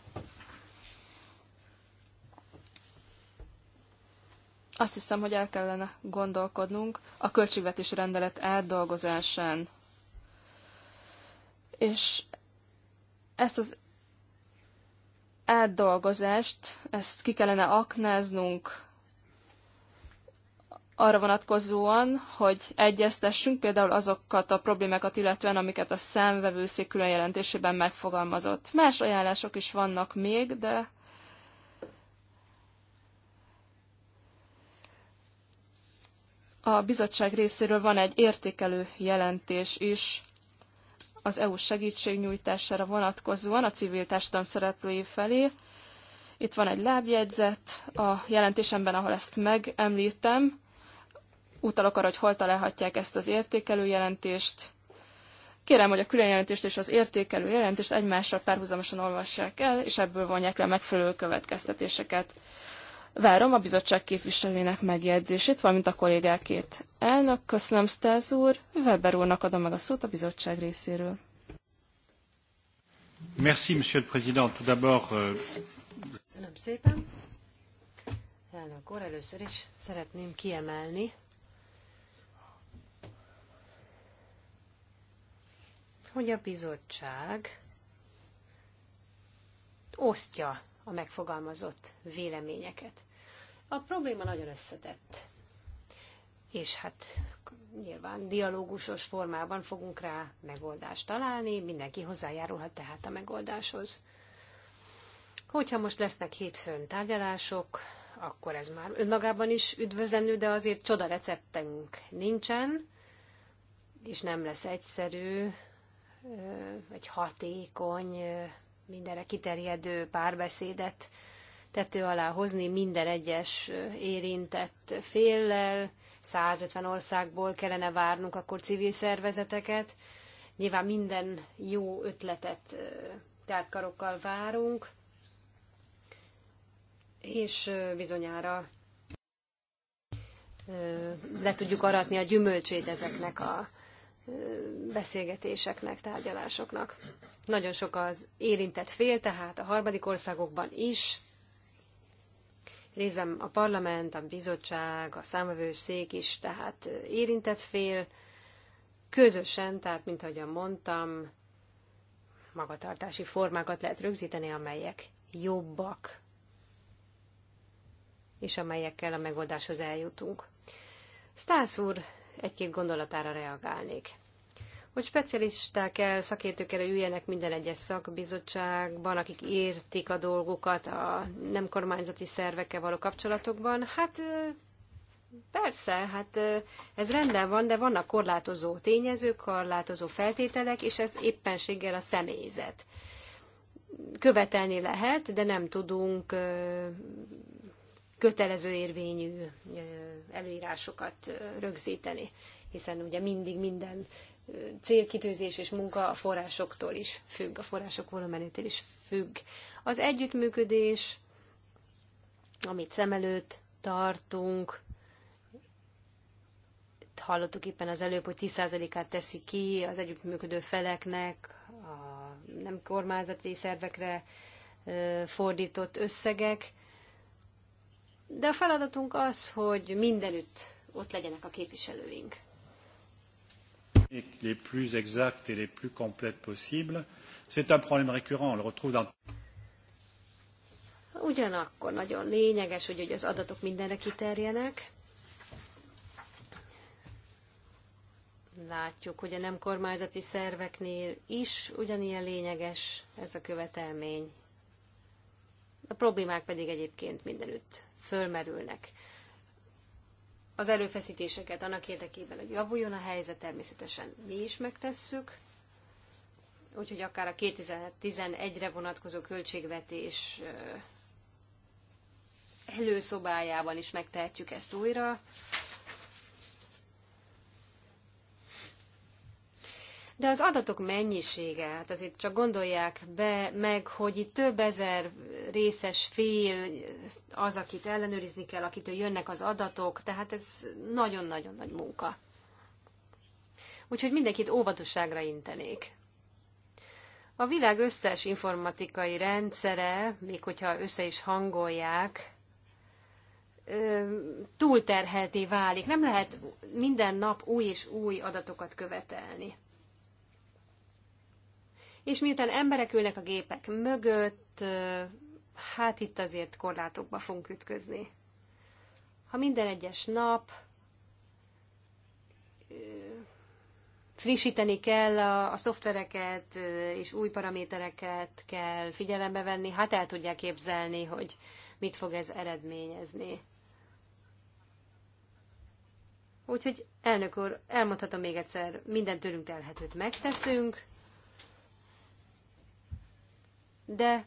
Azt hiszem, hogy el kellene gondolkodnunk a költségvetési rendelet átdolgozásán. És ezt az átdolgozást, ezt ki kellene aknáznunk, arra vonatkozóan, hogy egyeztessünk például azokat a problémákat illetően, amiket a számvevőszék külön jelentésében megfogalmazott. Más ajánlások is vannak még, de a bizottság részéről van egy értékelő jelentés is az EU segítségnyújtására vonatkozóan a civil társadalom szereplői felé. Itt van egy lábjegyzet a jelentésemben, ahol ezt megemlítem utalok arra, hogy hol találhatják ezt az értékelő jelentést. Kérem, hogy a különjelentést jelentést és az értékelő jelentést egymással párhuzamosan olvassák el, és ebből vonják le a megfelelő következtetéseket. Várom a bizottság képviselőinek megjegyzését, valamint a kollégákét. Elnök, köszönöm, Stáz úr. Weber úrnak adom meg a szót a bizottság részéről. Merci, monsieur le président. Tout d'abord... Euh... Köszönöm szépen. Elnök úr, először is szeretném kiemelni, hogy a bizottság osztja a megfogalmazott véleményeket. A probléma nagyon összetett, és hát nyilván dialógusos formában fogunk rá megoldást találni, mindenki hozzájárulhat tehát a megoldáshoz. Hogyha most lesznek hétfőn tárgyalások, akkor ez már önmagában is üdvözlendő, de azért csoda receptünk nincsen, és nem lesz egyszerű egy hatékony, mindenre kiterjedő párbeszédet tető alá hozni minden egyes érintett féllel, 150 országból kellene várnunk akkor civil szervezeteket. Nyilván minden jó ötletet tárkarokkal várunk, és bizonyára le tudjuk aratni a gyümölcsét ezeknek a beszélgetéseknek, tárgyalásoknak. Nagyon sok az érintett fél, tehát a harmadik országokban is, részben a parlament, a bizottság, a számövőszék is, tehát érintett fél, közösen, tehát mint ahogyan mondtam, magatartási formákat lehet rögzíteni, amelyek jobbak, és amelyekkel a megoldáshoz eljutunk. Stász úr egy-két gondolatára reagálnék. Hogy specialisták el, szakértők el üljenek minden egyes szakbizottságban, akik értik a dolgokat a nem kormányzati szervekkel való kapcsolatokban, hát Persze, hát ez rendben van, de vannak korlátozó tényezők, korlátozó feltételek, és ez éppenséggel a személyzet. Követelni lehet, de nem tudunk kötelező érvényű előírásokat rögzíteni, hiszen ugye mindig minden célkitűzés és munka a forrásoktól is függ, a források volumenétől is függ. Az együttműködés, amit szem előtt tartunk, hallottuk éppen az előbb, hogy 10%-át teszi ki az együttműködő feleknek, a nem kormányzati szervekre fordított összegek, de a feladatunk az, hogy mindenütt ott legyenek a képviselőink. Les plus exactes et les plus complètes possibles. C'est un problème récurrent, on le retrouve dans... Ugyanakkor nagyon lényeges, hogy az adatok mindenre kiterjenek. Látjuk, hogy a nem kormányzati szerveknél is ugyanilyen lényeges ez a követelmény. A problémák pedig egyébként mindenütt fölmerülnek. Az erőfeszítéseket annak érdekében, hogy javuljon a helyzet, természetesen mi is megtesszük, úgyhogy akár a 2011-re vonatkozó költségvetés előszobájában is megtehetjük ezt újra, De az adatok mennyisége, hát azért csak gondolják be meg, hogy itt több ezer részes fél az, akit ellenőrizni kell, akitől jönnek az adatok, tehát ez nagyon-nagyon nagy munka. Úgyhogy mindenkit óvatosságra intenék. A világ összes informatikai rendszere, még hogyha össze is hangolják, túlterhelté válik. Nem lehet minden nap új és új adatokat követelni és miután emberek ülnek a gépek mögött, hát itt azért korlátokba fogunk ütközni. Ha minden egyes nap frissíteni kell a, a szoftvereket, és új paramétereket kell figyelembe venni, hát el tudják képzelni, hogy mit fog ez eredményezni. Úgyhogy elnök úr, elmondhatom még egyszer, minden tőlünk telhetőt megteszünk, de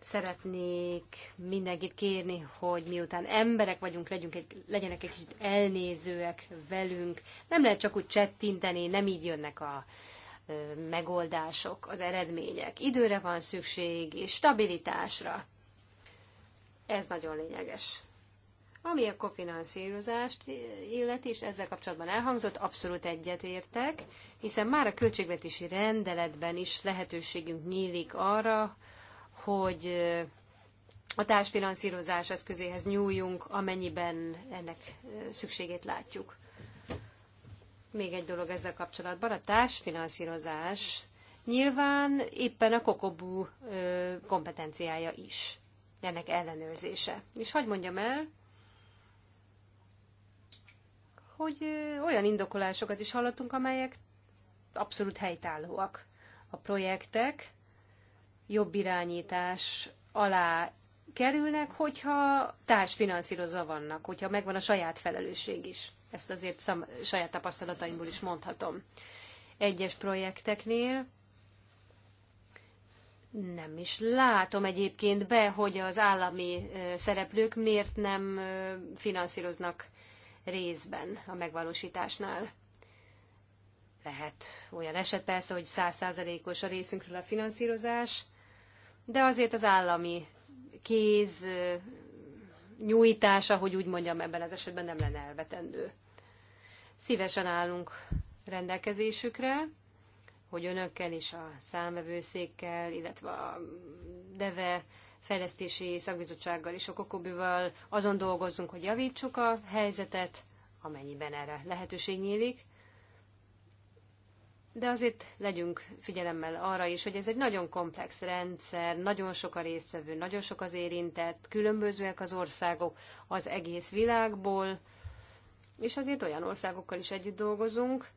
szeretnék mindenkit kérni, hogy miután emberek vagyunk, legyünk egy, legyenek egy kicsit elnézőek velünk. Nem lehet csak úgy csettinteni, nem így jönnek a ö, megoldások, az eredmények. Időre van szükség, és stabilitásra. Ez nagyon lényeges. Ami a kofinanszírozást illeti, és ezzel kapcsolatban elhangzott, abszolút egyetértek, hiszen már a költségvetési rendeletben is lehetőségünk nyílik arra, hogy a társfinanszírozás eszközéhez nyúljunk, amennyiben ennek szükségét látjuk. Még egy dolog ezzel kapcsolatban, a társfinanszírozás nyilván éppen a kokobú kompetenciája is, ennek ellenőrzése. És hagyd mondjam el, hogy olyan indokolásokat is hallottunk, amelyek abszolút helytállóak. A projektek jobb irányítás alá kerülnek, hogyha társfinanszírozva vannak, hogyha megvan a saját felelősség is. Ezt azért szam, saját tapasztalataimból is mondhatom. Egyes projekteknél nem is látom egyébként be, hogy az állami szereplők miért nem finanszíroznak részben a megvalósításnál. Lehet olyan eset persze, hogy százszázalékos a részünkről a finanszírozás, de azért az állami kéz nyújtása, hogy úgy mondjam, ebben az esetben nem lenne elvetendő. Szívesen állunk rendelkezésükre, hogy önökkel és a számvevőszékkel, illetve a DEVE fejlesztési szakbizottsággal és okokobival azon dolgozzunk, hogy javítsuk a helyzetet, amennyiben erre lehetőség nyílik, de azért legyünk figyelemmel arra is, hogy ez egy nagyon komplex rendszer, nagyon sok a résztvevő, nagyon sok az érintett, különbözőek az országok az egész világból, és azért olyan országokkal is együtt dolgozunk,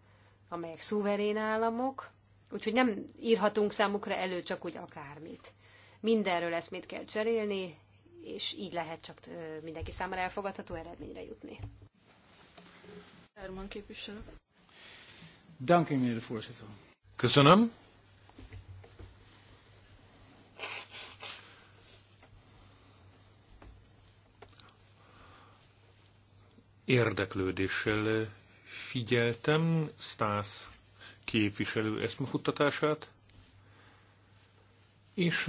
amelyek szuverén államok, úgyhogy nem írhatunk számukra elő csak úgy akármit. Mindenről eszmét kell cserélni, és így lehet csak mindenki számára elfogadható eredményre jutni. Erman képviselő. Dank u, meneer de voorzitter. Köszönöm. Érdeklődéssel figyeltem Stász képviselő eszmefuttatását, és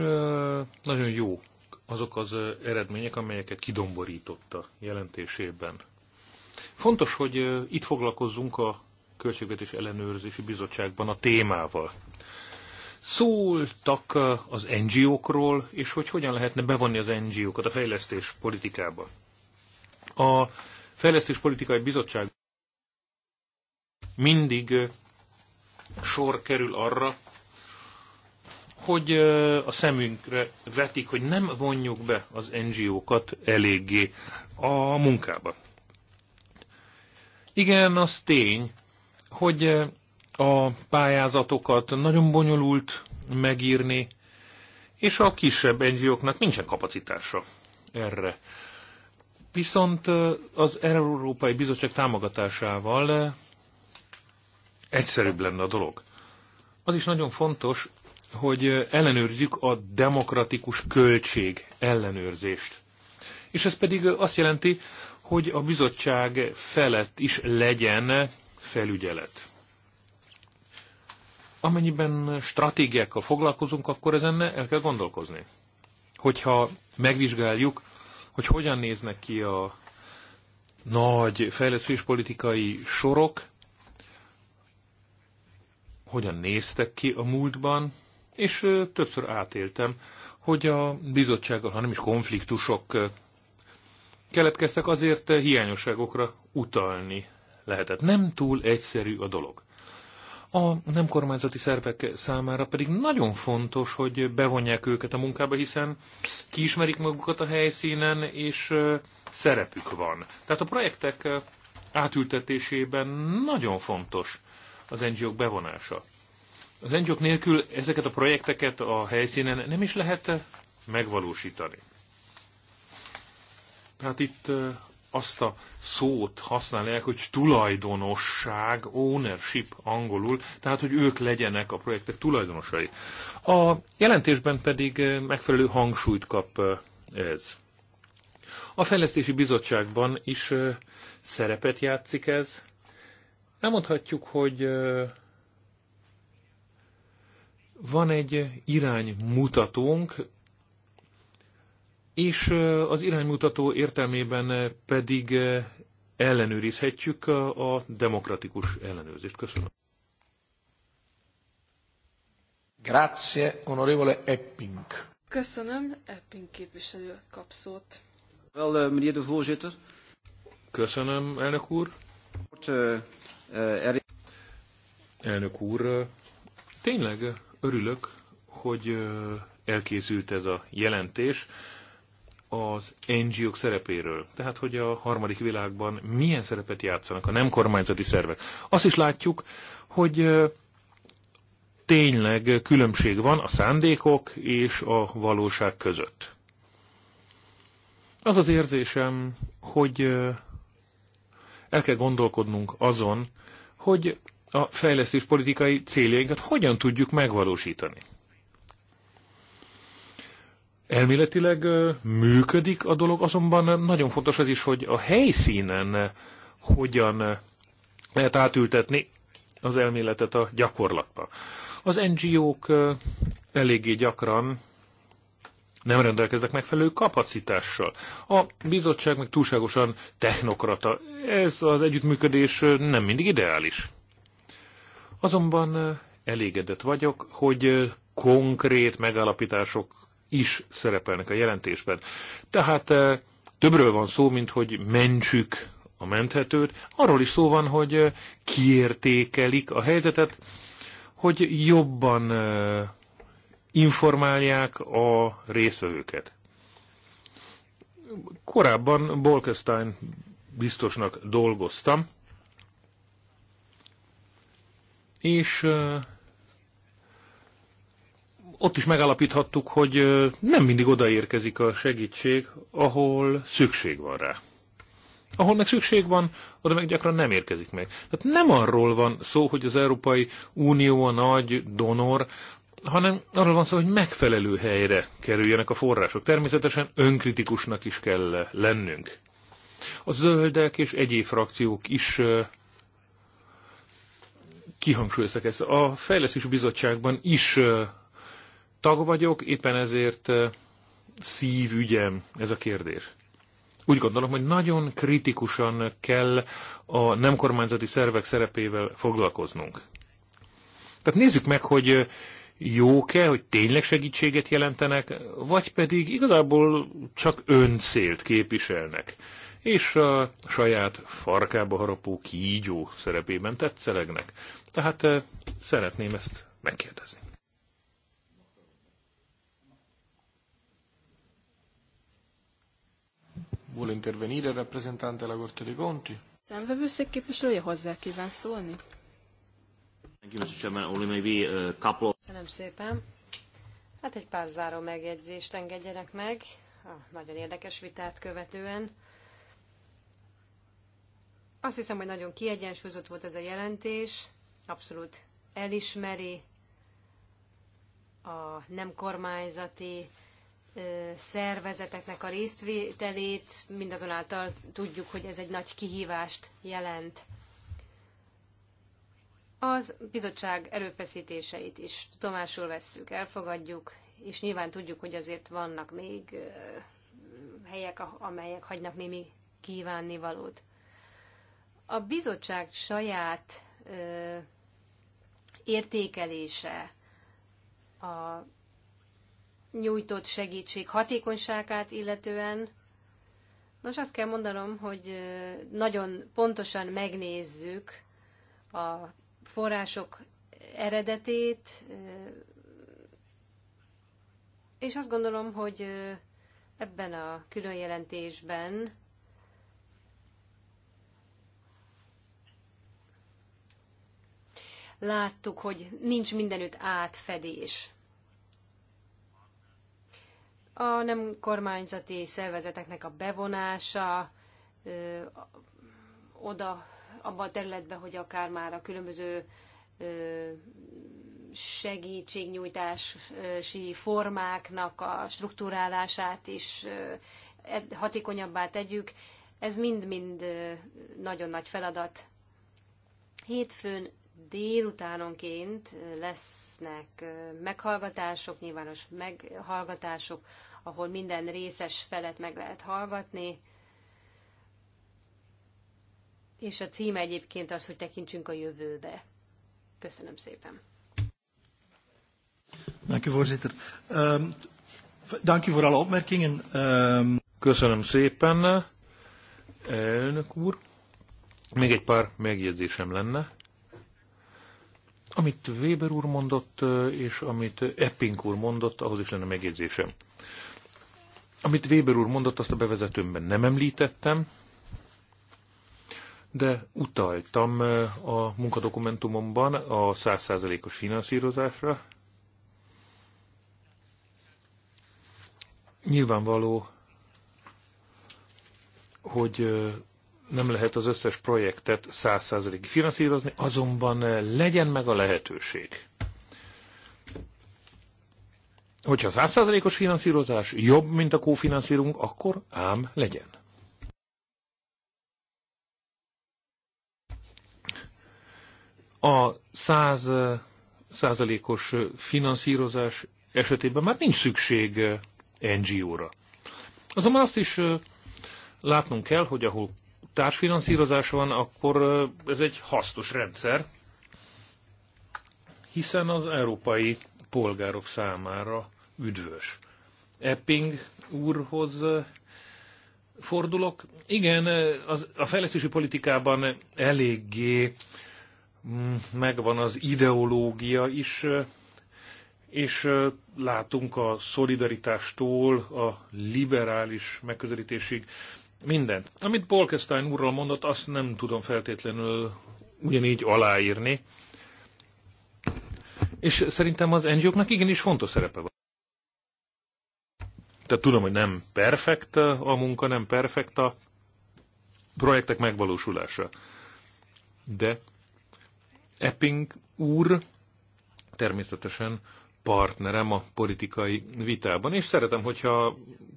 nagyon jó azok az eredmények, amelyeket kidomborította jelentésében. Fontos, hogy itt foglalkozzunk a Költségvetés Ellenőrzési Bizottságban a témával. Szóltak az NGO-król, és hogy hogyan lehetne bevonni az NGO-kat a fejlesztés politikába. A Fejlesztés Politikai Bizottság mindig sor kerül arra, hogy a szemünkre vetik, hogy nem vonjuk be az NGO-kat eléggé a munkába. Igen, az tény, hogy a pályázatokat nagyon bonyolult megírni, és a kisebb NGO-knak nincsen kapacitása erre. Viszont az Európai Bizottság támogatásával egyszerűbb lenne a dolog. Az is nagyon fontos, hogy ellenőrzzük a demokratikus költség ellenőrzést. És ez pedig azt jelenti, hogy a bizottság felett is legyen felügyelet. Amennyiben stratégiákkal foglalkozunk, akkor ezen el kell gondolkozni. Hogyha megvizsgáljuk, hogy hogyan néznek ki a nagy fejlesztéspolitikai sorok, hogyan néztek ki a múltban, és többször átéltem, hogy a bizottsággal, hanem is konfliktusok keletkeztek, azért hiányosságokra utalni lehetett. Nem túl egyszerű a dolog. A nem kormányzati szervek számára pedig nagyon fontos, hogy bevonják őket a munkába, hiszen kiismerik magukat a helyszínen, és szerepük van. Tehát a projektek átültetésében nagyon fontos az ngo bevonása. Az ngo nélkül ezeket a projekteket a helyszínen nem is lehet megvalósítani. Tehát itt azt a szót használják, hogy tulajdonosság, ownership angolul, tehát hogy ők legyenek a projektek tulajdonosai. A jelentésben pedig eh, megfelelő hangsúlyt kap eh, ez. A Fejlesztési Bizottságban is eh, szerepet játszik ez. Elmondhatjuk, hogy van egy iránymutatónk, és az iránymutató értelmében pedig ellenőrizhetjük a demokratikus ellenőrzést. Köszönöm. Grazie, onorevole Epping. Köszönöm, Epping képviselő kap szót. Wel, meneer de voorzitter. Köszönöm, elnök úr. Er- elnök úr, tényleg örülök, hogy elkészült ez a jelentés, az NGO-k szerepéről, tehát hogy a harmadik világban milyen szerepet játszanak a nem kormányzati szervek. Azt is látjuk, hogy tényleg különbség van a szándékok és a valóság között. Az az érzésem, hogy el kell gondolkodnunk azon, hogy a fejlesztés politikai céljainkat hogyan tudjuk megvalósítani. Elméletileg működik a dolog, azonban nagyon fontos az is, hogy a helyszínen hogyan lehet átültetni az elméletet a gyakorlatba. Az NGO-k eléggé gyakran nem rendelkeznek megfelelő kapacitással. A bizottság meg túlságosan technokrata. Ez az együttműködés nem mindig ideális. Azonban elégedett vagyok, hogy konkrét megállapítások is szerepelnek a jelentésben. Tehát eh, többről van szó, mint hogy mentsük a menthetőt. Arról is szó van, hogy eh, kiértékelik a helyzetet, hogy jobban eh, informálják a részvevőket. Korábban Bolkestein biztosnak dolgoztam, és ott is megállapíthattuk, hogy nem mindig odaérkezik a segítség, ahol szükség van rá. Ahol meg szükség van, oda meg gyakran nem érkezik meg. Tehát nem arról van szó, hogy az Európai Unió a nagy donor, hanem arról van szó, hogy megfelelő helyre kerüljenek a források. Természetesen önkritikusnak is kell lennünk. A zöldek és egyéb frakciók is kihangsúlyoztak ezt. A Fejlesztési Bizottságban is tag vagyok, éppen ezért szívügyem ez a kérdés. Úgy gondolom, hogy nagyon kritikusan kell a nem kormányzati szervek szerepével foglalkoznunk. Tehát nézzük meg, hogy jók-e, hogy tényleg segítséget jelentenek, vagy pedig igazából csak öncélt képviselnek, és a saját farkába harapó kígyó szerepében tetszelegnek. Tehát szeretném ezt megkérdezni. Vuole intervenire il rappresentante della Corte dei Conti? Köszönöm szépen. Hát egy pár záró megjegyzést engedjenek meg a nagyon érdekes vitát követően. Azt hiszem, hogy nagyon kiegyensúlyozott volt ez a jelentés, abszolút elismeri a nem kormányzati szervezeteknek a résztvételét, mindazonáltal tudjuk, hogy ez egy nagy kihívást jelent. Az bizottság erőfeszítéseit is tudomásul vesszük, elfogadjuk, és nyilván tudjuk, hogy azért vannak még helyek, amelyek hagynak némi kívánnivalót. A bizottság saját értékelése a nyújtott segítség hatékonyságát illetően. Nos, azt kell mondanom, hogy nagyon pontosan megnézzük a források eredetét, és azt gondolom, hogy ebben a külön jelentésben láttuk, hogy nincs mindenütt átfedés. A nem kormányzati szervezeteknek a bevonása ö, oda, abba a területben, hogy akár már a különböző ö, segítségnyújtási formáknak a struktúrálását is hatékonyabbá tegyük. Ez mind-mind nagyon nagy feladat. Hétfőn délutánonként lesznek meghallgatások, nyilvános meghallgatások ahol minden részes felet meg lehet hallgatni. És a címe egyébként az, hogy tekintsünk a jövőbe. Köszönöm szépen. Ehm, ehm, Köszönöm szépen, elnök úr. Még egy pár megjegyzésem lenne. Amit Weber úr mondott, és amit Epping úr mondott, ahhoz is lenne megjegyzésem. Amit Weber úr mondott, azt a bevezetőmben nem említettem, de utaltam eh, a munkadokumentumomban a 100%-os finanszírozásra. Nyilvánvaló, hogy eh, nem lehet az összes projektet 100%-ig finanszírozni, azonban eh, legyen meg a lehetőség. Hogyha 100%-os finanszírozás jobb, mint a kófinanszírunk, akkor ám legyen. A 100 százalékos finanszírozás esetében már nincs szükség NGO-ra. Azonban azt is látnunk kell, hogy ahol társfinanszírozás van, akkor ez egy hasznos rendszer, hiszen az európai polgárok számára üdvös. Epping úrhoz eh, fordulok. Igen, eh, az, a fejlesztési politikában eléggé mm, megvan az ideológia is, eh, és látunk a szolidaritástól a liberális megközelítésig mindent. Amit Polkestein úrral mondott, azt nem tudom feltétlenül ugyanígy aláírni, és szerintem az NGO-knak igenis fontos szerepe van. Tehát tudom, hogy nem perfekt a munka, nem perfekt a projektek megvalósulása. De Epping úr természetesen partnerem a politikai vitában, és szeretem, hogyha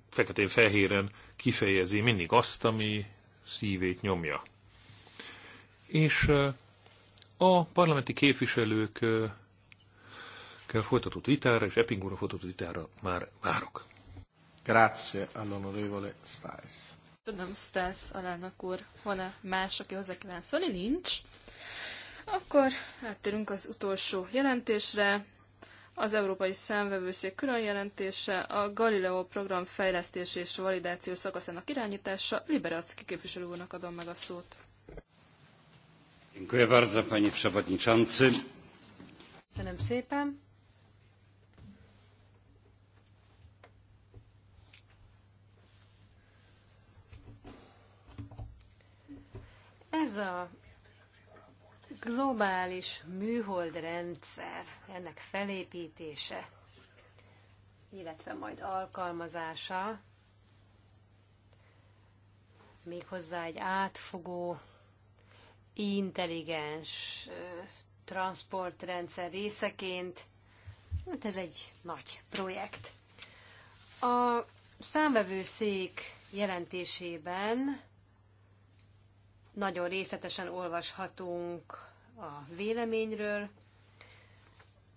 feketén-fehéren kifejezi mindig azt, ami szívét nyomja. És a parlamenti képviselők kell folytatott vitára, és Epping úrra folytatott vitára már várok. Grazie all'onorevole Stais. Tudom, Stais alelnök úr, van-e más, aki hozzá kíván szólni? Nincs. Akkor áttérünk az utolsó jelentésre, az Európai Számvevőszék külön jelentése, a Galileo program fejlesztés és validáció szakaszának irányítása. Liberacki képviselő úrnak adom meg a szót. Köszönöm szépen. Ez a globális műholdrendszer, ennek felépítése, illetve majd alkalmazása, méghozzá egy átfogó, intelligens transportrendszer részeként, hát ez egy nagy projekt. A számvevőszék jelentésében nagyon részletesen olvashatunk a véleményről.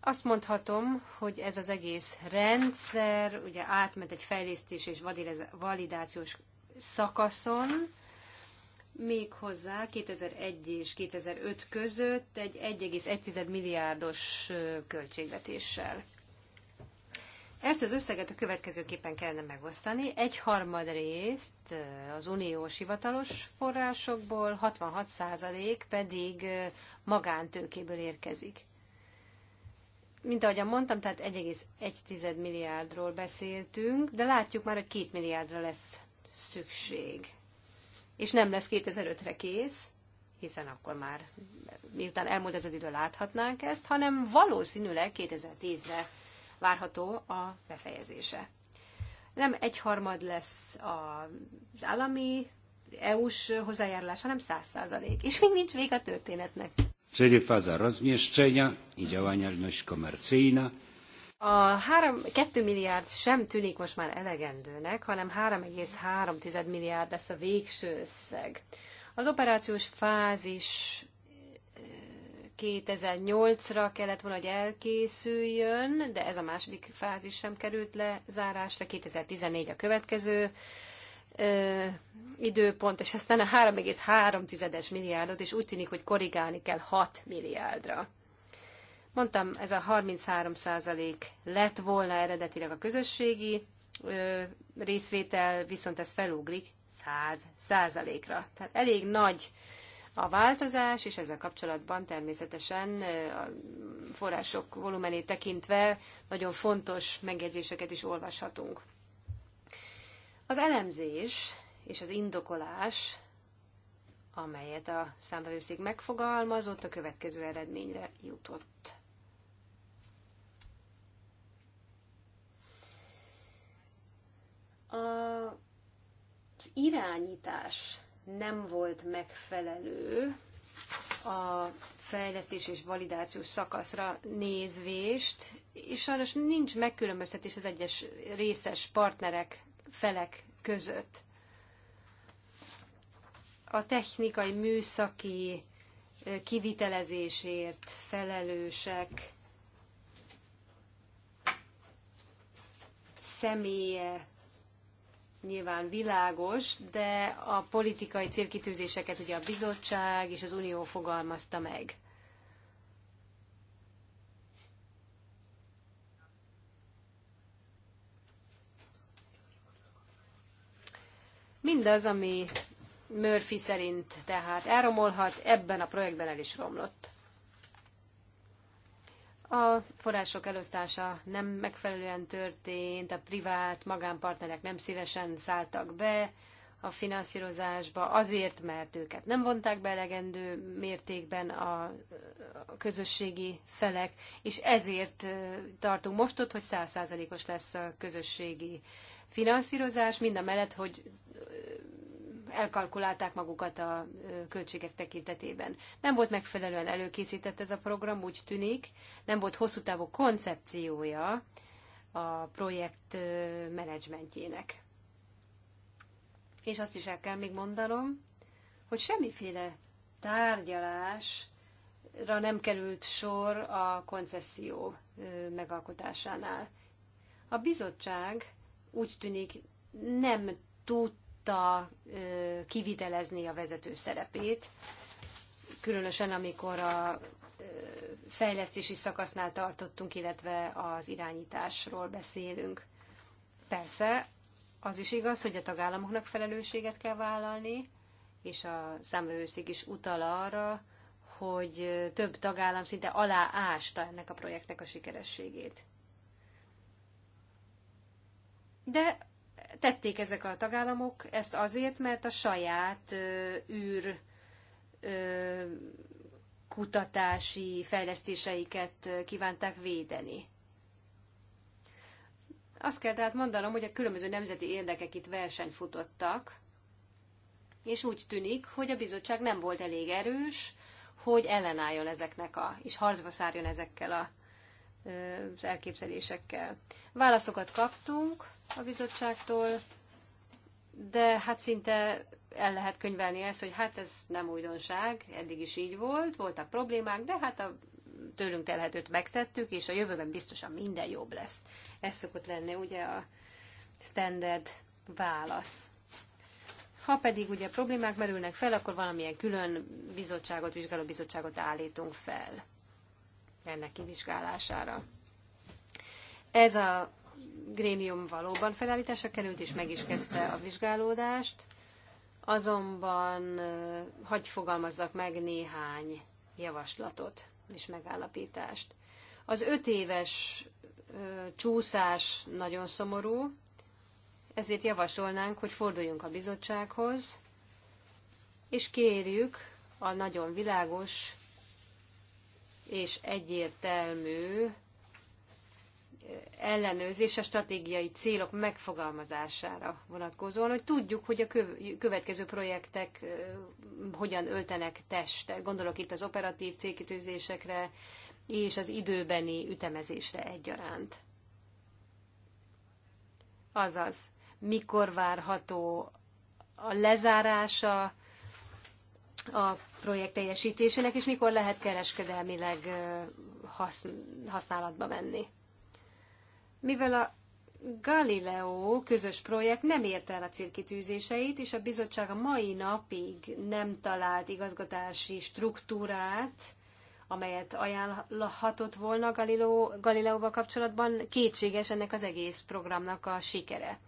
Azt mondhatom, hogy ez az egész rendszer ugye átment egy fejlesztés és validációs szakaszon, méghozzá 2001 és 2005 között egy 1,1 milliárdos költségvetéssel. Ezt az összeget a következőképpen kellene megosztani. Egy harmad részt az uniós hivatalos forrásokból, 66% pedig magántőkéből érkezik. Mint ahogy mondtam, tehát 1,1 milliárdról beszéltünk, de látjuk már, hogy 2 milliárdra lesz szükség. És nem lesz 2005-re kész, hiszen akkor már, miután elmúlt ez az idő, láthatnánk ezt, hanem valószínűleg 2010-re várható a befejezése. Nem egyharmad lesz az állami EU-s hozzájárulás, hanem száz százalék. És még nincs vége a történetnek. Czyli faza rozmieszczenia i działalność komercyjna. A 3, 2 milliárd sem tűnik most már elegendőnek, hanem 3,3 milliárd lesz a végső összeg. Az operációs fázis 2008-ra kellett volna, hogy elkészüljön, de ez a második fázis sem került le zárásra. 2014 a következő ö, időpont, és aztán a 3,3 milliárdot, és úgy tűnik, hogy korrigálni kell 6 milliárdra. Mondtam, ez a 33 százalék lett volna eredetileg a közösségi ö, részvétel, viszont ez felugrik 100 százalékra. Tehát elég nagy a változás, és ezzel kapcsolatban természetesen a források volumenét tekintve nagyon fontos megjegyzéseket is olvashatunk. Az elemzés és az indokolás, amelyet a számbevőszék megfogalmazott, a következő eredményre jutott. A az irányítás nem volt megfelelő a fejlesztés és validációs szakaszra nézvést, és sajnos nincs megkülönböztetés az egyes részes partnerek, felek között. A technikai, műszaki eh, kivitelezésért felelősek személye nyilván világos, de a politikai célkitűzéseket ugye a bizottság és az unió fogalmazta meg. Mindaz, ami Murphy szerint tehát elromolhat, ebben a projektben el is romlott. A források elosztása nem megfelelően történt, a privát magánpartnerek nem szívesen szálltak be a finanszírozásba, azért, mert őket nem vonták be elegendő mértékben a közösségi felek, és ezért tartunk most ott, hogy százszázalékos lesz a közösségi finanszírozás, mind a mellett, hogy elkalkulálták magukat a költségek tekintetében. Nem volt megfelelően előkészített ez a program, úgy tűnik, nem volt hosszú távú koncepciója a projekt menedzsmentjének. És azt is el kell még mondanom, hogy semmiféle tárgyalásra nem került sor a koncesszió megalkotásánál. A bizottság úgy tűnik nem tud tudta kivitelezni a vezető szerepét, különösen amikor a fejlesztési szakasznál tartottunk, illetve az irányításról beszélünk. Persze, az is igaz, hogy a tagállamoknak felelősséget kell vállalni, és a számvevőszék is utal arra, hogy több tagállam szinte aláásta ennek a projektnek a sikerességét. De tették ezek a tagállamok ezt azért, mert a saját űr kutatási fejlesztéseiket kívánták védeni. Azt kell tehát mondanom, hogy a különböző nemzeti érdekek itt futottak, és úgy tűnik, hogy a bizottság nem volt elég erős, hogy ellenálljon ezeknek a, és harcba szárjon ezekkel a, az elképzelésekkel. Válaszokat kaptunk, a bizottságtól, de hát szinte el lehet könyvelni ezt, hogy hát ez nem újdonság, eddig is így volt, voltak problémák, de hát a tőlünk telhetőt megtettük, és a jövőben biztosan minden jobb lesz. Ez szokott lenni ugye a standard válasz. Ha pedig ugye problémák merülnek fel, akkor valamilyen külön bizottságot, vizsgáló bizottságot állítunk fel ennek kivizsgálására. Ez a grémium valóban felállításra került, és meg is kezdte a vizsgálódást. Azonban hagy fogalmazzak meg néhány javaslatot és megállapítást. Az öt éves csúszás nagyon szomorú, ezért javasolnánk, hogy forduljunk a bizottsághoz, és kérjük a nagyon világos és egyértelmű ellenőrzés a stratégiai célok megfogalmazására vonatkozóan, hogy tudjuk, hogy a következő projektek hogyan öltenek testet. Gondolok itt az operatív célkitűzésekre és az időbeni ütemezésre egyaránt. Azaz, mikor várható a lezárása a projekt teljesítésének, és mikor lehet kereskedelmileg használatba venni mivel a Galileo közös projekt nem érte el a célkitűzéseit, és a bizottság a mai napig nem talált igazgatási struktúrát, amelyet ajánlhatott volna Galileo, Galileóval kapcsolatban, kétséges ennek az egész programnak a sikere.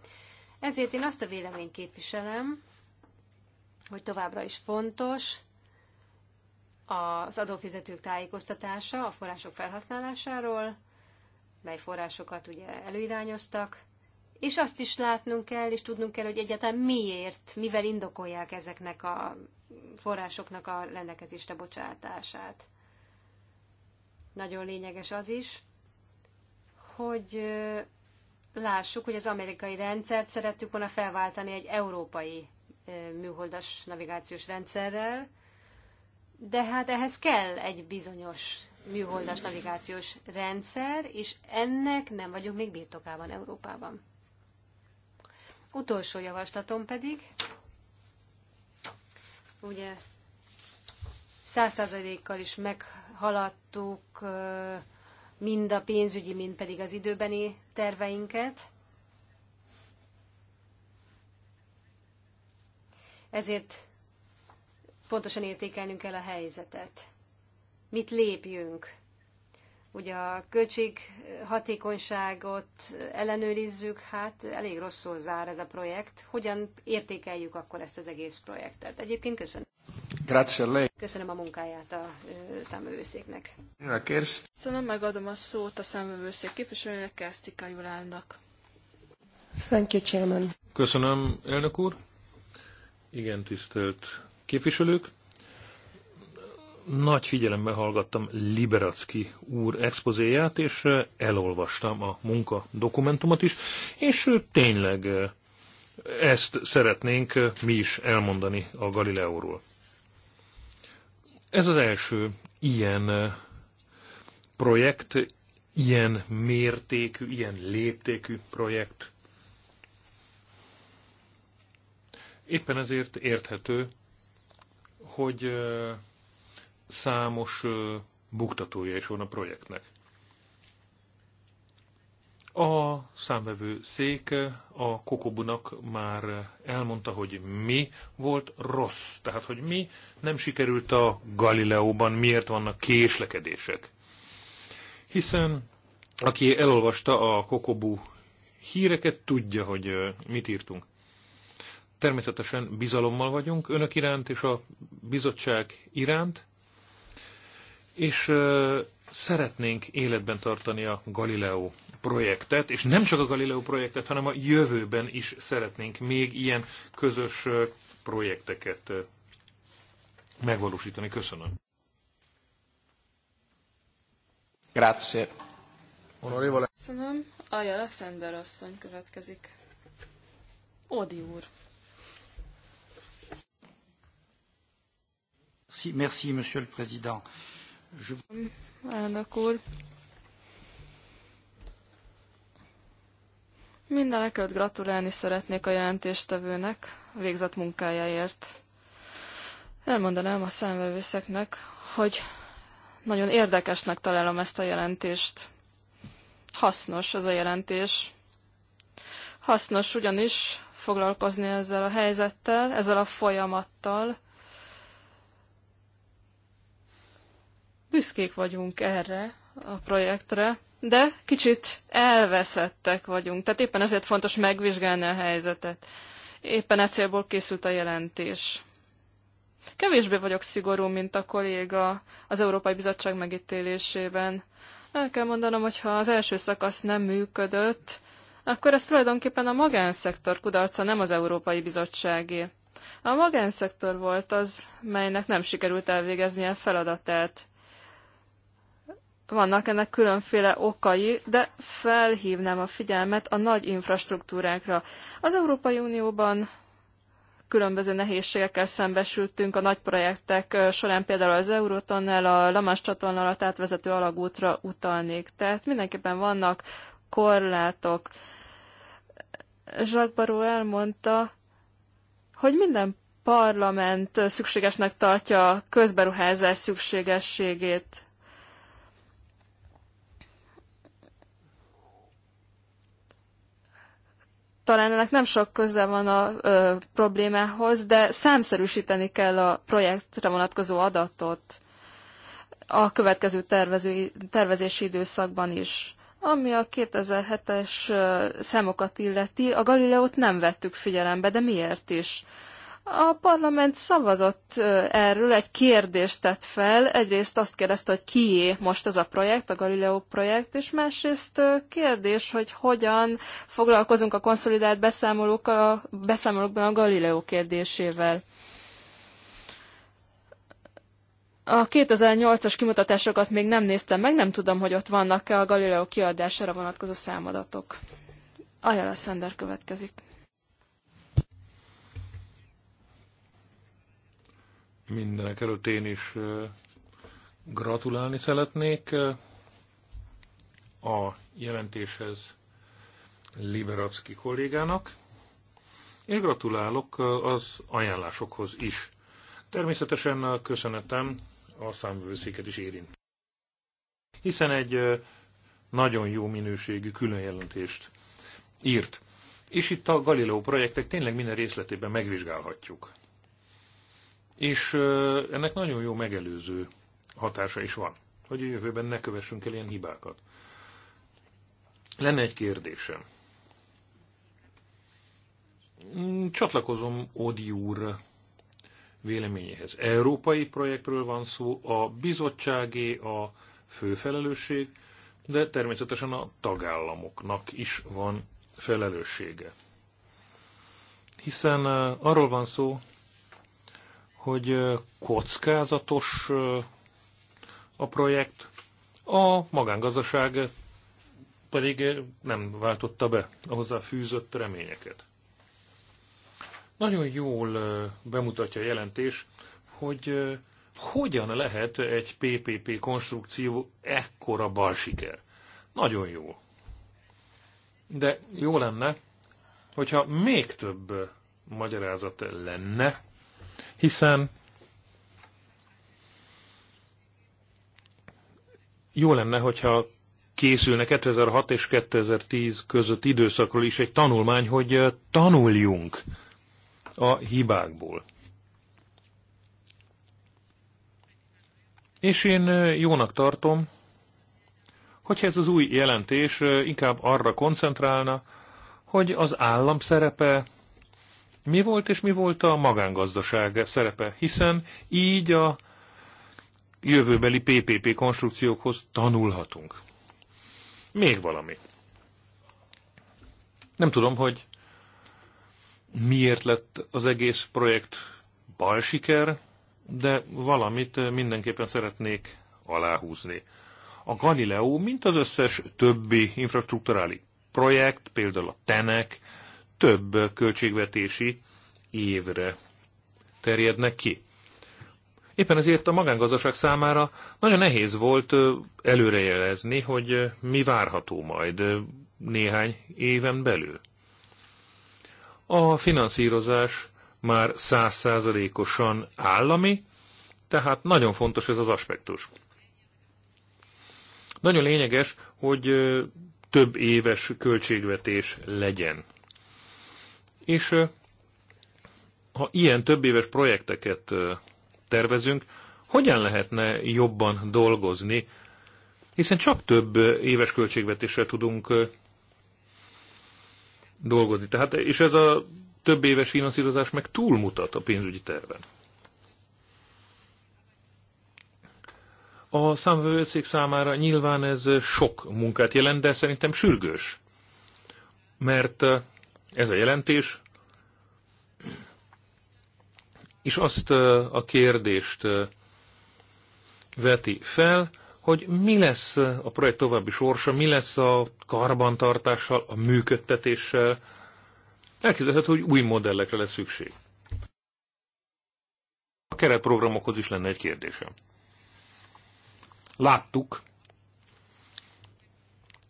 Ezért én azt a véleményt képviselem, hogy továbbra is fontos az adófizetők tájékoztatása a források felhasználásáról, mely forrásokat ugye előirányoztak, és azt is látnunk kell, és tudnunk kell, hogy egyáltalán miért, mivel indokolják ezeknek a forrásoknak a rendelkezésre bocsátását. Nagyon lényeges az is, hogy lássuk, hogy az amerikai rendszert szerettük volna felváltani egy európai műholdas navigációs rendszerrel, de hát ehhez kell egy bizonyos műholdas navigációs rendszer, és ennek nem vagyunk még birtokában Európában. Utolsó javaslatom pedig, ugye százszázalékkal is meghaladtuk mind a pénzügyi, mind pedig az időbeni terveinket. Ezért pontosan értékelnünk kell a helyzetet mit lépjünk. Ugye a költséghatékonyságot ellenőrizzük, hát elég rosszul zár ez a projekt. Hogyan értékeljük akkor ezt az egész projektet? Egyébként köszönöm. Köszönöm a munkáját a számövőszéknek. Köszönöm, megadom a szót a számövőszék képviselőnek, Kersztika Julának. Thank you, Chairman. Köszönöm, elnök úr. Igen, tisztelt képviselők nagy figyelemmel hallgattam Liberacki úr expozéját, és elolvastam a munka dokumentumot is, és tényleg ezt szeretnénk mi is elmondani a Galileóról. Ez az első ilyen projekt, ilyen mértékű, ilyen léptékű projekt. Éppen ezért érthető, hogy számos buktatója is van a projektnek. A számvevő szék a Kokobunak már elmondta, hogy mi volt rossz, tehát hogy mi nem sikerült a Galileóban, miért vannak késlekedések. Hiszen aki elolvasta a Kokobu híreket, tudja, hogy mit írtunk. Természetesen bizalommal vagyunk önök iránt és a bizottság iránt, és szeretnénk életben tartani a Galileo projektet, és nem csak a Galileo projektet, hanem a jövőben is szeretnénk még ilyen közös projekteket megvalósítani. Köszönöm. Grazie. Onorevole. Köszönöm. Ajala Szender asszony következik. Odi úr. Merci, merci, monsieur le président. Elnök úr. gratulálni szeretnék a jelentéstevőnek a végzett munkájáért. Elmondanám a számvevőszeknek, hogy nagyon érdekesnek találom ezt a jelentést. Hasznos ez a jelentés. Hasznos ugyanis foglalkozni ezzel a helyzettel, ezzel a folyamattal, Büszkék vagyunk erre a projektre, de kicsit elveszettek vagyunk. Tehát éppen ezért fontos megvizsgálni a helyzetet. Éppen e célból készült a jelentés. Kevésbé vagyok szigorú, mint a kolléga az Európai Bizottság megítélésében. El kell mondanom, hogy ha az első szakasz nem működött, akkor ez tulajdonképpen a magánszektor kudarca, nem az Európai Bizottságé. A magánszektor volt az, melynek nem sikerült elvégezni a feladatát. Vannak ennek különféle okai, de felhívnám a figyelmet a nagy infrastruktúrákra. Az Európai Unióban különböző nehézségekkel szembesültünk a nagy projektek során, például az Eurotonnel, a Lamas csatornalat átvezető alagútra utalnék. Tehát mindenképpen vannak korlátok. Jacques Barou elmondta, hogy minden parlament szükségesnek tartja a közberuházás szükségességét. talán ennek nem sok köze van a ö, problémához, de számszerűsíteni kell a projektre vonatkozó adatot a következő tervezési időszakban is. Ami a 2007-es számokat illeti, a Galileót nem vettük figyelembe, de miért is? A parlament szavazott erről, egy kérdést tett fel. Egyrészt azt kérdezte, hogy kié most ez a projekt, a Galileo projekt, és másrészt kérdés, hogy hogyan foglalkozunk a konszolidált beszámolók a, beszámolókban a Galileo kérdésével. A 2008-as kimutatásokat még nem néztem meg, nem tudom, hogy ott vannak-e a Galileo kiadására vonatkozó számadatok. Ajala Szender következik. Mindenek előtt én is gratulálni szeretnék a jelentéshez Liberacki kollégának. Én gratulálok az ajánlásokhoz is. Természetesen a köszönetem a számvőszéket is érint. Hiszen egy nagyon jó minőségű különjelentést írt. És itt a Galileo projektek tényleg minden részletében megvizsgálhatjuk. És ennek nagyon jó megelőző hatása is van, hogy a jövőben ne kövessünk el ilyen hibákat. Lenne egy kérdésem. Mm, csatlakozom Odi úr véleményéhez. Európai projektről van szó, a bizottságé a főfelelősség, de természetesen a tagállamoknak is van felelőssége. Hiszen arról van szó, hogy kockázatos a projekt, a magángazdaság pedig nem váltotta be a hozzáfűzött reményeket. Nagyon jól bemutatja a jelentés, hogy hogyan lehet egy PPP konstrukció ekkora bal siker. Nagyon jó. De jó lenne, hogyha még több magyarázat lenne hiszen jó lenne, hogyha készülne 2006 és 2010 között időszakról is egy tanulmány, hogy tanuljunk a hibákból. És én jónak tartom, hogyha ez az új jelentés inkább arra koncentrálna, hogy az állam szerepe mi volt és mi volt a magángazdaság szerepe, hiszen így a jövőbeli PPP konstrukciókhoz tanulhatunk. Még valami. Nem tudom, hogy miért lett az egész projekt bal siker, de valamit mindenképpen szeretnék aláhúzni. A Galileo, mint az összes többi infrastruktúrális projekt, például a TENEK, több költségvetési évre terjednek ki. Éppen ezért a magángazdaság számára nagyon nehéz volt előrejelezni, hogy mi várható majd néhány éven belül. A finanszírozás már százszázalékosan állami, tehát nagyon fontos ez az aspektus. Nagyon lényeges, hogy több éves költségvetés legyen. És ha ilyen több éves projekteket tervezünk, hogyan lehetne jobban dolgozni, hiszen csak több éves költségvetéssel tudunk dolgozni. Tehát, és ez a több éves finanszírozás meg túlmutat a pénzügyi terven. A számvevőszék számára nyilván ez sok munkát jelent, de szerintem sürgős. Mert ez a jelentés, és azt a kérdést veti fel, hogy mi lesz a projekt további sorsa, mi lesz a karbantartással, a működtetéssel. Elképzelhető, hogy új modellekre lesz szükség. A keretprogramokhoz is lenne egy kérdésem. Láttuk,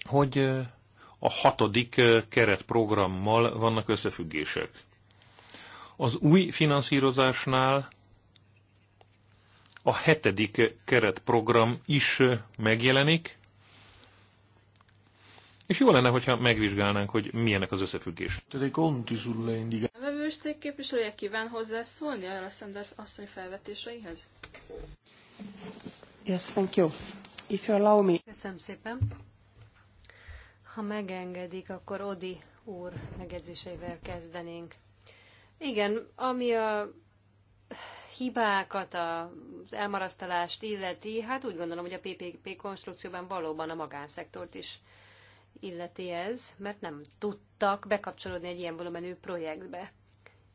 hogy a hatodik keretprogrammal vannak összefüggések. Az új finanszírozásnál a hetedik keretprogram is megjelenik, és jó lenne, hogyha megvizsgálnánk, hogy milyenek az összefüggés. A vevős székképviselője kíván hozzászólni a Alexander asszony felvetéseihez? Yes, thank you. If you allow me. Köszönöm szépen. Ha megengedik, akkor Odi úr megjegyzéseivel kezdenénk. Igen, ami a hibákat, az elmarasztalást illeti, hát úgy gondolom, hogy a PPP konstrukcióban valóban a magánszektort is illeti ez, mert nem tudtak bekapcsolódni egy ilyen volumenű projektbe.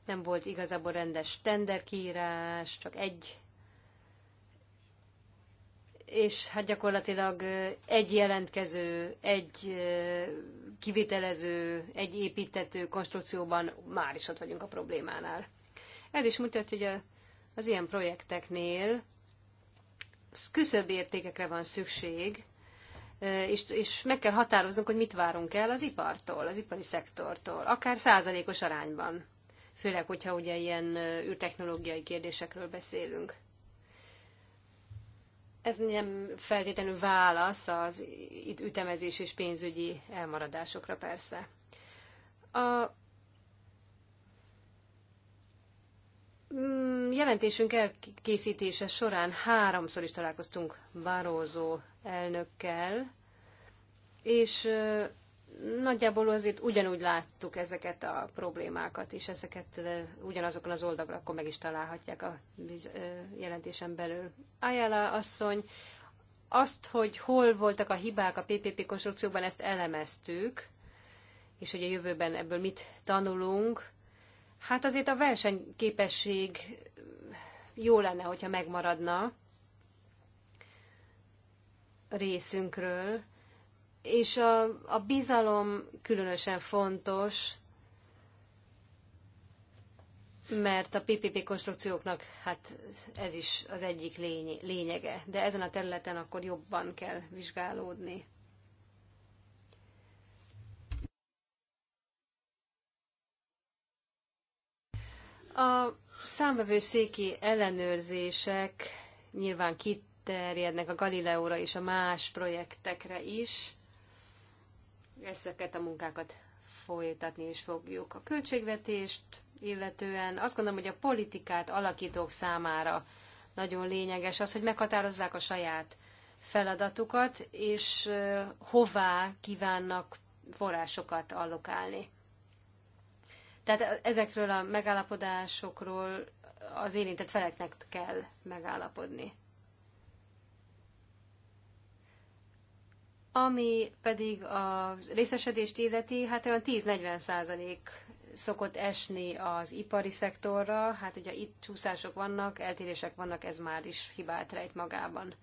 Nem volt igazából rendes tenderkírás, csak egy és hát gyakorlatilag egy jelentkező, egy kivitelező, egy építető konstrukcióban már is ott vagyunk a problémánál. Ez is mutatja, hogy az ilyen projekteknél küszöbb értékekre van szükség, és, és meg kell határoznunk, hogy mit várunk el az ipartól, az ipari szektortól, akár százalékos arányban, főleg, hogyha ugye ilyen űrtechnológiai kérdésekről beszélünk ez nem feltétlenül válasz az itt ütemezés és pénzügyi elmaradásokra persze. A mm, jelentésünk elkészítése során háromszor is találkoztunk Barózó elnökkel, és nagyjából azért ugyanúgy láttuk ezeket a problémákat, és ezeket eh, ugyanazokon az oldalakon meg is találhatják a eh, jelentésen belül. Ajala asszony, azt, hogy hol voltak a hibák a PPP konstrukcióban, ezt elemeztük, és hogy a jövőben ebből mit tanulunk. Hát azért a versenyképesség eh, jó lenne, hogyha megmaradna részünkről, és a, a bizalom különösen fontos, mert a PPP konstrukcióknak hát ez is az egyik lény, lényege, de ezen a területen akkor jobban kell vizsgálódni. A számvevőszéki ellenőrzések nyilván kiterjednek a Galileóra és a más projektekre is ezeket a munkákat folytatni is fogjuk. A költségvetést illetően azt gondolom, hogy a politikát alakítók számára nagyon lényeges az, hogy meghatározzák a saját feladatukat, és hová kívánnak forrásokat allokálni. Tehát ezekről a megállapodásokról az érintett feleknek kell megállapodni. Ami pedig a részesedést illeti, hát olyan 10-40 százalék szokott esni az ipari szektorra, hát ugye itt csúszások vannak, eltérések vannak, ez már is hibát rejt magában.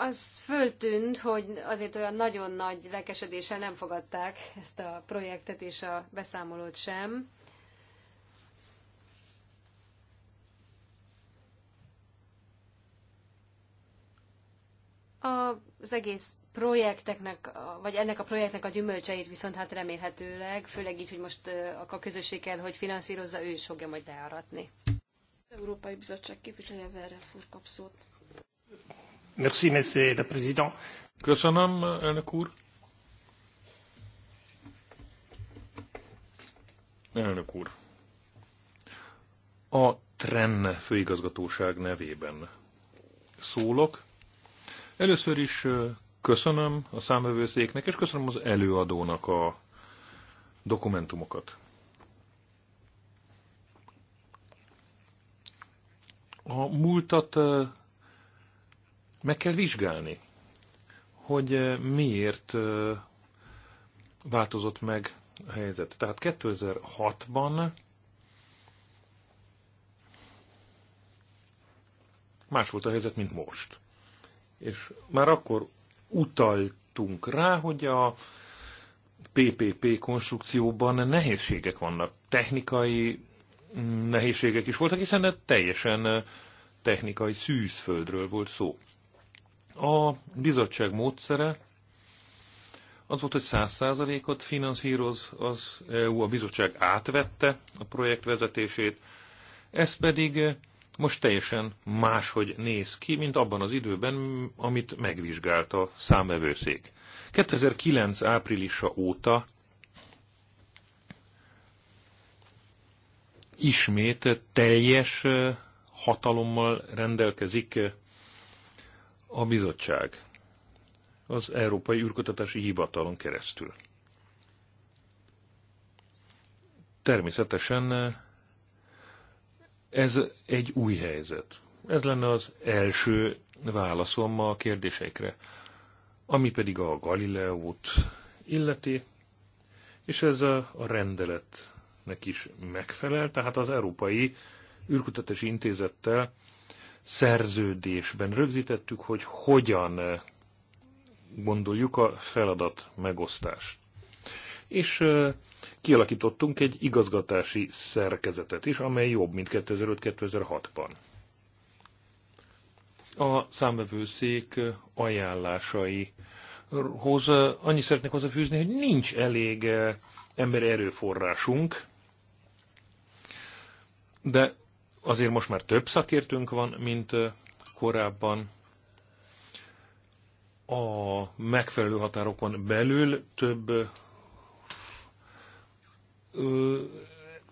Az föltűnt, hogy azért olyan nagyon nagy lekesedéssel nem fogadták ezt a projektet és a beszámolót sem, Az egész projekteknek, vagy ennek a projektnek a gyümölcseit viszont hát remélhetőleg, főleg így, hogy most a közösség kell, hogy finanszírozza, ő is fogja majd learatni. Európai Bizottság képviselője Verre Fúr kap szót. Merci, monsieur le président. Köszönöm, elnök úr. Elnök úr. A TREN főigazgatóság nevében szólok Először is köszönöm a számövőszéknek, és köszönöm az előadónak a dokumentumokat. A múltat meg kell vizsgálni, hogy miért változott meg a helyzet. Tehát 2006-ban más volt a helyzet, mint most és már akkor utaltunk rá, hogy a PPP konstrukcióban nehézségek vannak. Technikai mm, nehézségek is voltak, hiszen teljesen eh, technikai szűzföldről volt szó. A bizottság módszere az volt, hogy 100%-ot finanszíroz az EU, a bizottság átvette a projekt vezetését, ez pedig eh, most teljesen máshogy néz ki, mint abban az időben, amit megvizsgált a számvevőszék. 2009 áprilisa óta ismét teljes hatalommal rendelkezik a bizottság az Európai űrkutatási Hivatalon keresztül. Természetesen ez egy új helyzet. Ez lenne az első válaszom a kérdésekre. Ami pedig a Galileót illeti, és ez a, a rendeletnek is megfelel, tehát az Európai űrkutatási intézettel szerződésben rögzítettük, hogy hogyan gondoljuk a feladat megosztást és kialakítottunk egy igazgatási szerkezetet is, amely jobb, mint 2005-2006-ban. A számvevőszék ajánlásaihoz annyi szeretnék hozzáfűzni, hogy nincs elég emberi erőforrásunk, de azért most már több szakértőnk van, mint korábban. A megfelelő határokon belül több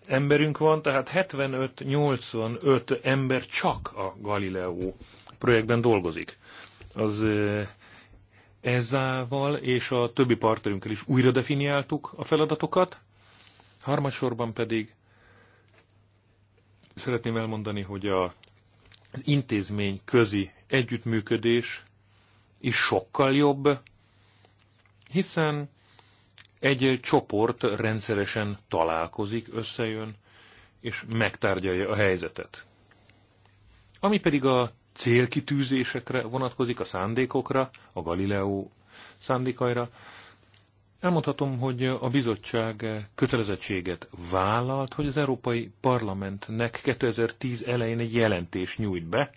emberünk van, tehát 75-85 ember csak a Galileo projektben dolgozik. Az ezzel és a többi partnerünkkel is újra definiáltuk a feladatokat, harmadsorban pedig szeretném elmondani, hogy a, az intézmény közi együttműködés is sokkal jobb, hiszen egy csoport rendszeresen találkozik, összejön, és megtárgyalja a helyzetet. Ami pedig a célkitűzésekre vonatkozik, a szándékokra, a Galileo szándékaira, elmondhatom, hogy a bizottság kötelezettséget vállalt, hogy az Európai Parlamentnek 2010 elején egy jelentés nyújt be,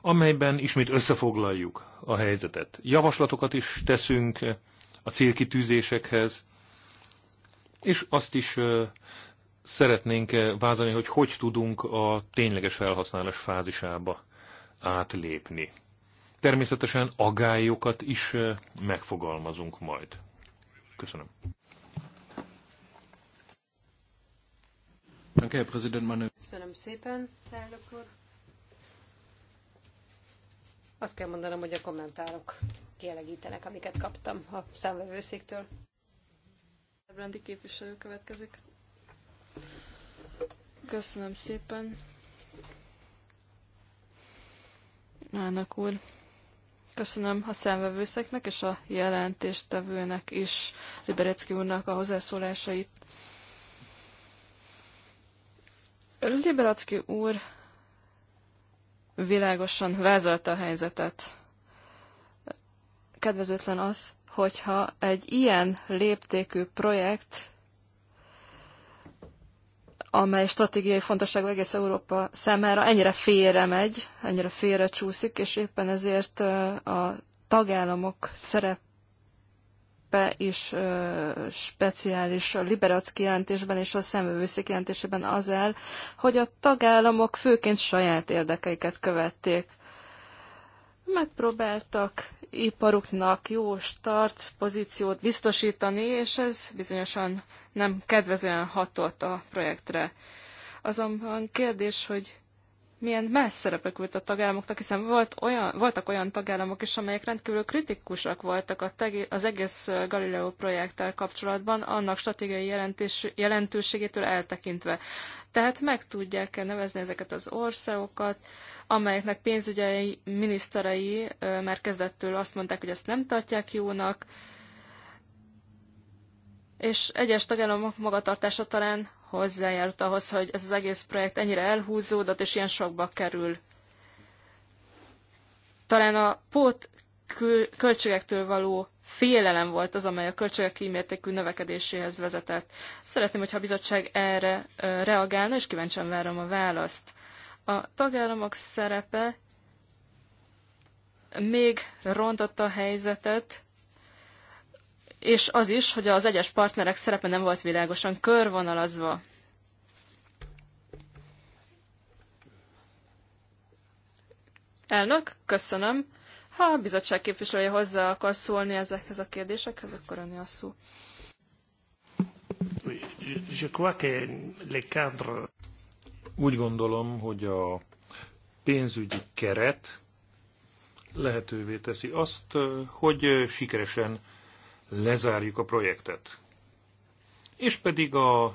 amelyben ismét összefoglaljuk a helyzetet. Javaslatokat is teszünk, a célkitűzésekhez, és azt is szeretnénk vázolni, hogy hogy tudunk a tényleges felhasználás fázisába átlépni. Természetesen agályokat is megfogalmazunk majd. Köszönöm. Köszönöm szépen, elnök úr. Azt kell mondanom, hogy a kommentárok kielegítenek, amiket kaptam a számvevőszéktől. Rendi képviselő következik. Köszönöm szépen. Nának úr. Köszönöm a számvevőszeknek és a jelentéstevőnek is, Liberecki úrnak a hozzászólásait. Liberecki úr világosan vázalta a helyzetet kedvezőtlen az, hogyha egy ilyen léptékű projekt, amely stratégiai fontosságú egész Európa számára ennyire félre megy, ennyire félre csúszik, és éppen ezért a tagállamok szerepe is speciális a Liberacki jelentésben és a szemövőszék jelentésében az el, hogy a tagállamok főként saját érdekeiket követték. Megpróbáltak iparuknak jó start pozíciót biztosítani, és ez bizonyosan nem kedvezően hatott a projektre. Azonban kérdés, hogy milyen más szerepek volt a tagállamoknak, hiszen volt olyan, voltak olyan tagállamok is, amelyek rendkívül kritikusak voltak a teg, az egész Galileo projekttel kapcsolatban, annak stratégiai jelentés, jelentőségétől eltekintve. Tehát meg tudják e nevezni ezeket az országokat, amelyeknek pénzügyi miniszterei már kezdettől azt mondták, hogy ezt nem tartják jónak, és egyes tagállamok magatartása talán hozzájárult ahhoz, hogy ez az egész projekt ennyire elhúzódott és ilyen sokba kerül. Talán a pót költségektől való félelem volt az, amely a költségek kímértékű növekedéséhez vezetett. Szeretném, hogyha a bizottság erre reagálna, és kíváncsian várom a választ. A tagállamok szerepe még rontott a helyzetet, és az is, hogy az egyes partnerek szerepe nem volt világosan körvonalazva. Elnök, köszönöm. Ha a bizottság képviselője hozzá akar szólni ezekhez a kérdésekhez, akkor önni a szó. Úgy gondolom, hogy a pénzügyi keret lehetővé teszi azt, hogy sikeresen lezárjuk a projektet. És pedig a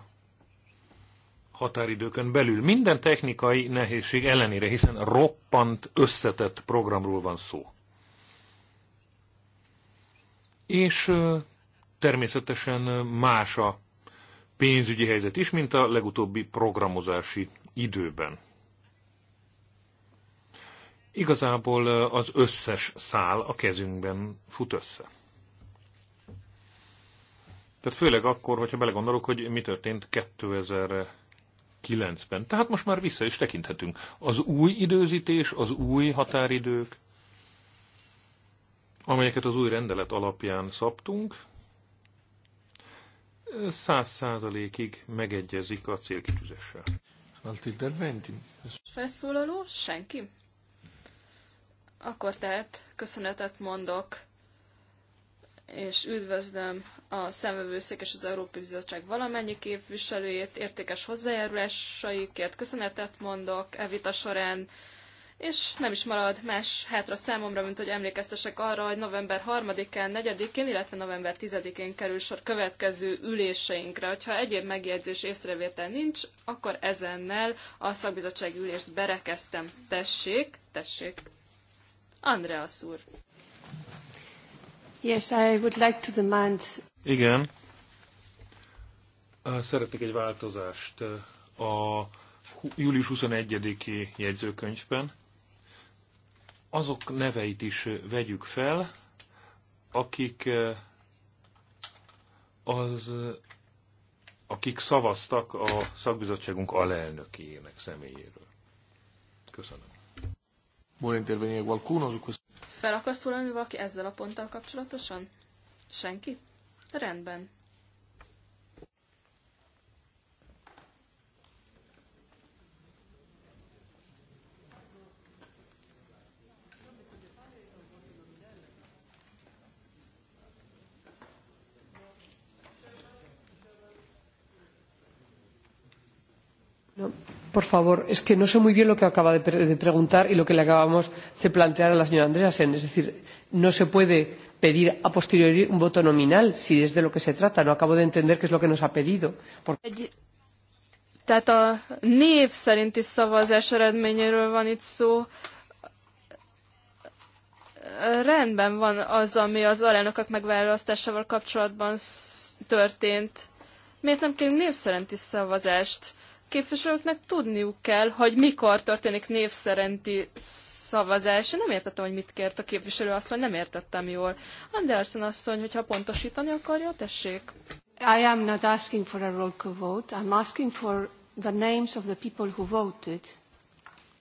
határidőkön belül minden technikai nehézség ellenére, hiszen roppant összetett programról van szó. És természetesen más a pénzügyi helyzet is, mint a legutóbbi programozási időben. Igazából az összes szál a kezünkben fut össze. Tehát főleg akkor, hogyha belegondolok, hogy mi történt 2009-ben. Tehát most már vissza is tekinthetünk. Az új időzítés, az új határidők, amelyeket az új rendelet alapján szabtunk, száz százalékig megegyezik a célkitűzéssel. Felszólaló? Senki? Akkor tehát köszönetet mondok és üdvözlöm a szemvevőszék és az Európai Bizottság valamennyi képviselőjét, értékes hozzájárulásaikért köszönetet mondok e vita során, és nem is marad más hátra számomra, mint hogy emlékeztesek arra, hogy november 3-án, 4-én, illetve november 10-én kerül sor következő üléseinkre. Hogyha egyéb megjegyzés észrevétel nincs, akkor ezennel a szakbizottsági ülést berekeztem. Tessék, tessék. Andreas úr. Yes, I would like to demand... Igen. Szeretnék egy változást eh, a július 21-i jegyzőkönyvben. Azok neveit is eh, vegyük fel, akik eh, az akik szavaztak a szakbizottságunk alelnökének személyéről. Köszönöm. Vuole intervenire qualcuno su questo? Fel akarsz szólalni valaki ezzel a ponttal kapcsolatosan? Senki? Rendben. No por favor es que no sé muy bien lo que acaba de, preguntar y lo que le acabamos de plantear a la señora andreasen es decir no se puede pedir a posteriori un voto nominal si es de lo que se trata. No acabo de entender qué es lo que nos ha pedido. Porque... tehát a név szerinti szavazás eredményéről van itt szó. Rendben van az, ami az alelnökök megválasztásával kapcsolatban történt. Miért nem kérünk név szerinti szavazást? képviselőknek tudniuk kell, hogy mikor történik név szerinti szavazás. Nem értettem, hogy mit kért a képviselő asszony, nem értettem jól. Anderson asszony, hogyha pontosítani akarja, tessék. I am not asking for a roll call vote. I'm asking for the names of the people who voted.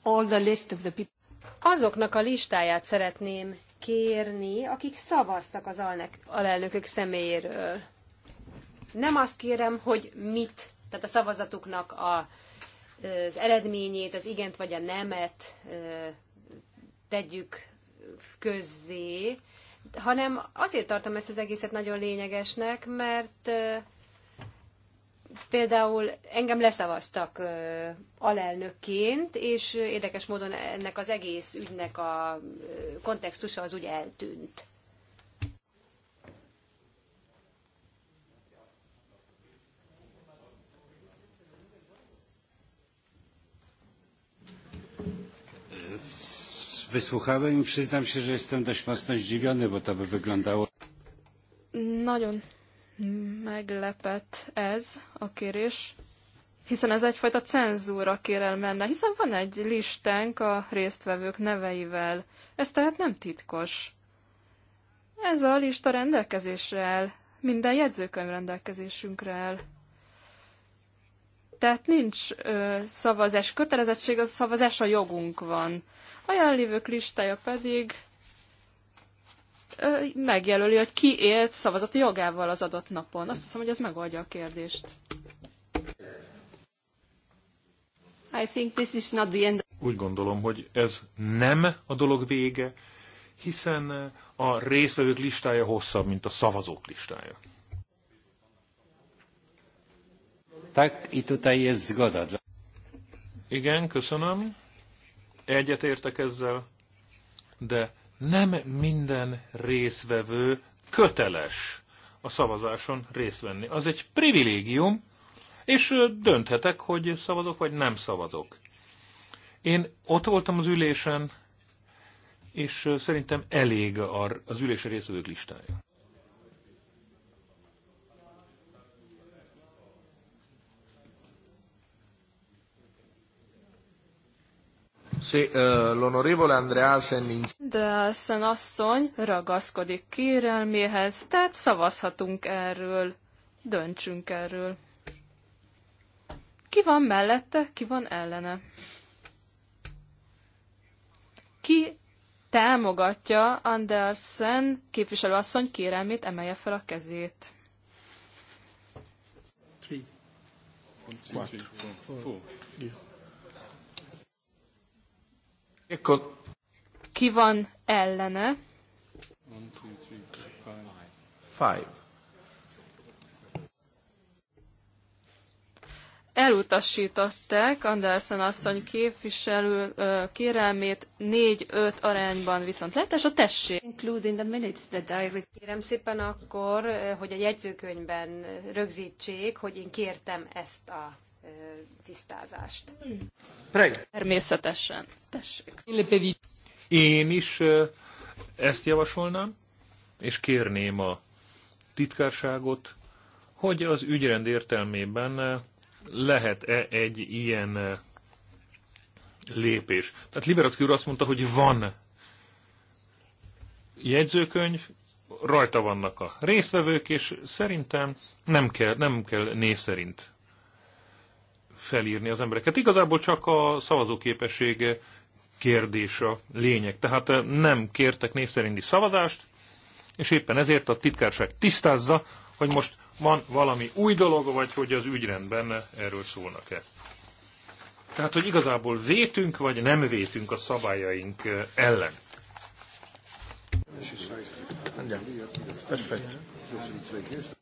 All the list of the people. Azoknak a listáját szeretném kérni, akik szavaztak az alnek alelnökök személyéről. Nem azt kérem, hogy mit tehát a szavazatuknak a, az eredményét, az igent vagy a nemet tegyük közzé, hanem azért tartom ezt az egészet nagyon lényegesnek, mert például engem leszavaztak alelnökként, és érdekes módon ennek az egész ügynek a kontextusa az úgy eltűnt. wysłuchałem i przyznam się, że jestem dość mocno zdziwiony, bo to by wyglądało. Nagyon meglepett ez a kérés, hiszen ez egyfajta cenzúra kérelmenne, hiszen van egy listánk a résztvevők neveivel. Ez tehát nem titkos. Ez a lista rendelkezésre áll, minden jegyzőkönyv rendelkezésünkre áll. Tehát nincs ö, szavazás kötelezettség, a szavazás a jogunk van. A jelenlévők listája pedig ö, megjelöli, hogy ki élt szavazati jogával az adott napon. Azt hiszem, hogy ez megoldja a kérdést. I think this is not the end. Úgy gondolom, hogy ez nem a dolog vége, hiszen a részvevők listája hosszabb, mint a szavazók listája. Tak i tutaj jest zgoda. Igen, köszönöm. Egyet értek ezzel, de nem minden részvevő köteles a szavazáson részt venni. Az egy privilégium, és dönthetek, hogy szavazok vagy nem szavazok. Én ott voltam az ülésen, és szerintem elég az ülésre részvevők listája. Sí, uh, eh, l'onorevole Andreasen... Andreasen asszony ragaszkodik kérelméhez, tehát szavazhatunk erről. Döntsünk erről. Ki van mellette, ki van ellene? Ki támogatja Andersen képviselőasszony kérelmét, emelje fel a kezét. Three. One, two, three, four. Four. Yeah. Ekkor. Ki van ellene? One, two, three, five. five. Elutasították Andersen asszony képviselő kérelmét 4-5 arányban viszont lehet, és a tessék. Including in the minutes that I Kérem szépen akkor, hogy a jegyzőkönyvben rögzítsék, hogy én kértem ezt a tisztázást. Preg. Természetesen. Tessék. Én is ezt javasolnám, és kérném a titkárságot, hogy az ügyrend értelmében lehet-e egy ilyen lépés. Tehát Liberacki úr azt mondta, hogy van jegyzőkönyv, rajta vannak a részvevők, és szerintem nem kell, nem kell név szerint felírni az embereket. Igazából csak a szavazóképessége kérdés a lényeg. Tehát eh, nem kértek név szerinti szavazást, és éppen ezért a titkárság tisztázza, hogy most van valami új dolog, vagy hogy az ügyrendben erről szólnak-e. Tehát, hogy igazából vétünk, vagy nem vétünk a szabályaink eh, ellen. Perfekt.